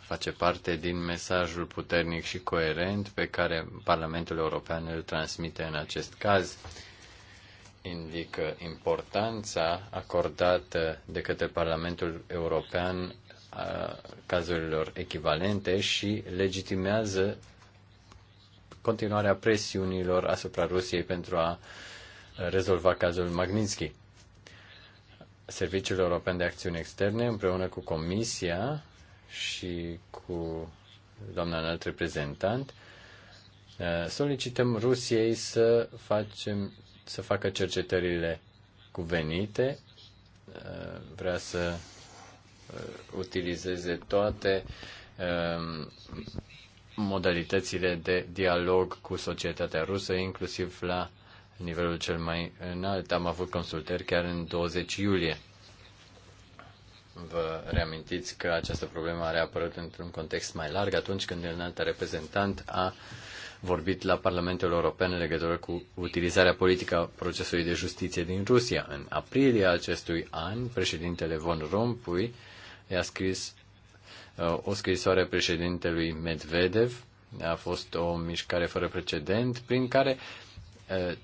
Face parte din mesajul puternic și coerent pe care Parlamentul European îl transmite în acest caz. Indică importanța acordată de către Parlamentul European cazurilor echivalente și legitimează continuarea presiunilor asupra Rusiei pentru a rezolva cazul Magnitsky. Serviciul European de Acțiuni Externe, împreună cu Comisia și cu doamna înalt reprezentant, solicităm Rusiei să, facem, să facă cercetările cuvenite. Vrea să Uh, utilizeze toate um, modalitățile de dialog cu societatea rusă, inclusiv la nivelul cel mai înalt. Am avut consultări chiar în 20 iulie. Vă reamintiți că această problemă a reapărut într-un context mai larg atunci când un alt reprezentant a vorbit la Parlamentul European în legătură cu utilizarea politică a procesului de justiție din Rusia. În aprilie acestui an, președintele Von Rompuy i-a scris uh, o scrisoare președintelui Medvedev. A fost o mișcare fără precedent prin care uh,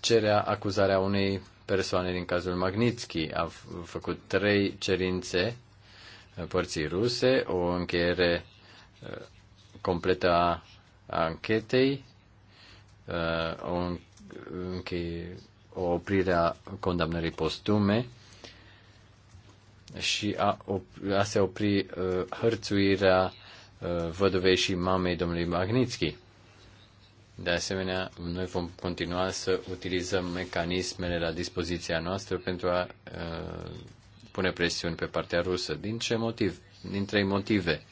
cerea acuzarea unei persoane din cazul Magnitsky. A făcut trei cerințe uh, părții ruse, o încheiere completă a anchetei, o, o oprire a condamnării postume și a, a se opri uh, hărțuirea uh, văduvei și mamei domnului Magnitsky. De asemenea, noi vom continua să utilizăm mecanismele la dispoziția noastră pentru a uh, pune presiuni pe partea rusă. Din ce motiv? Din trei motive.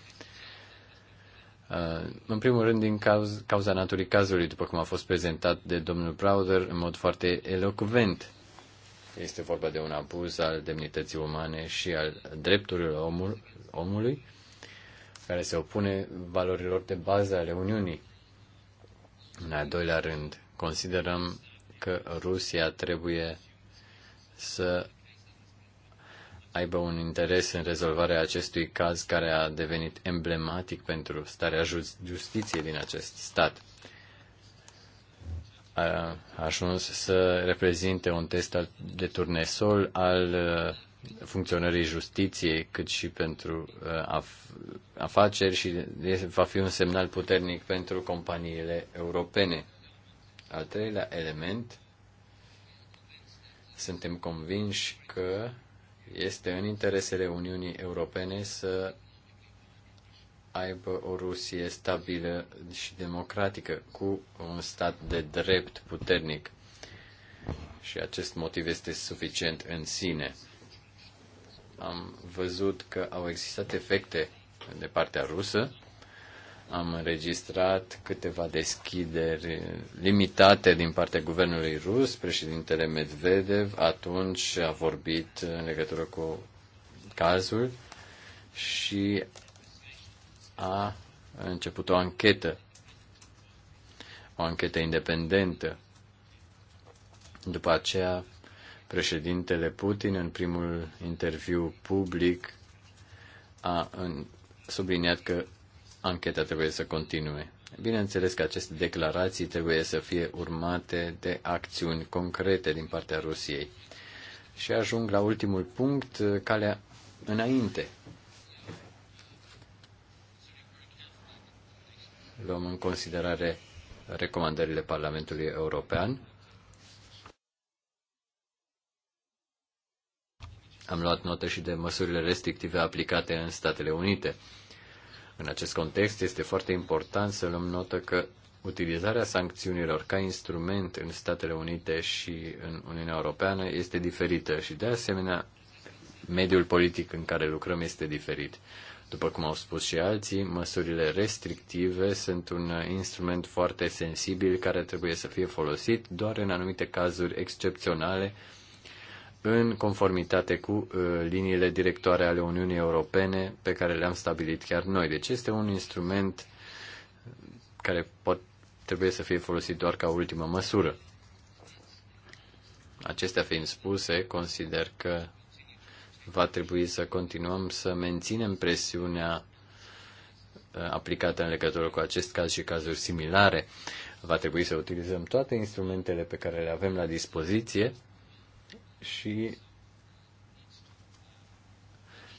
Uh, în primul rând, din cauza, cauza naturii cazului, după cum a fost prezentat de domnul Browder în mod foarte elocvent. Este vorba de un abuz al demnității umane și al drepturilor omul, omului, care se opune valorilor de bază ale Uniunii. În al doilea rând, considerăm că Rusia trebuie să aibă un interes în rezolvarea acestui caz care a devenit emblematic pentru starea justiției din acest stat a ajuns să reprezinte un test de turnesol al uh, funcționării justiției, cât și pentru uh, afaceri și va fi un semnal puternic pentru companiile europene. Al treilea element, suntem convinși că este în interesele Uniunii Europene să aibă o Rusie stabilă și democratică, cu un stat de drept puternic. Și acest motiv este suficient în sine. Am văzut că au existat efecte de partea rusă. Am înregistrat câteva deschideri limitate din partea guvernului rus. Președintele Medvedev atunci a vorbit în legătură cu cazul și a început o anchetă, o anchetă independentă. După aceea, președintele Putin, în primul interviu public, a subliniat că ancheta trebuie să continue. Bineînțeles că aceste declarații trebuie să fie urmate de acțiuni concrete din partea Rusiei. Și ajung la ultimul punct, calea înainte. luăm în considerare recomandările Parlamentului European. Am luat notă și de măsurile restrictive aplicate în Statele Unite. În acest context este foarte important să luăm notă că utilizarea sancțiunilor ca instrument în Statele Unite și în Uniunea Europeană este diferită și de asemenea mediul politic în care lucrăm este diferit. După cum au spus și alții, măsurile restrictive sunt un instrument foarte sensibil care trebuie să fie folosit doar în anumite cazuri excepționale în conformitate cu uh, liniile directoare ale Uniunii Europene pe care le-am stabilit chiar noi. Deci este un instrument care pot, trebuie să fie folosit doar ca ultimă măsură. Acestea fiind spuse, consider că va trebui să continuăm să menținem presiunea uh, aplicată în legătură cu acest caz și cazuri similare. Va trebui să utilizăm toate instrumentele pe care le avem la dispoziție și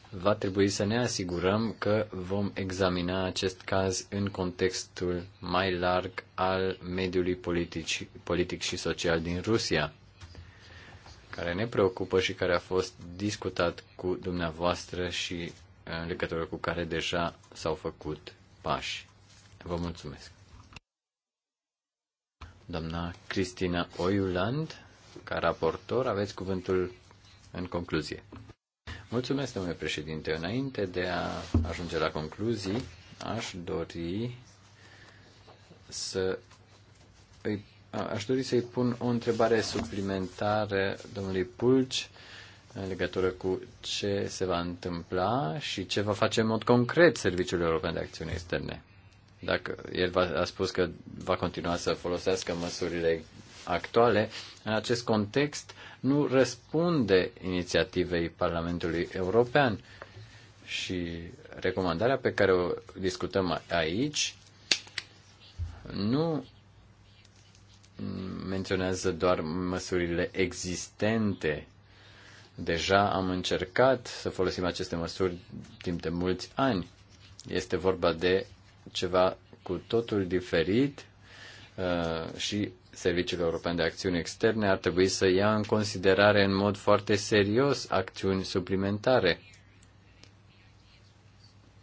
va trebui să ne asigurăm că vom examina acest caz în contextul mai larg al mediului politic, politic și social din Rusia care ne preocupă și care a fost discutat cu dumneavoastră și uh, în legătură cu care deja s-au făcut pași. Vă mulțumesc. Doamna Cristina Oiuland, ca raportor, aveți cuvântul în concluzie. Mulțumesc, domnule președinte. Înainte de a ajunge la concluzii, aș dori să îi Aș dori să-i pun o întrebare suplimentară domnului Pulci în legătură cu ce se va întâmpla și ce va face în mod concret Serviciul European de Acțiune Externe. Dacă el va, a spus că va continua să folosească măsurile actuale, în acest context nu răspunde inițiativei Parlamentului European și recomandarea pe care o discutăm aici nu menționează doar măsurile existente. Deja am încercat să folosim aceste măsuri timp de mulți ani. Este vorba de ceva cu totul diferit uh, și Serviciul European de Acțiuni Externe ar trebui să ia în considerare în mod foarte serios acțiuni suplimentare.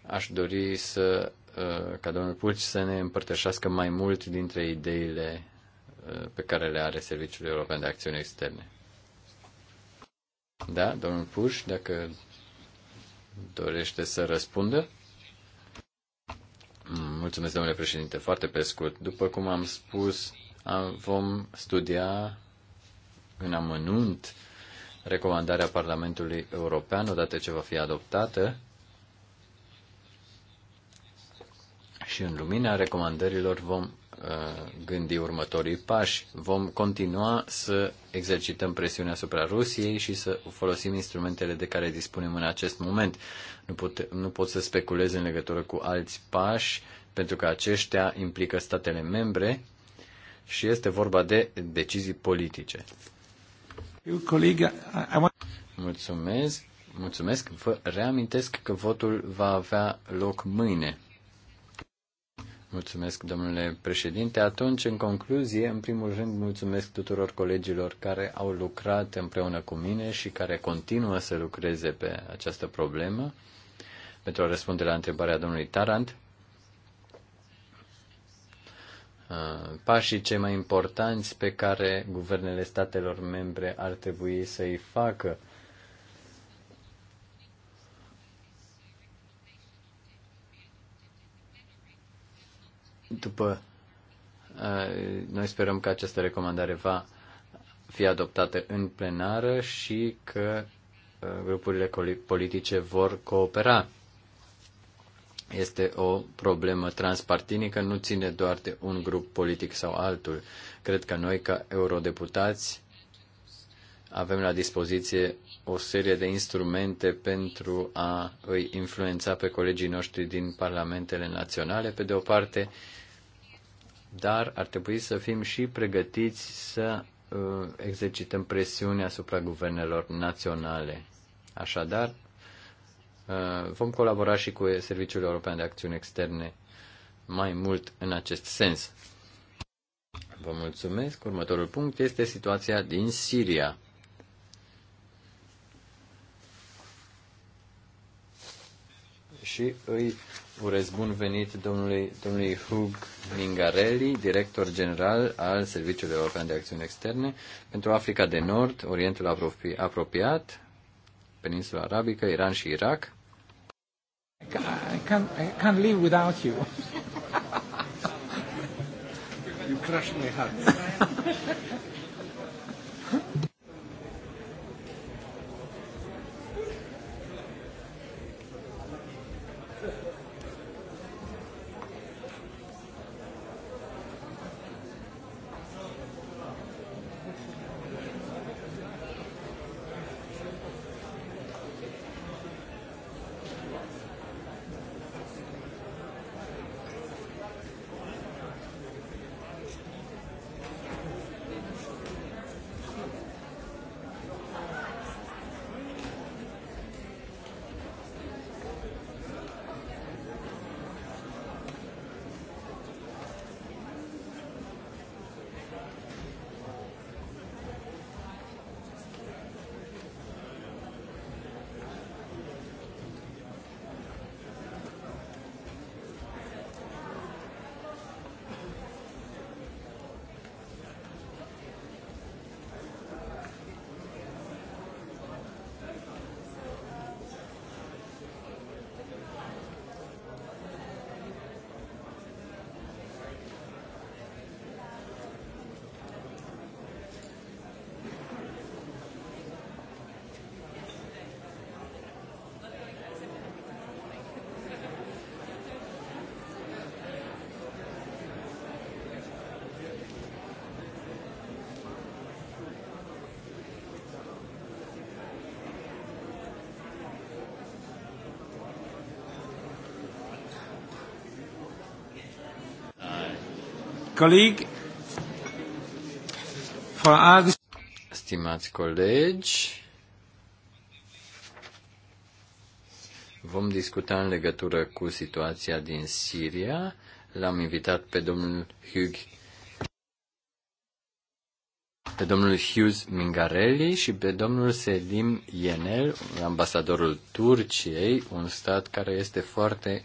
Aș dori să uh, ca domnul Puci să ne împărtășească mai mult dintre ideile Uh, pe care le are Serviciul European de Acțiune Externe. Da, domnul Puș, dacă dorește să răspundă. Mulțumesc, domnule președinte. Foarte pe scurt. După cum am spus, vom studia în amănunt recomandarea Parlamentului European odată ce va fi adoptată și în lumina recomandărilor vom uh, gândi următorii pași. Vom continua să exercităm presiunea asupra Rusiei și să folosim instrumentele de care dispunem în acest moment. Nu pot, nu pot să speculez în legătură cu alți pași, pentru că aceștia implică statele membre și este vorba de decizii politice. Eu, colegă, I, I Mulțumesc. Mulțumesc. Vă reamintesc că votul va avea loc mâine. Mulțumesc, domnule președinte. Atunci, în concluzie, în primul rând, mulțumesc tuturor colegilor care au lucrat împreună cu mine și care continuă să lucreze pe această problemă. Pentru a răspunde la întrebarea domnului Tarant, uh, pașii cei mai importanți pe care guvernele statelor membre ar trebui să-i facă După, noi sperăm că această recomandare va fi adoptată în plenară și că grupurile politice vor coopera. Este o problemă transpartinică, nu ține doar de un grup politic sau altul. Cred că noi, ca eurodeputați, avem la dispoziție o serie de instrumente pentru a îi influența pe colegii noștri din parlamentele naționale, pe de o parte, dar ar trebui să fim și pregătiți să uh, exercităm presiune asupra guvernelor naționale. Așadar, uh, vom colabora și cu Serviciul European de Acțiuni Externe mai mult în acest sens. Vă mulțumesc. Următorul punct este situația din Siria. Și îi Urez bun venit domnului, domnului Hug Mingarelli, director general al Serviciului European de Acțiuni Externe pentru Africa de Nord, Orientul Apropi- Apropiat, Peninsula Arabică, Iran și Irak. I can't, I can't live without you. you crush my heart. Colleague, Stimați colegi, vom discuta în legătură cu situația din Siria. L-am invitat pe domnul Hugh pe domnul Hughes Mingarelli și pe domnul Selim Yenel, ambasadorul Turciei, un stat care este foarte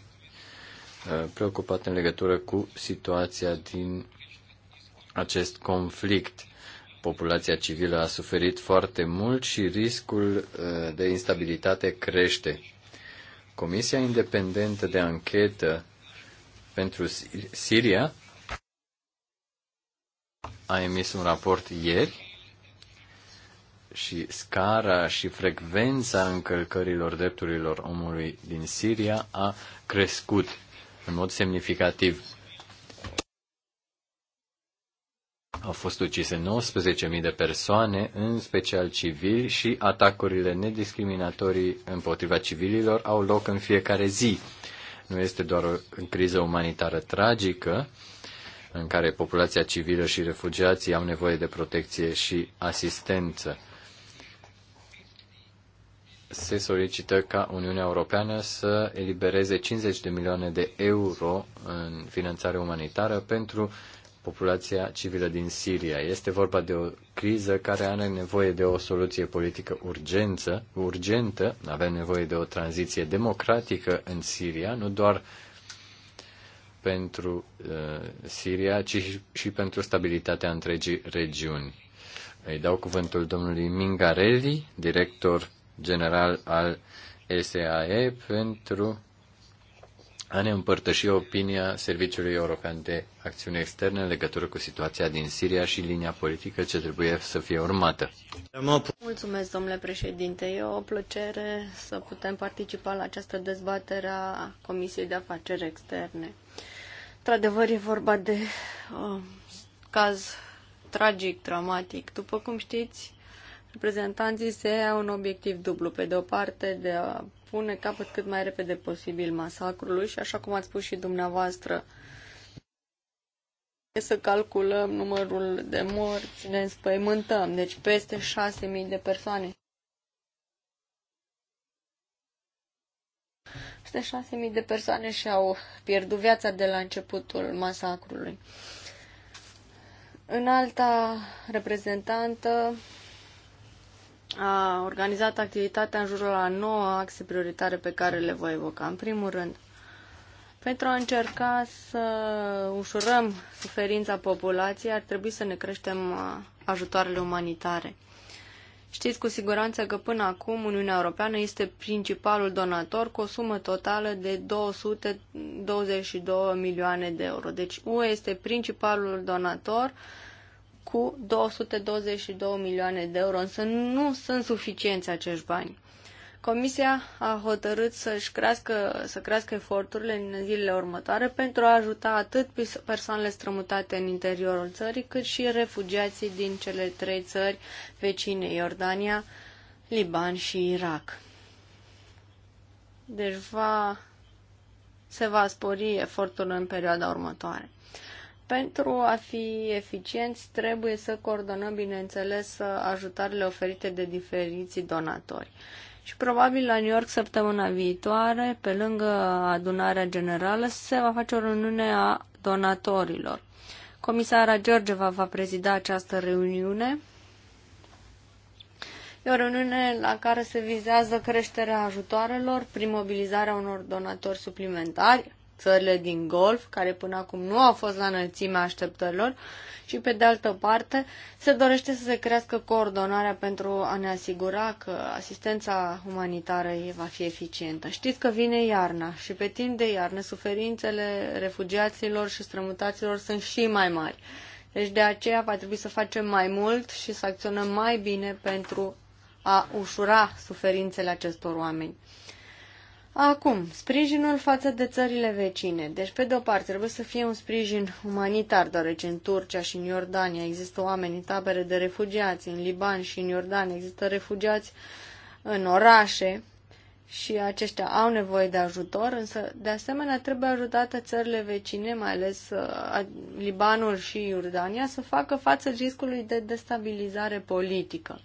Uh, preocupat în legătură cu situația din acest conflict. Populația civilă a suferit foarte mult și riscul uh, de instabilitate crește. Comisia Independentă de Anchetă pentru Siria a emis un raport ieri și scara și frecvența încălcărilor drepturilor omului din Siria a crescut în mod semnificativ. Au fost ucise 19.000 de persoane, în special civili, și atacurile nediscriminatorii împotriva civililor au loc în fiecare zi. Nu este doar o criză umanitară tragică, în care populația civilă și refugiații au nevoie de protecție și asistență se solicită ca Uniunea Europeană să elibereze 50 de milioane de euro în finanțare umanitară pentru populația civilă din Siria. Este vorba de o criză care are nevoie de o soluție politică urgență, urgentă, avem nevoie de o tranziție democratică în Siria, nu doar pentru uh, Siria, ci și, și pentru stabilitatea întregii regiuni. Îi dau cuvântul domnului Mingarelli, director general al SAE pentru a ne împărtăși opinia Serviciului European de Acțiune Externă în legătură cu situația din Siria și linia politică ce trebuie să fie urmată. Mulțumesc, domnule președinte. E o plăcere să putem participa la această dezbatere a Comisiei de Afaceri Externe. Într-adevăr, e vorba de uh, caz tragic, dramatic. După cum știți, reprezentanții se au un obiectiv dublu. Pe de o parte, de a pune capăt cât mai repede posibil masacrului și, așa cum ați spus și dumneavoastră, să calculăm numărul de morți, ne înspăimântăm, deci peste 6.000 de persoane. Peste 6.000 de persoane și-au pierdut viața de la începutul masacrului. În alta reprezentantă a organizat activitatea în jurul a nouă axe prioritare pe care le voi evoca. În primul rând, pentru a încerca să ușurăm suferința populației, ar trebui să ne creștem ajutoarele umanitare. Știți cu siguranță că până acum Uniunea Europeană este principalul donator cu o sumă totală de 222 milioane de euro. Deci UE este principalul donator uh, cu 222 milioane de euro, însă nu sunt suficienți acești bani. Comisia a hotărât să-și crească, să crească eforturile în zilele următoare pentru a ajuta atât persoanele strămutate în interiorul țării, cât și refugiații din cele trei țări vecine, Iordania, Liban și Irak. Deci va, se va spori efortul în perioada următoare. Pentru a fi eficienți, trebuie să coordonăm, bineînțeles, ajutarele oferite de diferiții donatori. Și probabil la New York săptămâna viitoare, pe lângă adunarea generală, se va face o reuniune a donatorilor. Comisara Georgeva va prezida această reuniune. E o reuniune la care se vizează creșterea ajutoarelor prin mobilizarea unor donatori suplimentari, țările din Golf, care până acum nu au fost la înălțimea așteptărilor, și pe de altă parte se dorește să se crească coordonarea pentru a ne asigura că asistența umanitară va fi eficientă. Știți că vine iarna și pe timp de iarnă suferințele refugiaților și strămutaților sunt și mai mari. Deci de aceea va trebui să facem mai mult și să acționăm mai bine pentru a ușura suferințele acestor oameni. Acum, sprijinul față de țările vecine. Deci, pe de o parte, trebuie să fie un sprijin umanitar, deoarece în Turcia și în Iordania există oameni în tabere de refugiați, în Liban și în Iordania există refugiați în orașe și aceștia au nevoie de ajutor, însă, de asemenea, trebuie ajutate țările vecine, mai ales uh, Libanul și Iordania, să facă față riscului de destabilizare politică.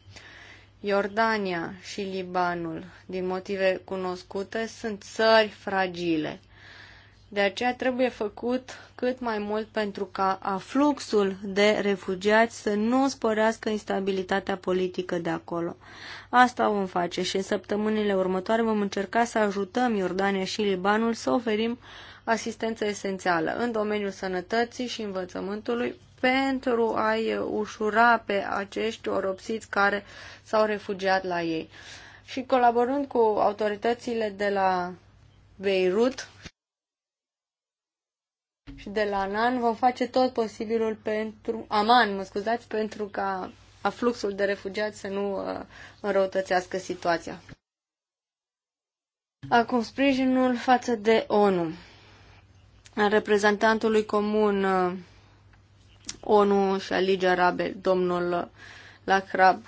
Iordania și Libanul, din motive cunoscute, sunt țări fragile. De aceea trebuie făcut cât mai mult pentru ca afluxul de refugiați să nu sporească instabilitatea politică de acolo. Asta vom face și în săptămânile următoare vom încerca să ajutăm Iordania și Libanul să oferim asistență esențială în domeniul sănătății și învățământului, pentru a-i ușura pe acești oropsiți care s-au refugiat la ei. Și colaborând cu autoritățile de la Beirut și de la Anan, vom face tot posibilul pentru... Aman, mă scuzați, pentru ca afluxul de refugiați să nu uh, înrăutățească situația. Acum, sprijinul față de ONU. Reprezentantului comun uh, ONU și a Ligii Arabe, domnul Lacrab.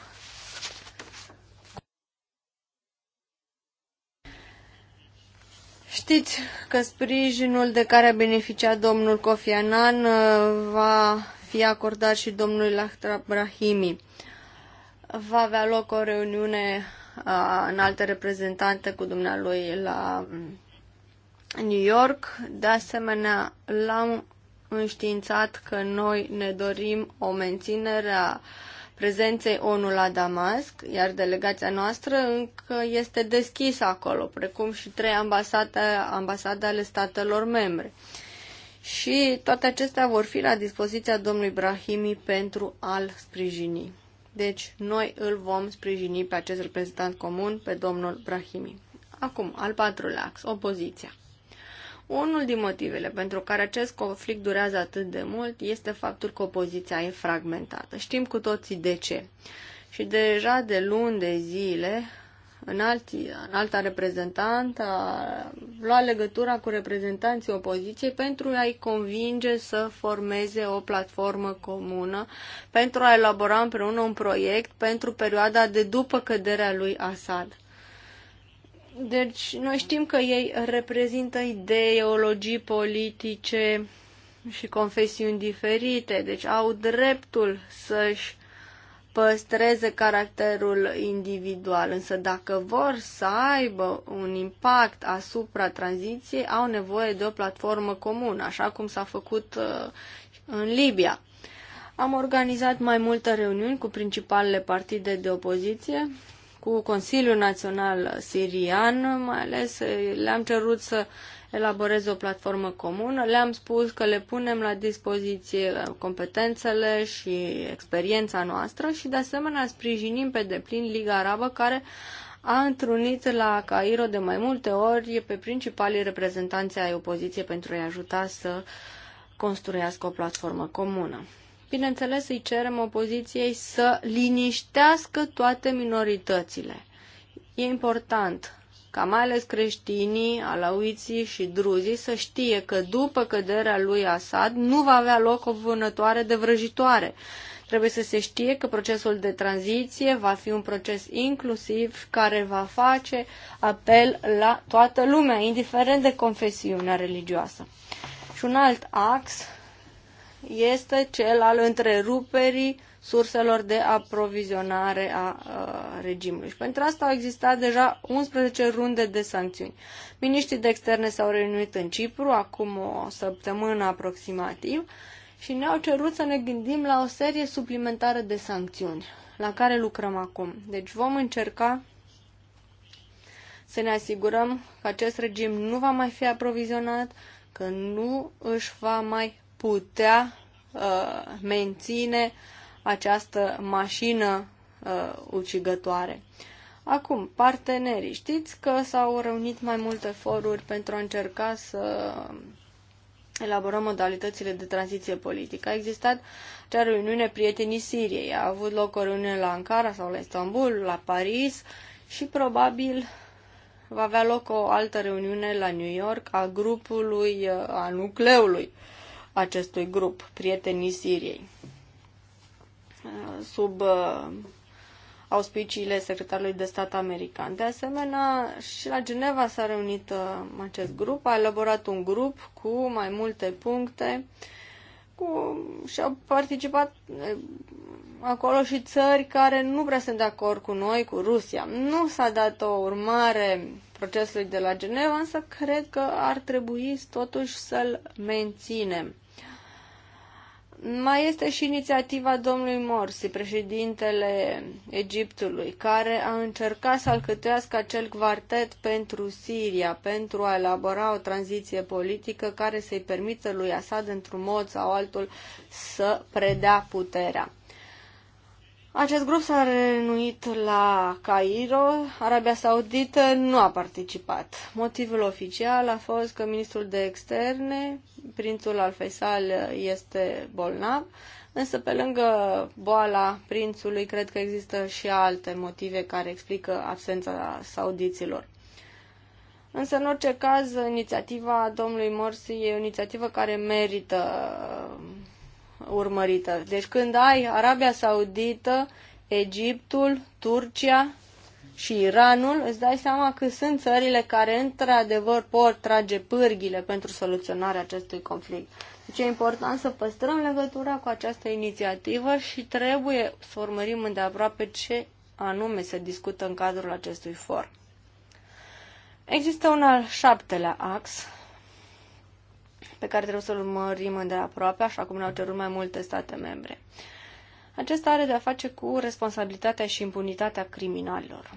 Știți că sprijinul de care a beneficiat domnul Kofi Annan uh, va fi acordat și domnului Lahtrab Brahimi. Va avea loc o reuniune uh, în altă reprezentante cu dumnealui la mm, New York. De asemenea, l-am înștiințat că noi ne dorim o menținere a prezenței ONU la Damasc, iar delegația noastră încă este deschisă acolo, precum și trei ambasade, ambasade ale statelor membre. Și toate acestea vor fi la dispoziția domnului Brahimi pentru a-l sprijini. Deci noi îl vom sprijini pe acest reprezentant comun, pe domnul Brahimi. Acum, al patrulea ax, opoziția. Unul din motivele pentru care acest conflict durează atât de mult este faptul că opoziția e fragmentată. Știm cu toții de ce. Și deja de luni de zile, în, alti, în alta reprezentantă a luat legătura cu reprezentanții opoziției pentru a-i convinge să formeze o platformă comună, pentru a elabora împreună un proiect pentru perioada de după căderea lui Assad. Deci, noi știm că ei reprezintă ideologii politice și confesiuni diferite, deci au dreptul să-și păstreze caracterul individual, însă dacă vor să aibă un impact asupra tranziției, au nevoie de o platformă comună, așa cum s-a făcut uh, în Libia. Am organizat mai multe reuniuni cu principalele partide de opoziție, cu Consiliul Național Sirian, mai ales le-am cerut să elaboreze o platformă comună, le-am spus că le punem la dispoziție competențele și experiența noastră și de asemenea sprijinim pe deplin Liga Arabă care a întrunit la Cairo de mai multe ori pe principalii reprezentanți ai opoziției pentru a-i ajuta să construiască o platformă comună bineînțeles, îi cerem opoziției să liniștească toate minoritățile. E important ca mai ales creștinii, alauiții și druzii să știe că după căderea lui Assad nu va avea loc o vânătoare de vrăjitoare. Trebuie să se știe că procesul de tranziție va fi un proces inclusiv care va face apel la toată lumea, indiferent de confesiunea religioasă. Și un alt ax este cel al întreruperii surselor de aprovizionare a, a regimului. Și pentru asta au existat deja 11 runde de sancțiuni. Miniștrii de externe s-au reunit în Cipru acum o săptămână aproximativ și ne-au cerut să ne gândim la o serie suplimentară de sancțiuni la care lucrăm acum. Deci vom încerca să ne asigurăm că acest regim nu va mai fi aprovizionat, că nu își va mai putea uh, menține această mașină uh, ucigătoare. Acum, partenerii. Știți că s-au reunit mai multe foruri pentru a încerca să elaborăm modalitățile de tranziție politică. A existat cea reuniune Prietenii Siriei. A avut loc o reuniune la Ankara sau la Istanbul, la Paris și probabil va avea loc o altă reuniune la New York a grupului, uh, a nucleului acestui grup, Prietenii Siriei, sub uh, auspiciile secretarului de stat american. De asemenea, și la Geneva s-a reunit uh, acest grup, a elaborat un grup cu mai multe puncte cu, și au participat uh, acolo și țări care nu prea sunt de acord cu noi, cu Rusia. Nu s-a dat o urmare procesului de la Geneva, însă cred că ar trebui totuși să-l menținem. Mai este și inițiativa domnului Morsi, președintele Egiptului, care a încercat să alcătuiască acel quartet pentru Siria, pentru a elabora o tranziție politică care să-i permită lui Assad, într-un mod sau altul, să predea puterea. Acest grup s-a renuit la Cairo, Arabia Saudită nu a participat. Motivul oficial a fost că ministrul de externe, prințul al Faisal, este bolnav, însă pe lângă boala prințului cred că există și alte motive care explică absența saudiților. Însă, în orice caz, inițiativa domnului Morsi e o inițiativă care merită urmărită. Deci când ai Arabia Saudită, Egiptul, Turcia și Iranul, îți dai seama că sunt țările care într-adevăr pot trage pârghile pentru soluționarea acestui conflict. Deci e important să păstrăm legătura cu această inițiativă și trebuie să urmărim îndeaproape ce anume se discută în cadrul acestui for. Există un al șaptelea ax pe care trebuie să-l urmărim îndeaproape, așa cum ne-au cerut mai multe state membre. Acesta are de-a face cu responsabilitatea și impunitatea criminalilor.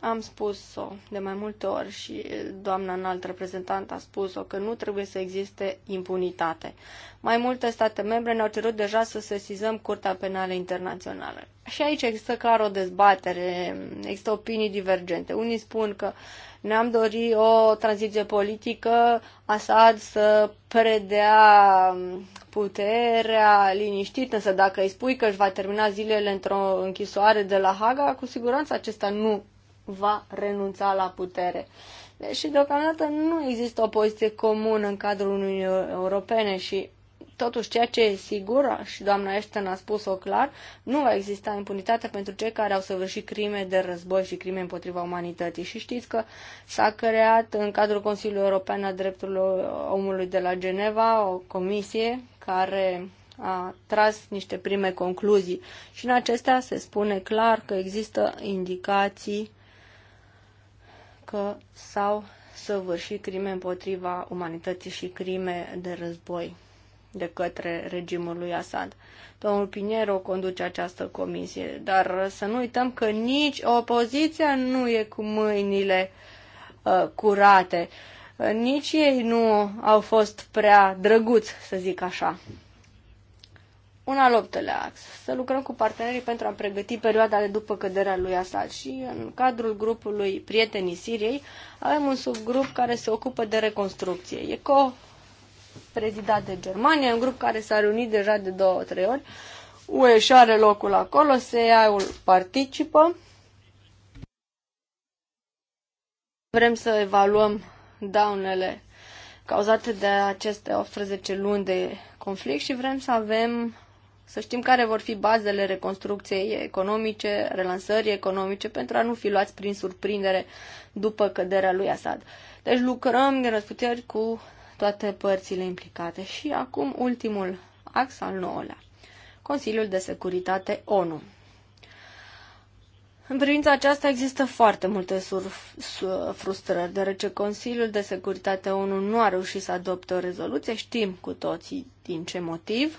Am spus-o de mai multe ori și doamna înalt reprezentant a spus-o că nu trebuie să existe impunitate. Mai multe state membre ne-au cerut deja să sesizăm Curtea Penală Internațională. Și aici există clar o dezbatere, există opinii divergente. Unii spun că uh, ne-am dorit o tranziție politică, Assad să predea um, puterea liniștit, însă dacă îi spui că își va termina zilele într-o închisoare de la Haga, cu siguranță acesta nu va renunța la putere. Deși deocamdată nu există o poziție comună în cadrul Uniunii Europene și Totuși, ceea ce e sigur, și doamna Ashton a spus-o clar, nu va exista impunitate pentru cei care au săvârșit crime de război și crime împotriva umanității. Și știți că s-a creat în cadrul Consiliului European a Drepturilor Omului de la Geneva o comisie care a tras niște prime concluzii și în acestea se spune clar că există indicații că s-au săvârșit crime împotriva umanității și crime de război de către regimul lui Assad. Domnul Piniero conduce această comisie, dar să nu uităm că nici opoziția nu e cu mâinile uh, curate. Nici ei nu au fost prea drăguți, să zic așa. Un al optelea ax, să lucrăm cu partenerii pentru a pregăti perioada de după căderea lui Assad și în cadrul grupului Prietenii Siriei avem un subgrup care se ocupă de reconstrucție. E co prezidat de Germania, un grup care s-a reunit deja de două, trei ori. UE și are locul acolo, SEA-ul participă. Vrem să evaluăm daunele cauzate de aceste 18 luni de conflict și vrem să avem să știm care vor fi bazele reconstrucției economice, relansării economice, pentru a nu fi luați prin surprindere după căderea lui Assad. Deci lucrăm din răsputeri cu toate părțile implicate. Și acum ultimul ax al nouălea, Consiliul de Securitate ONU. În privința aceasta există foarte multe frustrări, deoarece Consiliul de Securitate ONU nu a reușit să adopte o rezoluție, știm cu toții din ce motiv.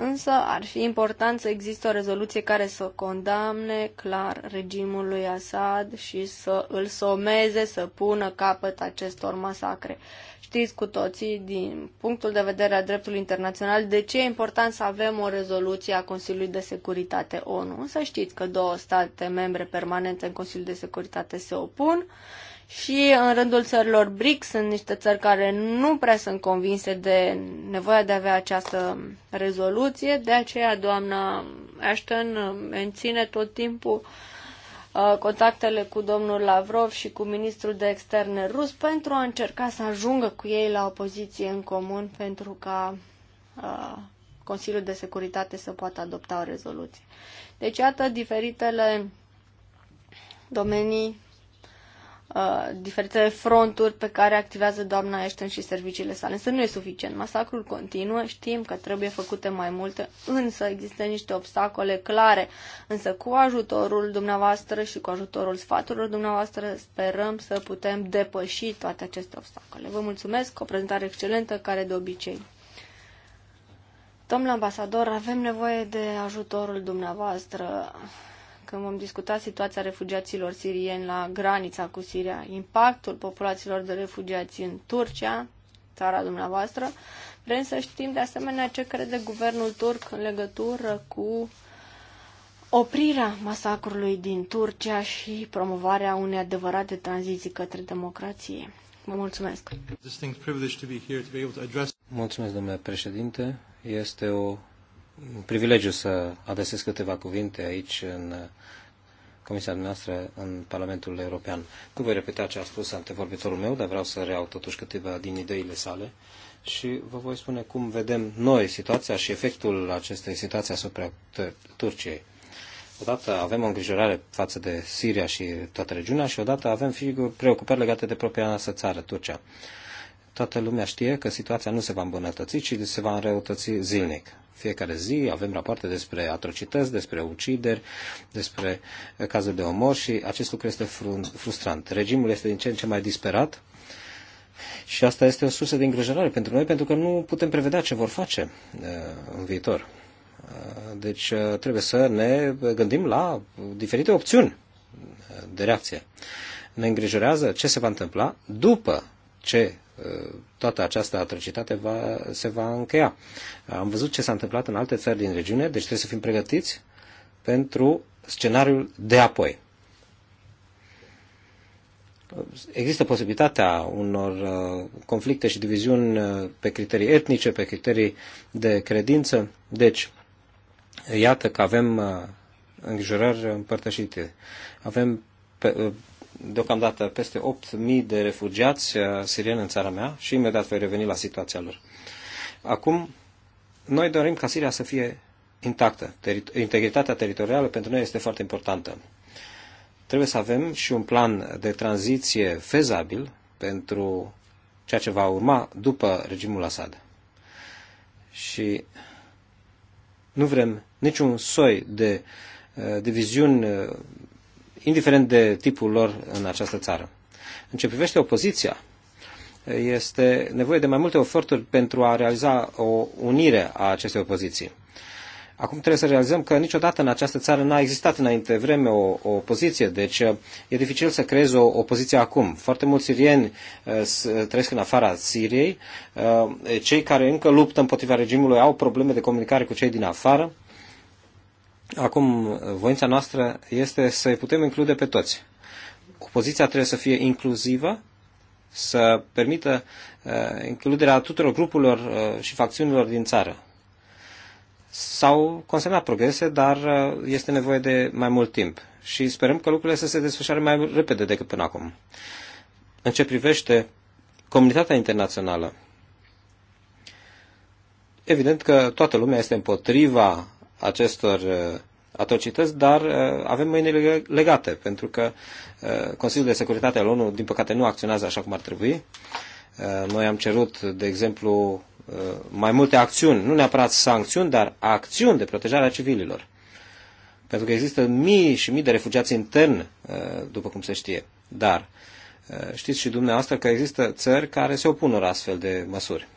Însă ar fi important să existe o rezoluție care să condamne clar regimul lui Assad și să îl someze să pună capăt acestor masacre. Știți cu toții, din punctul de vedere al dreptului internațional, de ce e important să avem o rezoluție a Consiliului de Securitate ONU. Să știți că două state membre permanente în Consiliul de Securitate se opun și în rândul țărilor BRICS sunt niște țări care nu prea sunt convinse de nevoia de a avea această rezoluție, de aceea doamna Ashton um, menține tot timpul uh, contactele cu domnul Lavrov și cu ministrul de externe rus pentru a încerca să ajungă cu ei la o poziție în comun pentru ca uh, Consiliul de Securitate să poată adopta o rezoluție. Deci, iată diferitele domenii Uh, diferite diferitele fronturi pe care activează doamna Ashton și serviciile sale. Însă nu e suficient. Masacrul continuă, știm că trebuie făcute mai multe, însă există niște obstacole clare. Însă cu ajutorul dumneavoastră și cu ajutorul sfaturilor dumneavoastră sperăm să putem depăși toate aceste obstacole. Vă mulțumesc, o prezentare excelentă care de obicei. Domnul ambasador, avem nevoie de ajutorul dumneavoastră când vom discuta situația refugiaților sirieni la granița cu Siria, impactul populațiilor de refugiați în Turcia, țara dumneavoastră, vrem să știm de asemenea ce crede guvernul turc în legătură cu oprirea masacrului din Turcia și promovarea unei adevărate tranziții către democrație. Vă mulțumesc! Mulțumesc, domnule președinte. Este o privilegiu să adresez câteva cuvinte aici în Comisia noastră în Parlamentul European. Nu voi repeta ce a spus antevorbitorul meu, dar vreau să reau totuși câteva din ideile sale și vă voi spune cum vedem noi situația și efectul acestei situații asupra Turciei. Odată avem o îngrijorare față de Siria și toată regiunea și odată avem preocupări legate de propria noastră țară, Turcia. Toată lumea știe că situația nu se va îmbunătăți, ci se va înrăutăți zilnic. Fiecare zi avem rapoarte despre atrocități, despre ucideri, despre cazuri de omor și acest lucru este frustrant. Regimul este din ce în ce mai disperat și asta este o sursă de îngrijorare pentru noi, pentru că nu putem prevedea ce vor face uh, în viitor. Uh, deci uh, trebuie să ne gândim la diferite opțiuni de reacție. Ne îngrijorează ce se va întâmpla după ce toată această atrocitate va, se va încheia. Am văzut ce s-a întâmplat în alte țări din regiune, deci trebuie să fim pregătiți pentru scenariul de apoi. Există posibilitatea unor uh, conflicte și diviziuni uh, pe criterii etnice, pe criterii de credință, deci iată că avem uh, îngrijorări împărtășite. Avem deocamdată peste 8.000 de refugiați uh, sirieni în țara mea și imediat voi reveni la situația lor. Acum, noi dorim ca Siria să fie intactă. Integritatea teritorială pentru noi este foarte importantă. Trebuie să avem și un plan de tranziție fezabil pentru ceea ce va urma după regimul Assad. Și nu vrem niciun soi de uh, diviziuni uh, indiferent de tipul lor în această țară. În ce privește opoziția, este nevoie de mai multe eforturi pentru a realiza o unire a acestei opoziții. Acum trebuie să realizăm că niciodată în această țară n-a existat înainte vreme o, o opoziție, deci e dificil să creezi o opoziție acum. Foarte mulți sirieni uh, trăiesc în afara Siriei, uh, cei care încă luptă împotriva regimului au probleme de comunicare cu cei din afară, Acum, voința noastră este să-i putem include pe toți. Poziția trebuie să fie inclusivă, să permită uh, includerea tuturor grupurilor uh, și facțiunilor din țară. S-au consemnat progrese, dar uh, este nevoie de mai mult timp și sperăm că lucrurile să se desfășoare mai repede decât până acum. În ce privește comunitatea internațională, evident că toată lumea este împotriva acestor uh, atrocități, dar uh, avem mâinile legate, pentru că uh, Consiliul de Securitate al ONU, din păcate, nu acționează așa cum ar trebui. Noi am cerut, de exemplu, mai multe acțiuni, nu neapărat sancțiuni, dar acțiuni de protejare a civililor. Pentru că există mii și mii de refugiați intern, după cum se știe. Dar știți și dumneavoastră că există țări care se opun astfel de măsuri.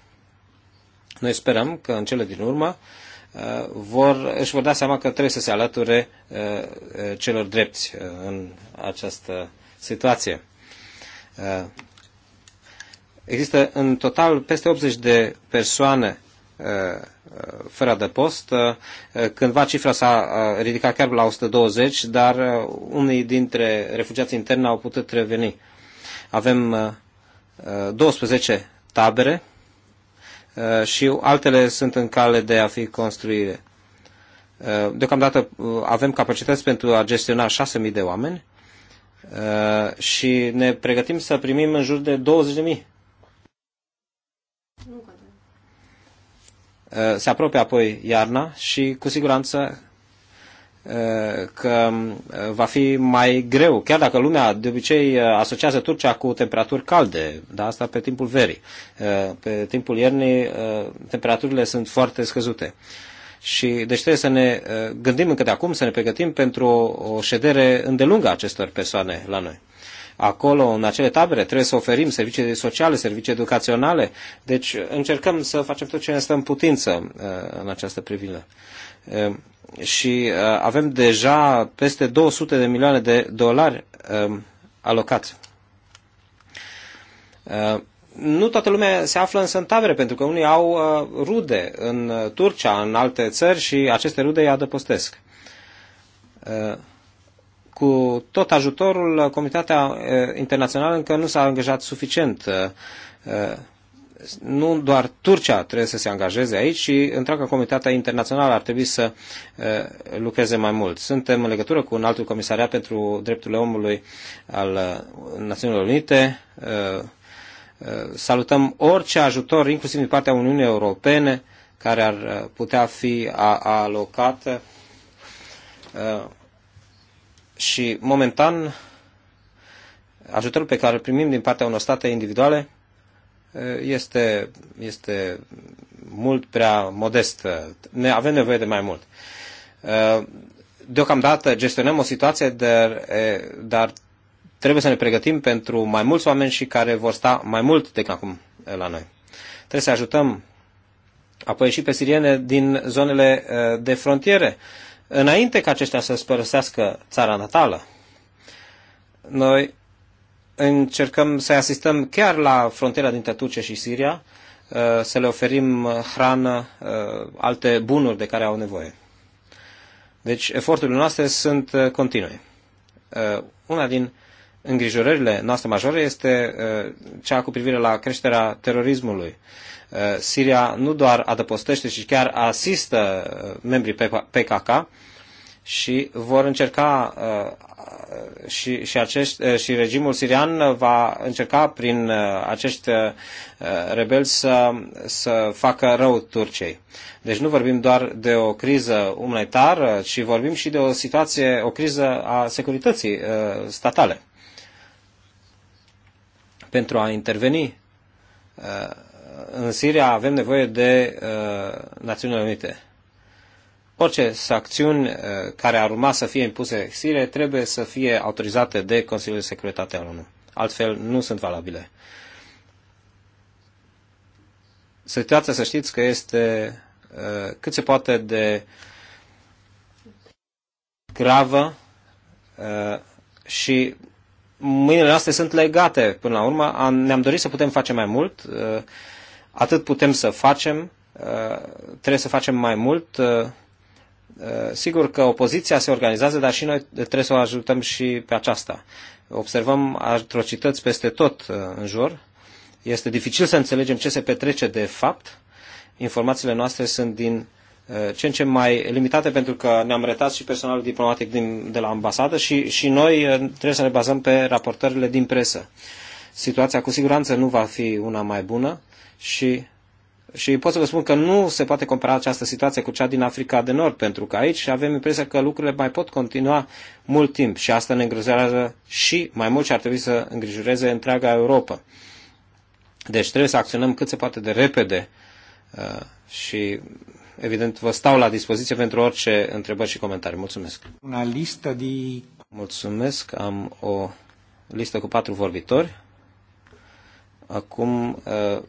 Noi sperăm că în cele din urmă Uh, vor, își vor da seama că trebuie să se alăture uh, uh, celor drepți în această situație. Există în total peste 80 de persoane fără adăpost. Cândva cifra s-a ridicat chiar la 120, dar unii dintre refugiații interni au putut reveni. Avem 12 tabere Uh, și altele sunt în cale de a fi construire. Uh, deocamdată uh, avem capacități pentru a gestiona 6.000 de oameni și ne pregătim să primim în jur de 20.000. Se apropie apoi iarna și cu siguranță Uh, că uh, va fi mai greu, chiar dacă lumea de obicei uh, asociază Turcia cu temperaturi calde, dar asta pe timpul verii. Pe timpul iernii temperaturile sunt foarte scăzute. Și deci trebuie să ne gândim încă de acum, să ne pregătim pentru o ședere îndelungă a acestor persoane la noi. Acolo, în acele tabere, trebuie să oferim servicii sociale, servicii educaționale. Deci încercăm să facem tot ce ne stă în putință în această privință și uh, avem deja peste 200 de milioane de dolari um, alocați. Uh, nu toată lumea se află însă în tabere, pentru că unii au uh, rude în Turcia, în alte țări și aceste rude îi adăpostesc. Cu tot ajutorul, Comitatea Internațională încă nu s-a angajat suficient nu doar Turcia trebuie să se angajeze aici, ci întreaga comunitatea internațională ar trebui să eh, lucreze mai mult. Suntem în legătură cu un altul comisariat pentru drepturile omului al eh, Națiunilor Unite. Eh, salutăm orice ajutor, inclusiv din partea Uniunii Europene, care ar putea fi alocat. Și momentan ajutorul pe care îl primim din partea unor state individuale este, este mult prea modest. Ne avem nevoie de mai mult. Uh, deocamdată gestionăm o situație, dar, dar trebuie să ne pregătim pentru mai mulți oameni și care vor sta mai mult decât acum la noi. Trebuie să ajutăm apoi și pe siriene din zonele de frontiere, înainte ca aceștia să spărăsească țara natală. Noi încercăm să asistăm chiar la frontiera dintre Turcia și Siria, uh, să le oferim hrană, uh, alte bunuri de care au nevoie. Deci eforturile noastre sunt uh, continue. Una din îngrijorările noastre majore este cea cu privire la creșterea terorismului. Siria nu doar adăpostește, ci chiar asistă membrii PKK și vor încerca uh, și, și, acești, uh, și regimul sirian va încerca prin uh, acești rebeli să, să facă rău Turciei. Deci nu vorbim doar de o criză umanitară, ci vorbim și de o situație, o criză a securității statale. Pentru a interveni în Siria avem nevoie de Națiunile Unite Orice sancțiuni uh, care ar urma să fie impuse Siriei trebuie să fie autorizate de Consiliul de Securitate al ONU. Altfel nu sunt valabile. Situația, să știți, că este uh, cât se poate de gravă uh, și mâinile noastre sunt legate până la urmă. Ne-am dorit să putem face mai mult, atât putem să facem, trebuie să facem mai mult. Eh, sigur că opoziția se organizează, dar și noi trebuie să o ajutăm și pe aceasta. Observăm atrocități peste tot eh, în jur. Este dificil să înțelegem ce se petrece de fapt. Informațiile noastre sunt din eh, ce în ce mai limitate pentru că ne-am retat și personalul diplomatic din, de la ambasadă și, și noi trebuie să ne bazăm pe raportările din presă. Situația cu siguranță nu va fi una mai bună și și pot să vă spun că nu se poate compara această situație cu cea din Africa de Nord, pentru că aici avem impresia că lucrurile mai pot continua mult timp și asta ne îngrijorează și mai mult și ar trebui să îngrijoreze întreaga Europa. Deci trebuie să acționăm cât se poate de repede uh, și evident vă stau la dispoziție pentru orice întrebări și comentarii. Mulțumesc. Una listă de... Mulțumesc. Am o listă cu patru vorbitori. Acum uh,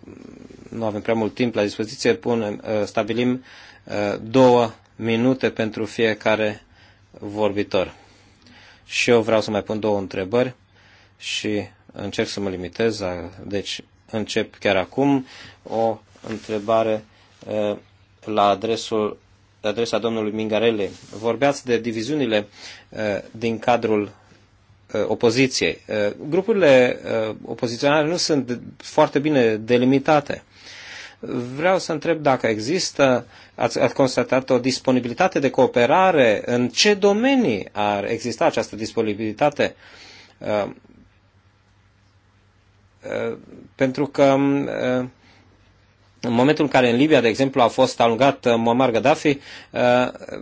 nu avem prea mult timp la dispoziție, punem, uh, stabilim uh, două minute pentru fiecare vorbitor. Și eu vreau să mai pun două întrebări și încerc să mă limitez. Deci încep chiar acum o întrebare la adresul adresa domnului Mingarele. Vorbeați de diviziunile din cadrul Uh, opoziției. Uh, grupurile uh, opoziționale nu sunt foarte bine delimitate. Vreau să întreb dacă există, ați, ați constatat o disponibilitate de cooperare, în ce domenii ar exista această disponibilitate? Pentru că um, în momentul în care în Libia, de exemplu, a fost alungat uh, Muammar Gaddafi, uh,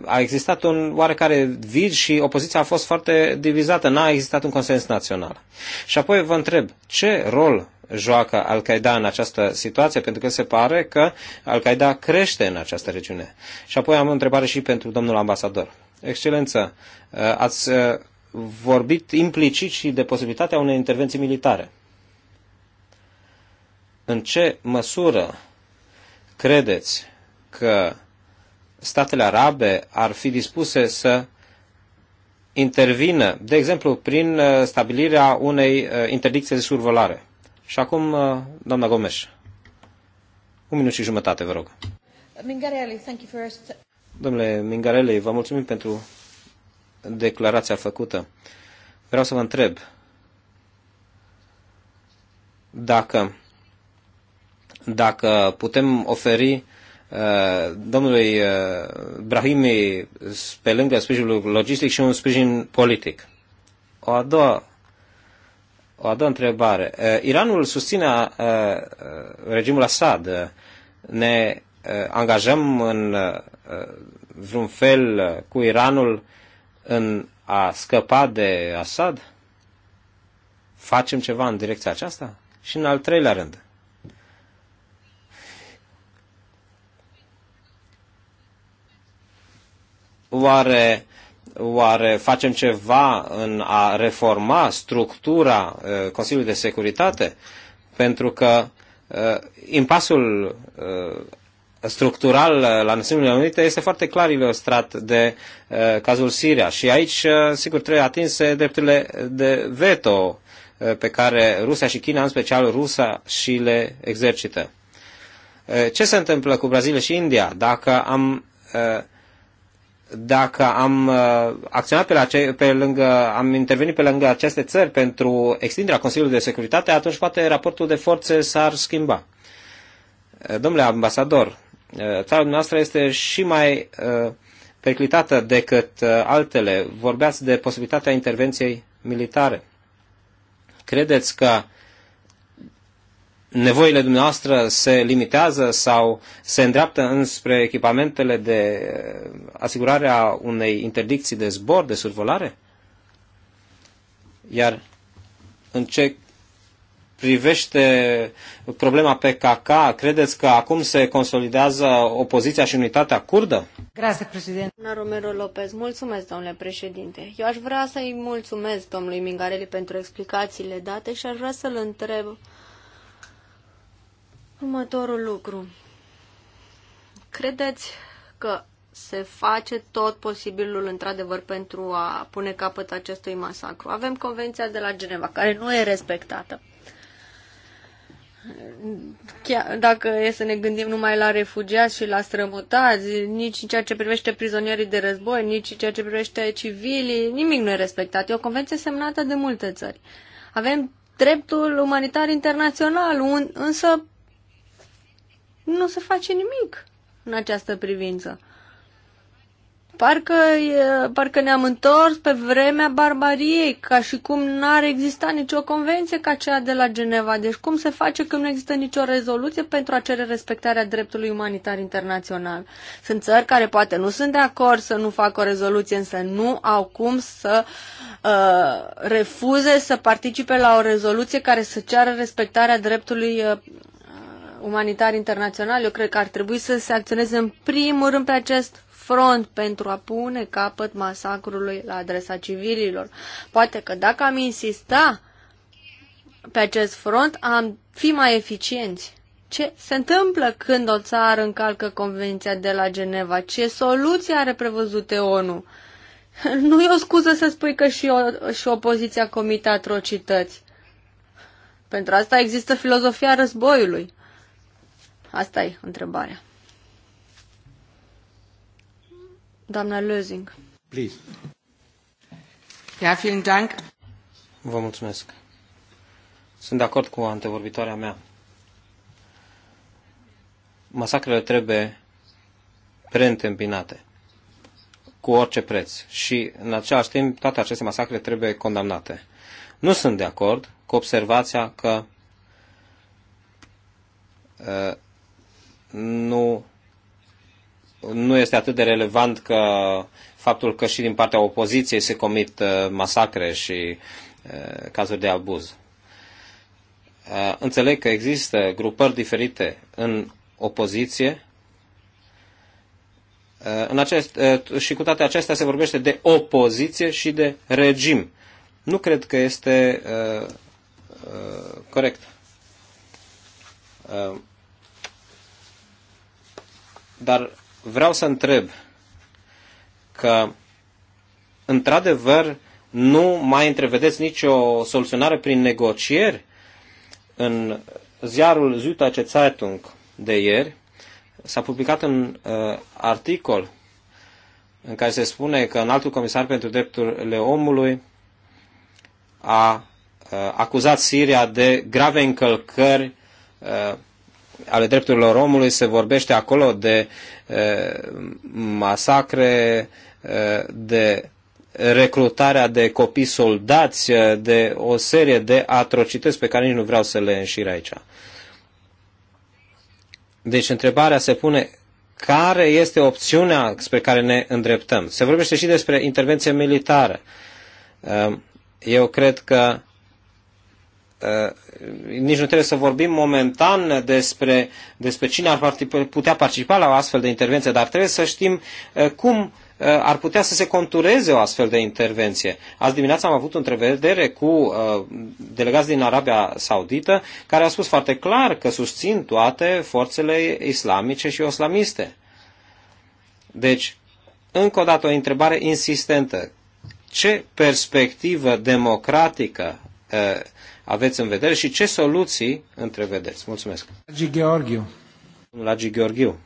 a existat un oarecare vid și opoziția a fost foarte divizată, n-a existat un consens național. Și apoi vă întreb, ce rol joacă Al-Qaeda în această situație, pentru că se pare că Al-Qaeda crește în această regiune. Și apoi am o întrebare și pentru domnul ambasador. Excelență, uh, ați vorbit implicit și de posibilitatea unei intervenții militare. În ce măsură Credeți că statele arabe ar fi dispuse să intervină, de exemplu, prin uh, stabilirea unei uh, interdicții de survolare? Și acum, uh, doamna Gomes, un minut și jumătate, vă rog. Mingarelli, thank you first. Domnule Mingarelli, vă mulțumim pentru declarația făcută. Vreau să vă întreb dacă dacă putem oferi uh, domnului uh, Brahimi, pe lângă sprijinul logistic, și un sprijin politic. O a doua, o a doua întrebare. Uh, Iranul susține regimul Assad. Ne angajăm în vreun fel cu Iranul în a scăpa de Assad? Facem ceva în direcția aceasta? Și în al treilea rând, Oare, oare facem ceva în a reforma structura uh, Consiliului de Securitate? Pentru că uh, impasul uh, structural la Națiunile Unite este foarte clar ilustrat de cazul Siria și aici, sigur, trebuie atinse drepturile de veto pe care Rusia și China, în special Rusia, și le exercită. Ce se întâmplă cu Brazilia și India? Dacă am dacă am uh, acționat pe, la ce, pe lângă, am intervenit pe lângă aceste țări pentru extinderea Consiliului de Securitate, atunci poate raportul de forțe s-ar schimba. Uh, domnule ambasador, uh, țara noastră este și mai periclitată decât altele. Vorbeați de posibilitatea intervenției militare. Credeți că uh, nevoile dumneavoastră se limitează sau se îndreaptă înspre echipamentele de eh, asigurare a unei interdicții de zbor, de survolare? Iar în ce privește problema PKK, credeți că acum se consolidează opoziția și unitatea curdă? Grazie, președinte. Romero Lopez, mulțumesc, domnule președinte. Eu aș vrea să-i mulțumesc domnului Mingarelli pentru explicațiile date și aș vrea să-l întreb Următorul lucru. Credeți că se face tot posibilul, într-adevăr, pentru a pune capăt acestui masacru. Avem convenția de la Geneva, care nu e respectată. Chiar dacă e să ne gândim numai la refugiați și la strămutați, nici în ceea ce privește prizonierii de război, nici în ceea ce privește civilii, nimic nu e respectat. E o convenție semnată de multe țări. Avem dreptul umanitar internațional, un, însă nu se face nimic în această privință. Parcă, parcă ne-am întors pe vremea barbariei, ca și cum n-ar exista nicio convenție ca cea de la Geneva. Deci cum se face când nu există nicio rezoluție pentru a cere respectarea dreptului umanitar internațional? Sunt țări care poate nu sunt de acord să nu facă o rezoluție, însă nu au cum să uh, refuze să participe la o rezoluție care să ceară respectarea dreptului uh, umanitar internațional, eu cred că ar trebui să se acționeze în primul rând pe acest front pentru a pune capăt masacrului la adresa civililor. Poate că dacă am insista pe acest front, am fi mai eficienți. Ce se întâmplă când o țară încalcă Convenția de la Geneva? Ce soluție are prevăzute ONU? Nu e o scuză să spui că și, o, și opoziția comite atrocități. Pentru asta există filozofia războiului. Asta e întrebarea. Doamna Lözing. Please. Ja, vielen Dank. Vă mulțumesc. Sunt de acord cu antevorbitoarea mea. Masacrele trebuie preîntâmpinate cu orice preț și în același timp toate aceste masacre trebuie condamnate. Nu sunt de acord cu observația că uh, nu, nu este atât de relevant că faptul că și din partea opoziției se comit uh, masacre și uh, cazuri de abuz. Uh, înțeleg că există grupări diferite în opoziție. În acest, și cu toate acestea se vorbește de opoziție și de regim. Nu cred că este uh, uh, corect. Uh, dar vreau să întreb că, într-adevăr, nu mai întrevedeți nicio soluționare prin negocieri în ziarul Süddeutsche Zeitung de ieri s-a publicat un uh, articol în care se spune că înaltul comisar pentru drepturile omului a uh, acuzat Siria de grave încălcări uh, ale drepturilor omului se vorbește acolo de masacre, de recrutarea de copii soldați, de o serie de atrocități pe care nici nu vreau să le înșir aici. Deci întrebarea se pune care este opțiunea spre care ne îndreptăm. Se vorbește și despre intervenție militară. Eu cred că nici nu trebuie să vorbim momentan despre, despre cine ar putea participa la o astfel de intervenție, dar trebuie să știm uh, cum uh, ar putea să se contureze o astfel de intervenție. Azi dimineața am avut o întrevedere cu uh, delegați din Arabia Saudită care au spus foarte clar că susțin toate forțele islamice și islamiste. Deci, încă o dată o întrebare insistentă. Ce perspectivă democratică aveți în vedere și ce soluții întrevedeți. Mulțumesc. Lagi Gheorghiu. Lagi Gheorghiu.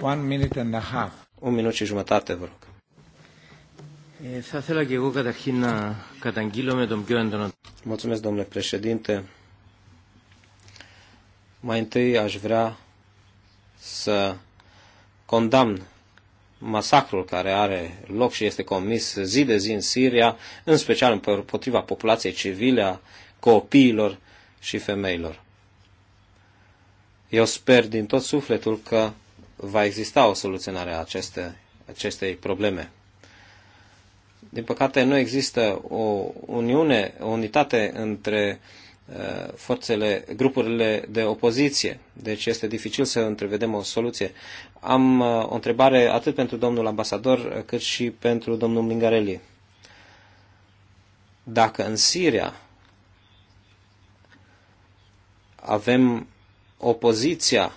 One minute and a half. Un minut și jumătate, vă rog. Θα ήθελα και εγώ καταρχήν να καταγγείλω με τον πιο έντονο. Mulțumesc, domnule președinte. Mai întâi aș vrea să condamn masacrul care are loc și este comis zi de zi în Siria, în special împotriva populației civile, a copiilor și femeilor. Eu sper din tot sufletul că va exista o soluționare a aceste, acestei probleme. Din păcate, nu există o uniune, o unitate între uh, Uh, forțele, grupurile de opoziție. Deci este dificil să întrevedem o soluție. Am uh, o întrebare atât pentru domnul ambasador uh, cât și pentru domnul Mingarelli. Dacă în Siria avem opoziția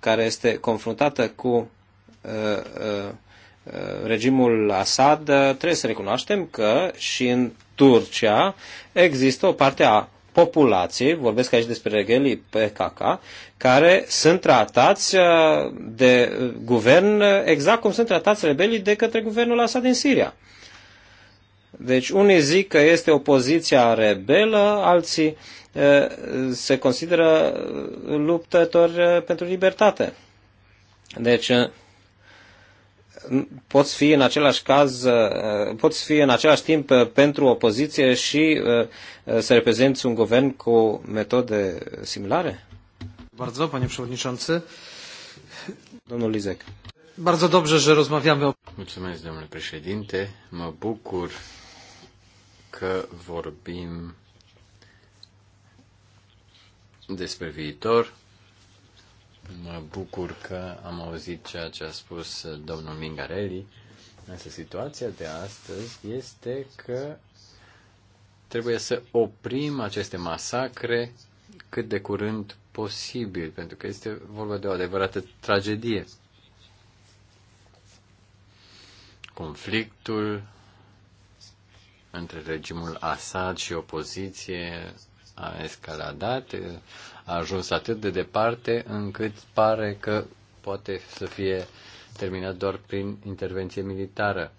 care este confruntată cu uh, uh, regimul Assad, trebuie să recunoaștem că și în Turcia există o parte a populație, vorbesc aici despre regelii PKK, care sunt tratați uh, de uh, guvern uh, exact cum sunt tratați rebelii de către guvernul Assad din Siria. Deci unii zic că este opoziția rebelă, alții se consideră luptători pentru libertate. Deci poți fi în același caz, uh, poți fi în același timp uh, pentru opoziție și uh, să reprezinți un guvern cu metode similare? Bardzo, panie przewodniczący. Domnul Lizek. Bardzo dobrze, że rozmawiamy o... Mulțumesc, domnule președinte. Mă bucur că vorbim despre viitor Mă bucur că am auzit ceea ce a spus domnul Mingarelli. Însă situația de astăzi este că trebuie să oprim aceste masacre cât de curând posibil, pentru că este vorba de o adevărată tragedie. Conflictul între regimul Assad și opoziție a escaladat a ajuns atât de departe încât pare că poate să fie terminat doar prin intervenție militară.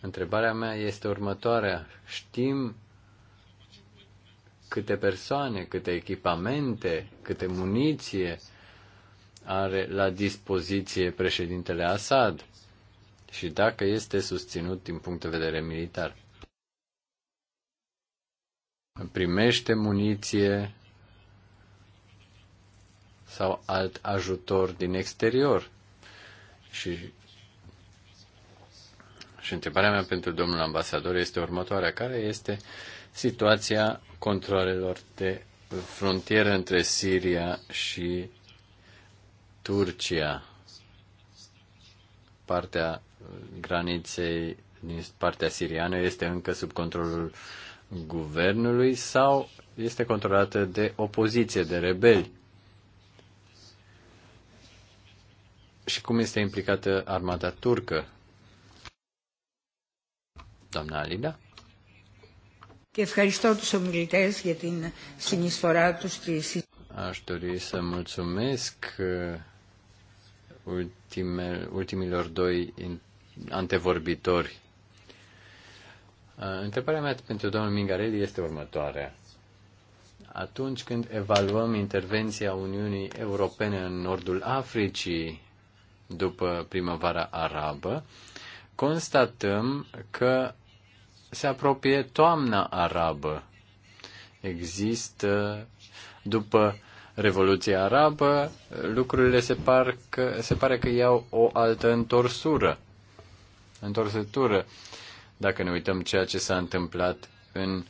Întrebarea mea este următoarea. Știm câte persoane, câte echipamente, câte muniție are la dispoziție președintele Assad și dacă este susținut din punct de vedere militar. Primește muniție sau alt ajutor din exterior. Și, și întrebarea mea pentru domnul ambasador este următoarea. Care este situația controlelor de frontieră între Siria și Turcia, partea graniței din partea siriană este încă sub controlul guvernului sau este controlată de opoziție, de rebeli. și cum este implicată armata turcă. Doamna Alida. Aș dori să mulțumesc uh, ultime, ultimilor doi antevorbitori. Uh, întrebarea mea pentru domnul Mingarelli este următoarea. Atunci când evaluăm intervenția Uniunii Europene în nordul Africii, după primăvara arabă, constatăm că se apropie toamna arabă. Există, după Revoluția arabă, lucrurile se, par că, se pare că iau o altă întorsură. Întorsătură. Dacă ne uităm ceea ce s-a întâmplat în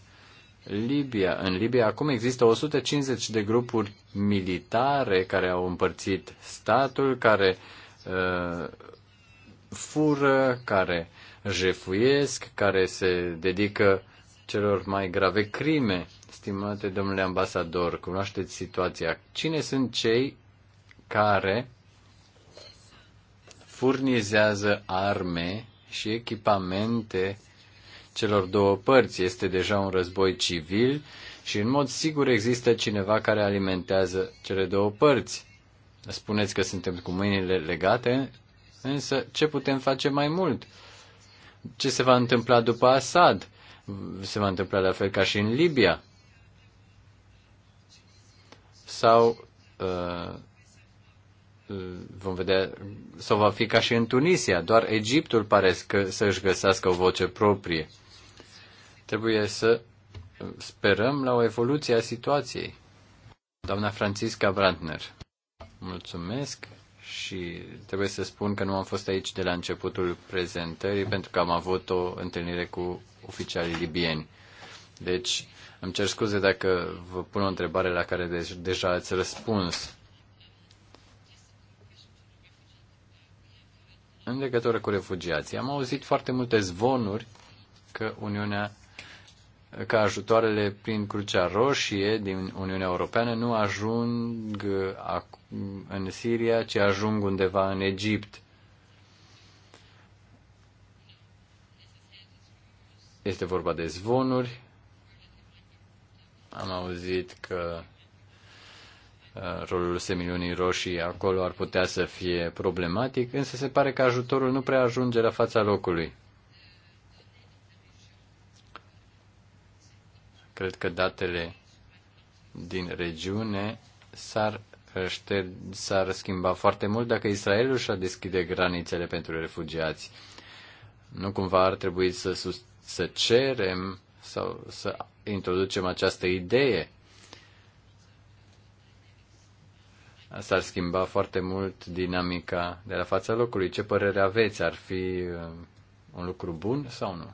Libia. În Libia acum există 150 de grupuri militare care au împărțit statul, care uh, fură, care jefuiesc, care se dedică celor mai grave crime. Stimate domnule ambasador, cunoașteți situația. Cine sunt cei care furnizează arme și echipamente celor două părți? Este deja un război civil și în mod sigur există cineva care alimentează cele două părți. Spuneți că suntem cu mâinile legate, însă ce putem face mai mult? Ce se va întâmpla după Assad? Se va întâmpla la fel ca și în Libia? Sau uh, vom vedea, sau va fi ca și în Tunisia, doar Egiptul pare că să-și găsească o voce proprie. Trebuie să sperăm la o evoluție a situației. Doamna Francisca Brandner. Mulțumesc și trebuie să spun că nu am fost aici de la începutul prezentării pentru că am avut o întâlnire cu oficialii libieni. Deci, îmi cer scuze dacă vă pun o întrebare la care de- deja ați răspuns. În legătură cu refugiații, am auzit foarte multe zvonuri că Uniunea că ajutoarele prin Crucea Roșie din Uniunea Europeană nu ajung ac- în Siria, ci ajung undeva în Egipt. Este vorba de zvonuri. Am auzit că uh, rolul Semiliunii Roșii acolo ar putea să fie problematic, însă se pare că ajutorul nu prea ajunge la fața locului. Cred că datele din regiune s-ar crește, s-ar schimba foarte mult dacă Israelul și-a deschide granițele pentru refugiați. Nu cumva ar trebui să, sus- să cerem sau să introducem această idee. Asta ar schimba foarte mult dinamica de la fața locului. Ce părere aveți? Ar fi uh, un lucru bun sau nu?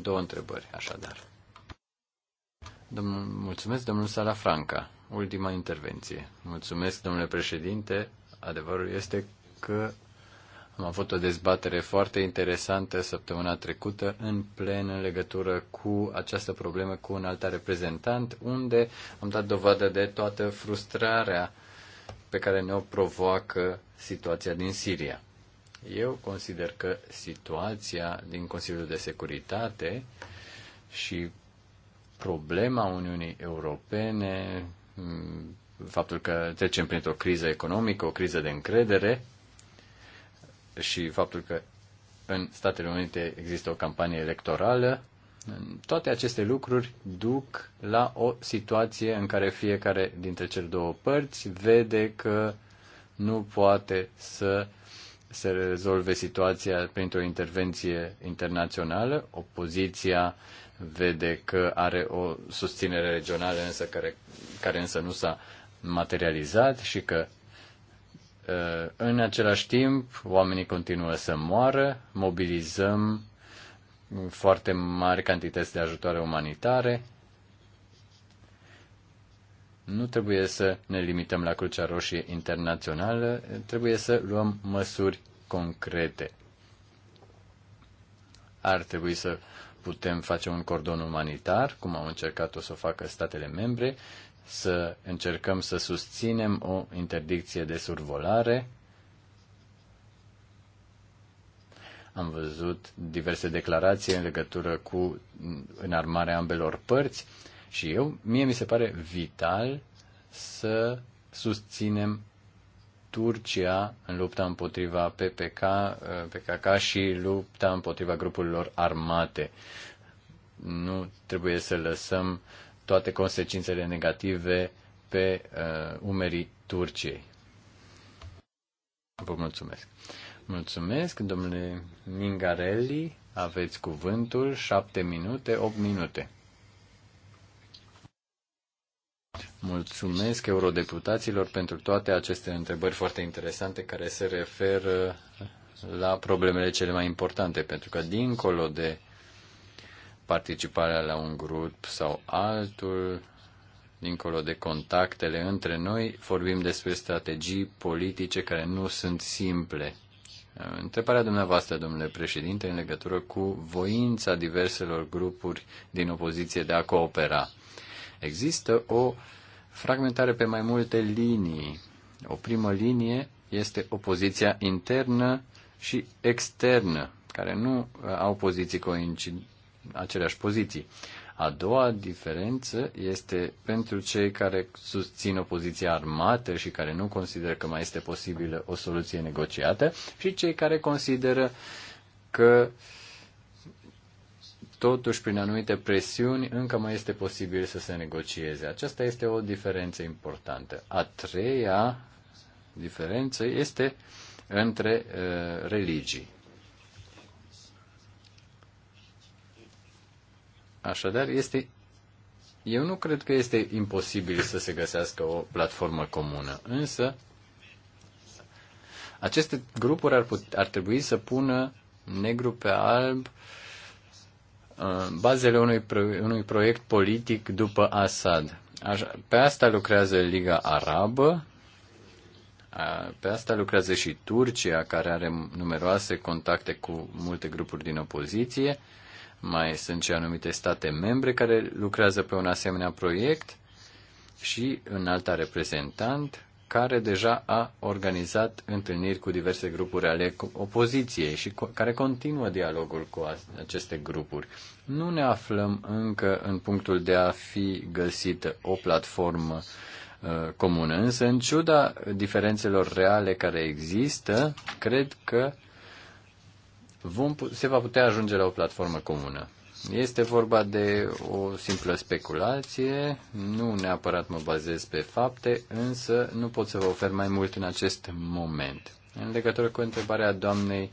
Două întrebări, așadar. Domnul, mulțumesc, domnul Sala Franca ultima intervenție. Mulțumesc, domnule președinte. Adevărul este că am avut o dezbatere foarte interesantă săptămâna trecută în plen în legătură cu această problemă cu un alt reprezentant, unde am dat dovadă de toată frustrarea pe care ne-o provoacă situația din Siria. Eu consider că situația din Consiliul de Securitate și problema Uniunii Europene faptul că trecem printr-o criză economică, o criză de încredere și faptul că în Statele Unite există o campanie electorală, toate aceste lucruri duc la o situație în care fiecare dintre cele două părți vede că nu poate să se rezolve situația printr-o intervenție internațională. Opoziția vede că are o susținere regională, însă care, care însă nu s-a materializat și că uh, în același timp oamenii continuă să moară, mobilizăm foarte mari cantități de ajutoare umanitare. Nu trebuie să ne limităm la Crucea Roșie Internațională, trebuie să luăm măsuri concrete. Ar trebui să uh, putem face un cordon umanitar, cum au încercat-o să o facă statele membre, să încercăm să susținem o interdicție de survolare. Am văzut diverse declarații în legătură cu înarmarea ambelor părți și eu, mie mi se pare vital să susținem Turcia în lupta împotriva PPK, eh, PKK și lupta împotriva grupurilor armate. Nu trebuie să lăsăm toate consecințele negative pe uh, umerii Turciei. Vă mulțumesc. Mulțumesc, domnule Mingarelli. Aveți cuvântul, șapte minute, opt minute. Mulțumesc eurodeputaților pentru toate aceste întrebări foarte interesante care se referă la problemele cele mai importante, pentru că dincolo de participarea la un grup sau altul, dincolo de contactele între noi, vorbim despre strategii politice care nu sunt simple. Întrebarea dumneavoastră, domnule președinte, în legătură cu voința diverselor grupuri din opoziție de a coopera. Există o uh, fragmentare pe mai multe linii. O primă linie este opoziția internă și externă, care nu uh, au poziții coincid, aceleași poziții. A doua diferență este pentru cei care susțin opoziția armată și care nu consideră că mai este posibilă o soluție negociată și cei care consideră că uh, totuși, prin anumite presiuni, încă mai este posibil să se negocieze. Aceasta este o diferență importantă. A treia diferență este între uh, religii. Așadar, este, eu nu cred că este imposibil să se găsească o platformă comună, însă aceste grupuri ar, put, ar trebui să pună negru pe alb uh, Uh, bazele unui, unui proiect politic după Assad. Așa, pe asta lucrează Liga Arabă, pe asta lucrează și Turcia, care are numeroase contacte cu multe grupuri din opoziție. Mai sunt și anumite state membre care lucrează pe un asemenea proiect și în alta reprezentant care deja a organizat întâlniri cu diverse grupuri ale opoziției și care continuă dialogul cu aceste grupuri. Nu ne aflăm încă în punctul de a fi găsită o platformă uh, comună, însă în ciuda diferențelor reale care există, cred că vom, se va putea ajunge la o platformă comună. Este vorba de o simplă speculație, nu neapărat mă bazez pe fapte, însă nu pot să vă ofer mai mult în acest moment. În legătură cu întrebarea doamnei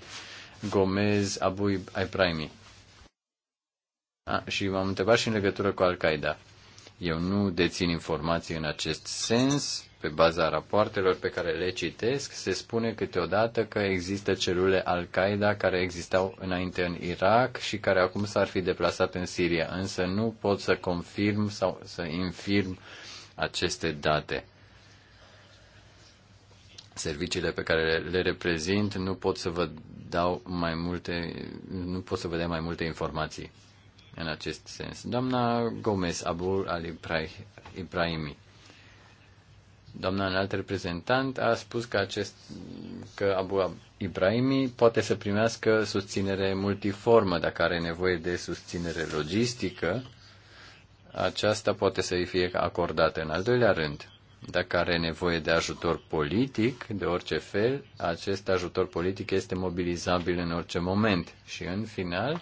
Gomez Abu Ibrahimi. A, și m-am întrebat și în legătură cu Al-Qaeda. Eu nu dețin informații în acest sens, pe baza rapoartelor pe care le citesc, se spune câteodată că există celule Al-Qaeda care existau înainte în Irak și care acum s-ar fi deplasat în Siria, însă nu pot să confirm sau să infirm aceste date serviciile pe care le, reprezint, nu pot să vă dau mai multe, nu pot să vă dea mai multe informații în acest sens. Doamna Gomez Abul al Ibrahimi doamna înalt reprezentant a spus că, acest, că Abu Ibrahimi poate să primească susținere multiformă dacă are nevoie de susținere logistică. Aceasta poate să-i fie acordată în al doilea rând. Dacă are nevoie de ajutor politic, de orice fel, acest ajutor politic este mobilizabil în orice moment. Și în final,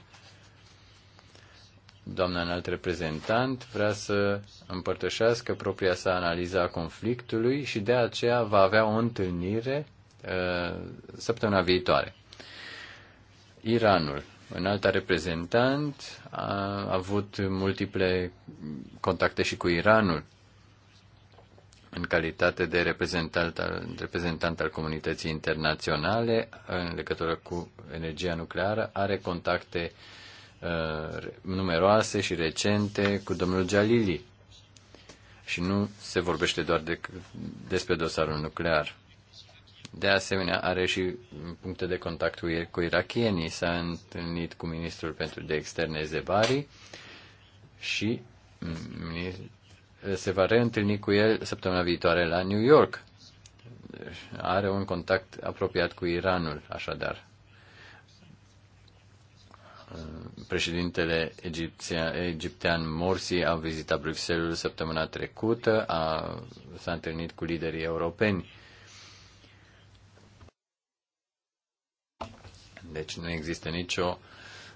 doamna înalt reprezentant vrea să împărtășească propria sa analiză a conflictului și de aceea va avea o întâlnire uh, săptămâna viitoare. Iranul. Înalta reprezentant a avut multiple contacte și cu Iranul în calitate de reprezentant al, reprezentant al comunității internaționale în legătură cu energia nucleară, are contacte uh, Uh, numeroase și recente cu domnul Jalili. Și nu se vorbește doar de, despre dosarul nuclear. De asemenea, are și puncte de contact cu irachienii. S-a întâlnit cu ministrul pentru de externe Zebari și se va reîntâlni cu el săptămâna viitoare la New York. Are un contact apropiat cu Iranul, așadar președintele egiptean Morsi a vizitat Bruxelles săptămâna trecută, a, s-a întâlnit cu liderii europeni. Deci nu există nicio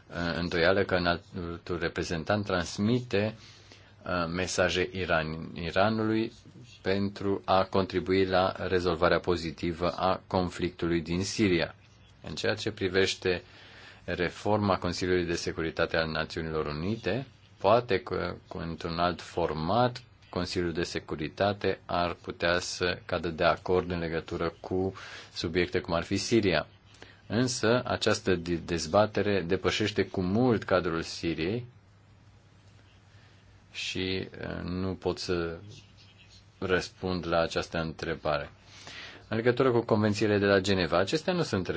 uh, întoială că înaltul reprezentant transmite uh, mesaje Iran, Iranului pentru a contribui la rezolvarea pozitivă a conflictului din Siria. În ceea ce privește uh, reforma Consiliului de Securitate al Națiunilor Unite, poate că într-un alt format Consiliul de Securitate ar putea să cadă de acord în legătură cu subiecte cum ar fi Siria. Însă, această dezbatere depășește cu mult cadrul Siriei și uh, nu pot să răspund la această întrebare. În legătură cu convențiile de la Geneva, acestea nu sunt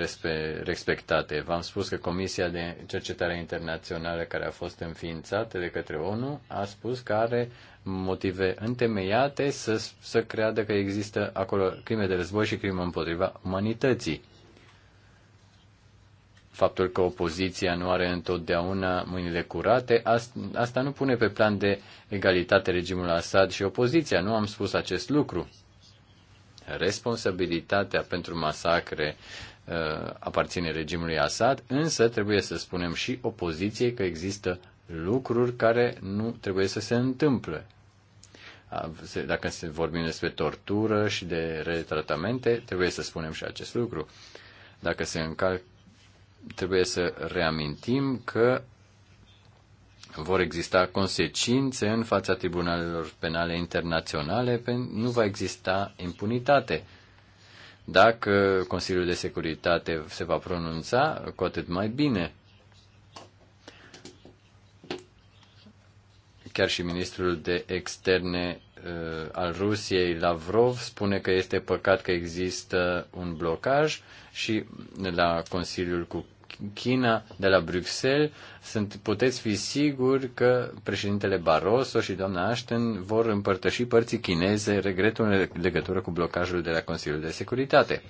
respectate. V-am spus că Comisia de Cercetare Internațională care a fost înființată de către ONU a spus că are motive întemeiate să, să creadă că există acolo crime de război și crime împotriva umanității. Faptul că opoziția nu are întotdeauna mâinile curate, asta nu pune pe plan de egalitate regimul Assad și opoziția. Nu am spus acest lucru Responsabilitatea pentru masacre uh, aparține regimului Assad, însă trebuie să spunem și opoziției că există lucruri care nu trebuie să se întâmple. Dacă se vorbim despre tortură și de retratamente, trebuie să spunem și acest lucru. Dacă se încalc, trebuie să reamintim că vor exista consecințe în fața tribunalelor penale internaționale, nu va exista impunitate. Dacă Consiliul de Securitate se va pronunța, cu atât mai bine. Chiar și ministrul de externe uh, al Rusiei, Lavrov, spune că este păcat că există un blocaj și la Consiliul cu China de la Bruxelles, sunt, puteți fi siguri că președintele Barroso și doamna Ashton vor împărtăși părții chineze regretul în legătură cu blocajul de la Consiliul de Securitate.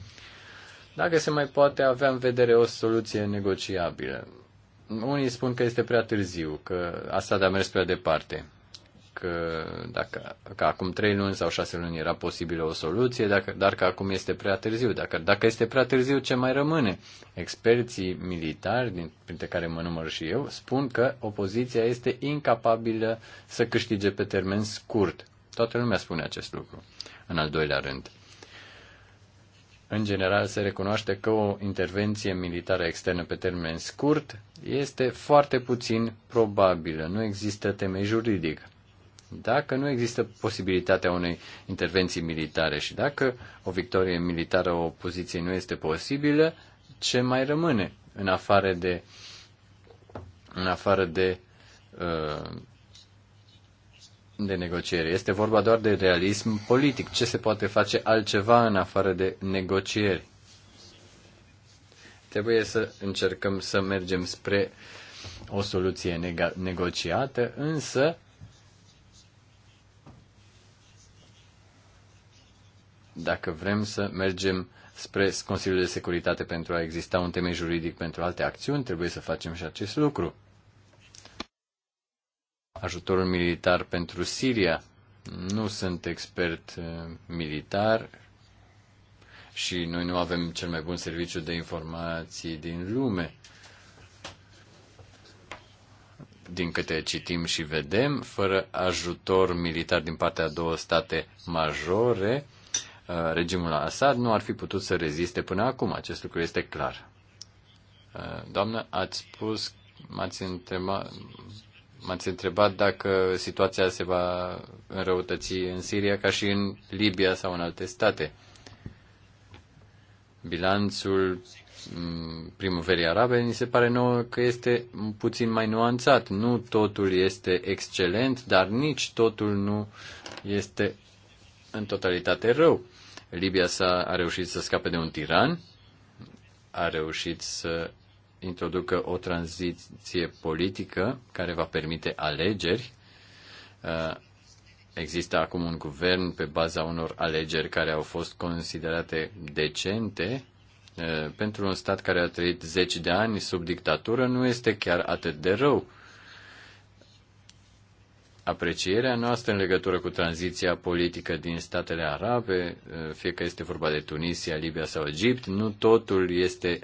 Dacă se mai poate avea în vedere o soluție negociabilă. Unii spun că este prea târziu, că asta a mers prea departe că, dacă, că acum trei luni sau șase luni era posibilă o soluție, dacă, dar că acum este prea târziu. Dacă, dacă este prea târziu, ce mai rămâne? Experții militari, din, printre care mă număr și eu, spun că opoziția este incapabilă să câștige pe termen scurt. Toată lumea spune acest lucru. În al doilea rând, în general se recunoaște că o intervenție militară externă pe termen scurt este foarte puțin probabilă, nu există temei juridic dacă nu există posibilitatea unei intervenții militare și dacă o victorie militară o opoziție nu este posibilă, ce mai rămâne în afară de în afară de uh, de negociere. Este vorba doar de realism politic. Ce se poate face altceva în afară de negocieri? Trebuie să încercăm să mergem spre o soluție negociată, însă dacă vrem să mergem spre Consiliul de Securitate pentru a exista un temei juridic pentru alte acțiuni, trebuie să facem și acest lucru. Ajutorul militar pentru Siria. Nu sunt expert uh, militar și noi nu avem cel mai bun serviciu de informații din lume. Din câte citim și vedem, fără ajutor militar din partea a două state majore, Uh, regimul Assad nu ar fi putut să reziste până acum. Acest lucru este clar. Uh, doamnă, ați spus, m-ați întrebat, m-ați întrebat dacă situația se va înrăutăți în Siria ca și în Libia sau în alte state. Bilanțul mm, primăverii arabe ni se pare nouă că este puțin mai nuanțat. Nu totul este excelent, dar nici totul nu este în totalitate rău. Libia s-a, a reușit să scape de un tiran, a reușit să introducă o tranziție politică care va permite alegeri. Uh, există acum un guvern pe baza unor alegeri care au fost considerate decente. Uh, pentru un stat care a trăit zeci de ani sub dictatură nu este chiar atât de rău aprecierea noastră în legătură cu tranziția politică din statele arabe, eh, fie că este vorba de Tunisia, Libia sau Egipt, nu totul este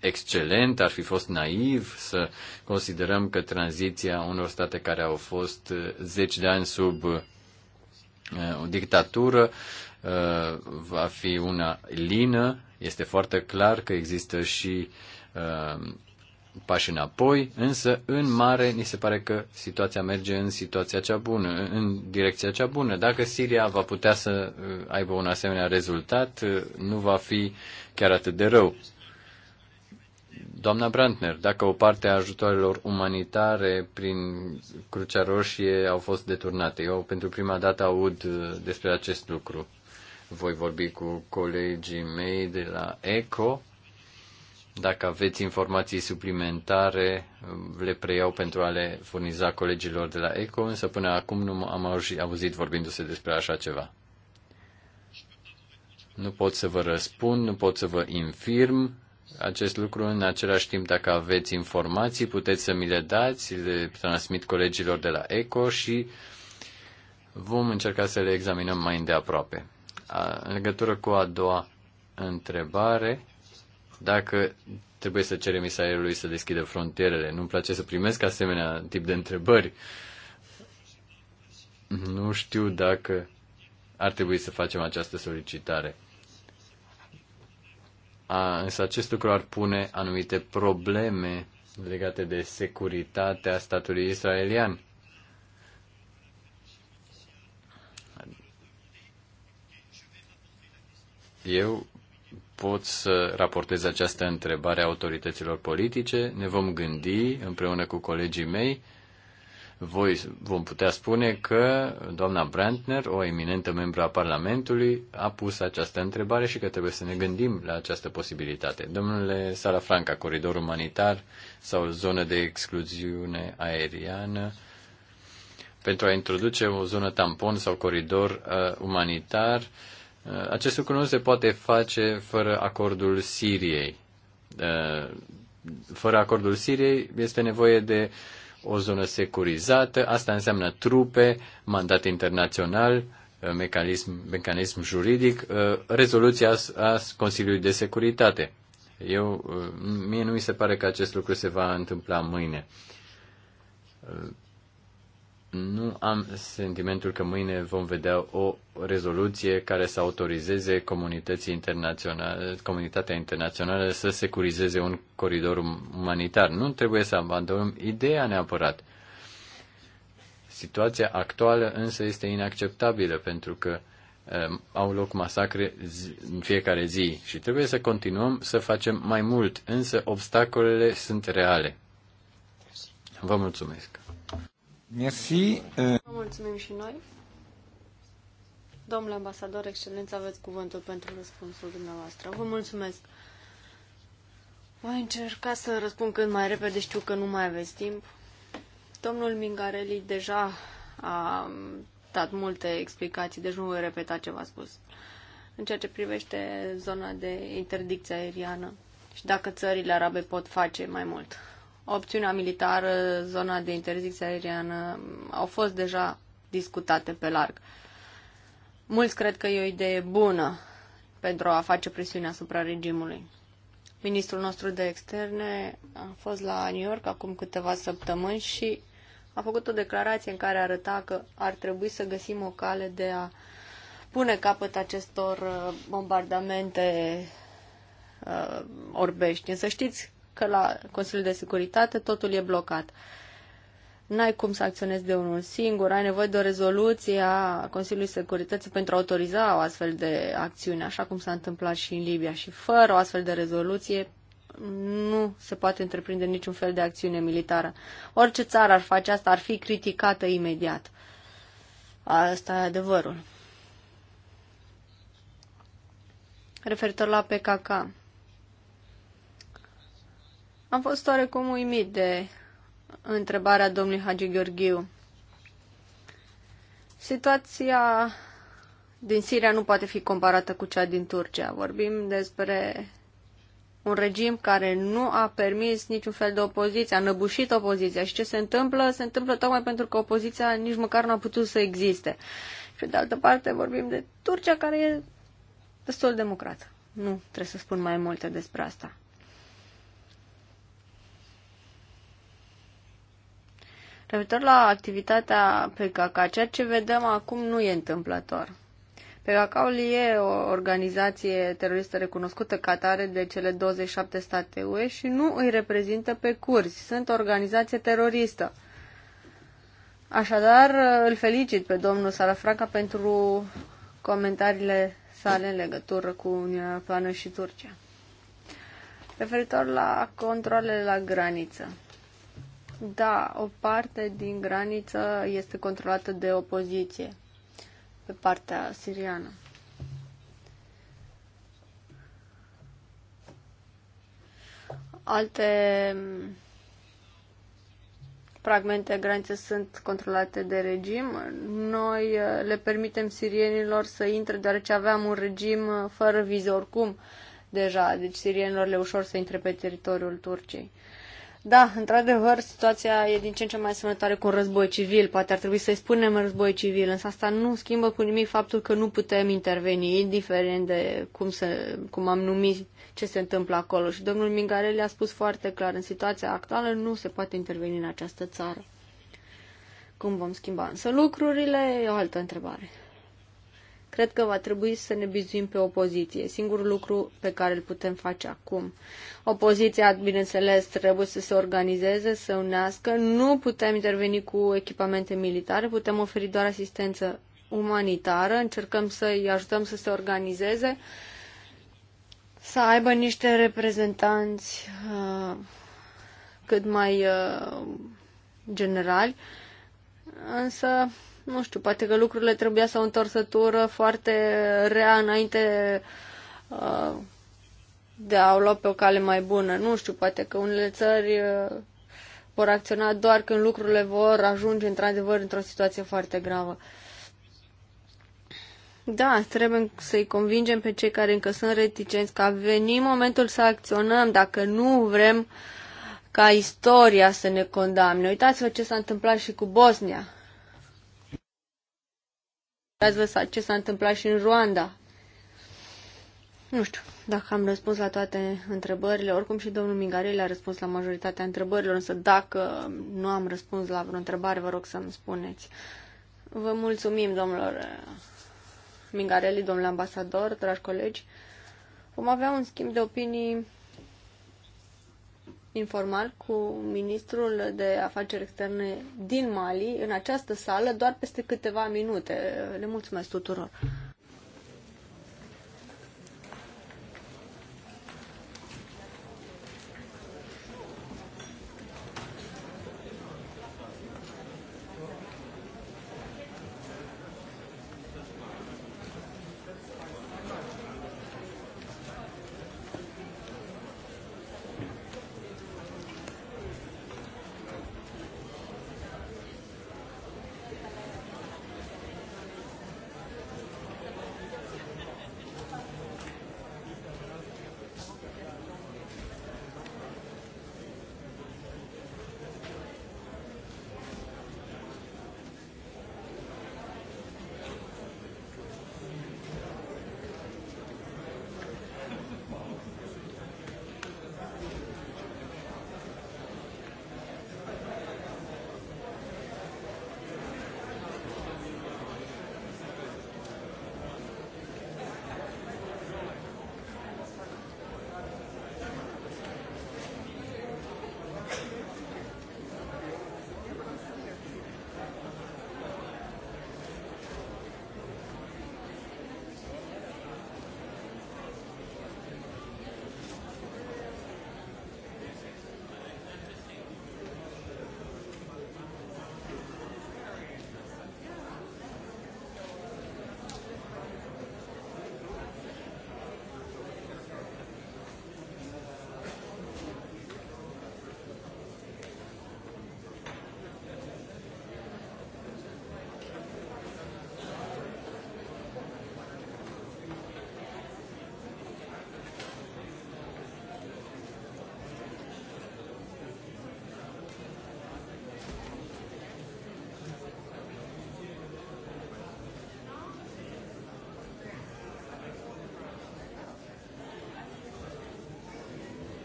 excelent, ar fi fost naiv să considerăm că tranziția unor state care au fost eh, zeci de ani sub eh, o dictatură va fi una lină. Este foarte clar că există și pași înapoi, însă în mare ni se pare că situația merge în situația cea bună, în direcția cea bună. Dacă Siria va putea să uh, aibă un asemenea rezultat, uh, nu va fi chiar atât de rău. Doamna Brandner, dacă o parte a ajutoarelor umanitare prin Crucea Roșie au fost deturnate, eu pentru prima dată aud uh, despre acest lucru. Voi vorbi cu colegii mei de la ECO dacă aveți informații suplimentare, le preiau pentru a le furniza colegilor de la ECO, însă până acum nu am auzit vorbindu-se despre așa ceva. Nu pot să vă răspund, nu pot să vă infirm acest lucru. În același timp, dacă aveți informații, puteți să mi le dați, le transmit colegilor de la ECO și vom încerca să le examinăm mai îndeaproape. În legătură cu a doua întrebare, dacă trebuie să cerem Israelului să deschidă frontierele. Nu-mi place să primesc asemenea tip de întrebări. Nu știu dacă ar trebui să facem această solicitare. A, însă acest lucru ar pune anumite probleme legate de securitatea statului israelian. Eu pot să raportez această întrebare a autorităților politice. Ne vom gândi împreună cu colegii mei. Voi vom putea spune că doamna Brandner, o eminentă membră a Parlamentului, a pus această întrebare și că trebuie să ne gândim la această posibilitate. Domnule Salafranca, coridor umanitar sau zonă de excluziune aeriană, pentru a introduce o zonă tampon sau coridor uh, umanitar, uh, Uh, acest lucru nu se poate face fără acordul Siriei. Uh, fără acordul Siriei este nevoie de o zonă securizată, asta înseamnă trupe, mandat internațional, uh, mecanism, mecanism juridic, rezoluția a Consiliului de Securitate. Eu, mie nu mi se pare că acest lucru se va întâmpla mâine nu am sentimentul că mâine vom vedea o rezoluție care să autorizeze comunității internaționale, comunitatea internațională să securizeze un coridor umanitar. Nu trebuie să abandonăm ideea neapărat. Situația actuală însă este inacceptabilă pentru că uh, au loc masacre zi, în fiecare zi și trebuie să continuăm să facem mai mult, însă obstacolele sunt reale. Vă mulțumesc! Merci. Euh. Vă mulțumim și noi. Domnule ambasador, excelență, aveți cuvântul pentru răspunsul dumneavoastră. Vă mulțumesc. Voi încerca să răspund cât mai repede, știu că nu mai aveți timp. Domnul Mingarelli deja a dat multe explicații, deci nu voi repeta ce v-a spus. În ceea ce privește zona de interdicție aeriană și dacă țările arabe pot face mai mult opțiunea militară, zona de interzicție aeriană, au fost deja discutate pe larg. Mulți cred că e o idee bună pentru a face presiune asupra regimului. Ministrul nostru de externe a fost la New York acum câteva săptămâni și a făcut o declarație în care arăta că ar trebui să găsim o cale de a pune capăt acestor uh, bombardamente uh, orbești. Însă știți că la Consiliul de Securitate totul e blocat. N-ai cum să acționezi de unul singur, ai nevoie de o rezoluție a Consiliului Securității pentru a autoriza o astfel de acțiune, așa cum s-a întâmplat și în Libia. Și fără o astfel de rezoluție, nu se poate întreprinde niciun fel de acțiune militară. Orice țară ar face asta, ar fi criticată imediat. Asta e adevărul. Referitor la PKK, am fost oarecum uimit de întrebarea domnului Hagi Gheorghiu. Situația din Siria nu poate fi comparată cu cea din Turcia. Vorbim despre un regim care nu a permis niciun fel de opoziție, a năbușit opoziția. Și ce se întâmplă? Se întâmplă tocmai pentru că opoziția nici măcar nu a putut să existe. Și de altă parte vorbim de Turcia care e destul democrată. Nu trebuie să spun mai multe despre asta. Referitor la activitatea PKK, ceea ce vedem acum nu e întâmplător. PKK-ul e o organizație teroristă recunoscută ca tare de cele 27 state UE și nu îi reprezintă pe curzi. Sunt o organizație teroristă. Așadar, îl felicit pe domnul Salafranca pentru comentariile sale în legătură cu Uniunea Europeană și Turcia. Referitor la controlele la graniță. Da, o parte din graniță este controlată de opoziție pe partea siriană. Alte mm, fragmente granițe sunt controlate de regim. Noi eh, le permitem sirienilor să intre, deoarece aveam un regim eh, fără vize oricum deja, deci sirienilor le ușor să intre pe teritoriul Turciei. Da, într-adevăr, situația e din ce în ce mai asemănătoare cu un război civil. Poate ar trebui să-i spunem război civil, însă asta nu schimbă cu nimic faptul că nu putem interveni, indiferent de cum, se, cum am numit ce se întâmplă acolo. Și domnul Mingarelli a spus foarte clar, în situația actuală nu se poate interveni în această țară. Cum vom schimba însă lucrurile e o altă întrebare. Cred că va trebui să ne bizuim pe opoziție. Singurul lucru pe care îl putem face acum. Opoziția, bineînțeles, trebuie să se organizeze, să unească. Nu putem interveni cu echipamente militare, putem oferi doar asistență umanitară, încercăm să-i ajutăm să se organizeze, să aibă niște reprezentanți uh, cât mai uh, generali, însă nu știu, poate că lucrurile trebuia să o întorsătură foarte rea înainte uh, de a o lua pe o cale mai bună. Nu știu, poate că unele țări uh, vor acționa doar când lucrurile vor ajunge într-adevăr într-o situație foarte gravă. Da, trebuie să-i convingem pe cei care încă sunt reticenți că a venit momentul să acționăm dacă nu vrem ca istoria să ne condamne. Uitați-vă ce s-a întâmplat și cu Bosnia. Ați văzut ce s-a întâmplat și în Ruanda. Nu știu dacă am răspuns la toate întrebările. Oricum și domnul Mingarele a răspuns la majoritatea întrebărilor, însă dacă nu am răspuns la vreo întrebare, vă rog să-mi spuneți. Vă mulțumim, domnilor Mingarele, domnul ambasador, dragi colegi. Vom avea un schimb de opinii informal cu ministrul de afaceri externe din Mali în această sală doar peste câteva minute. Le mulțumesc tuturor!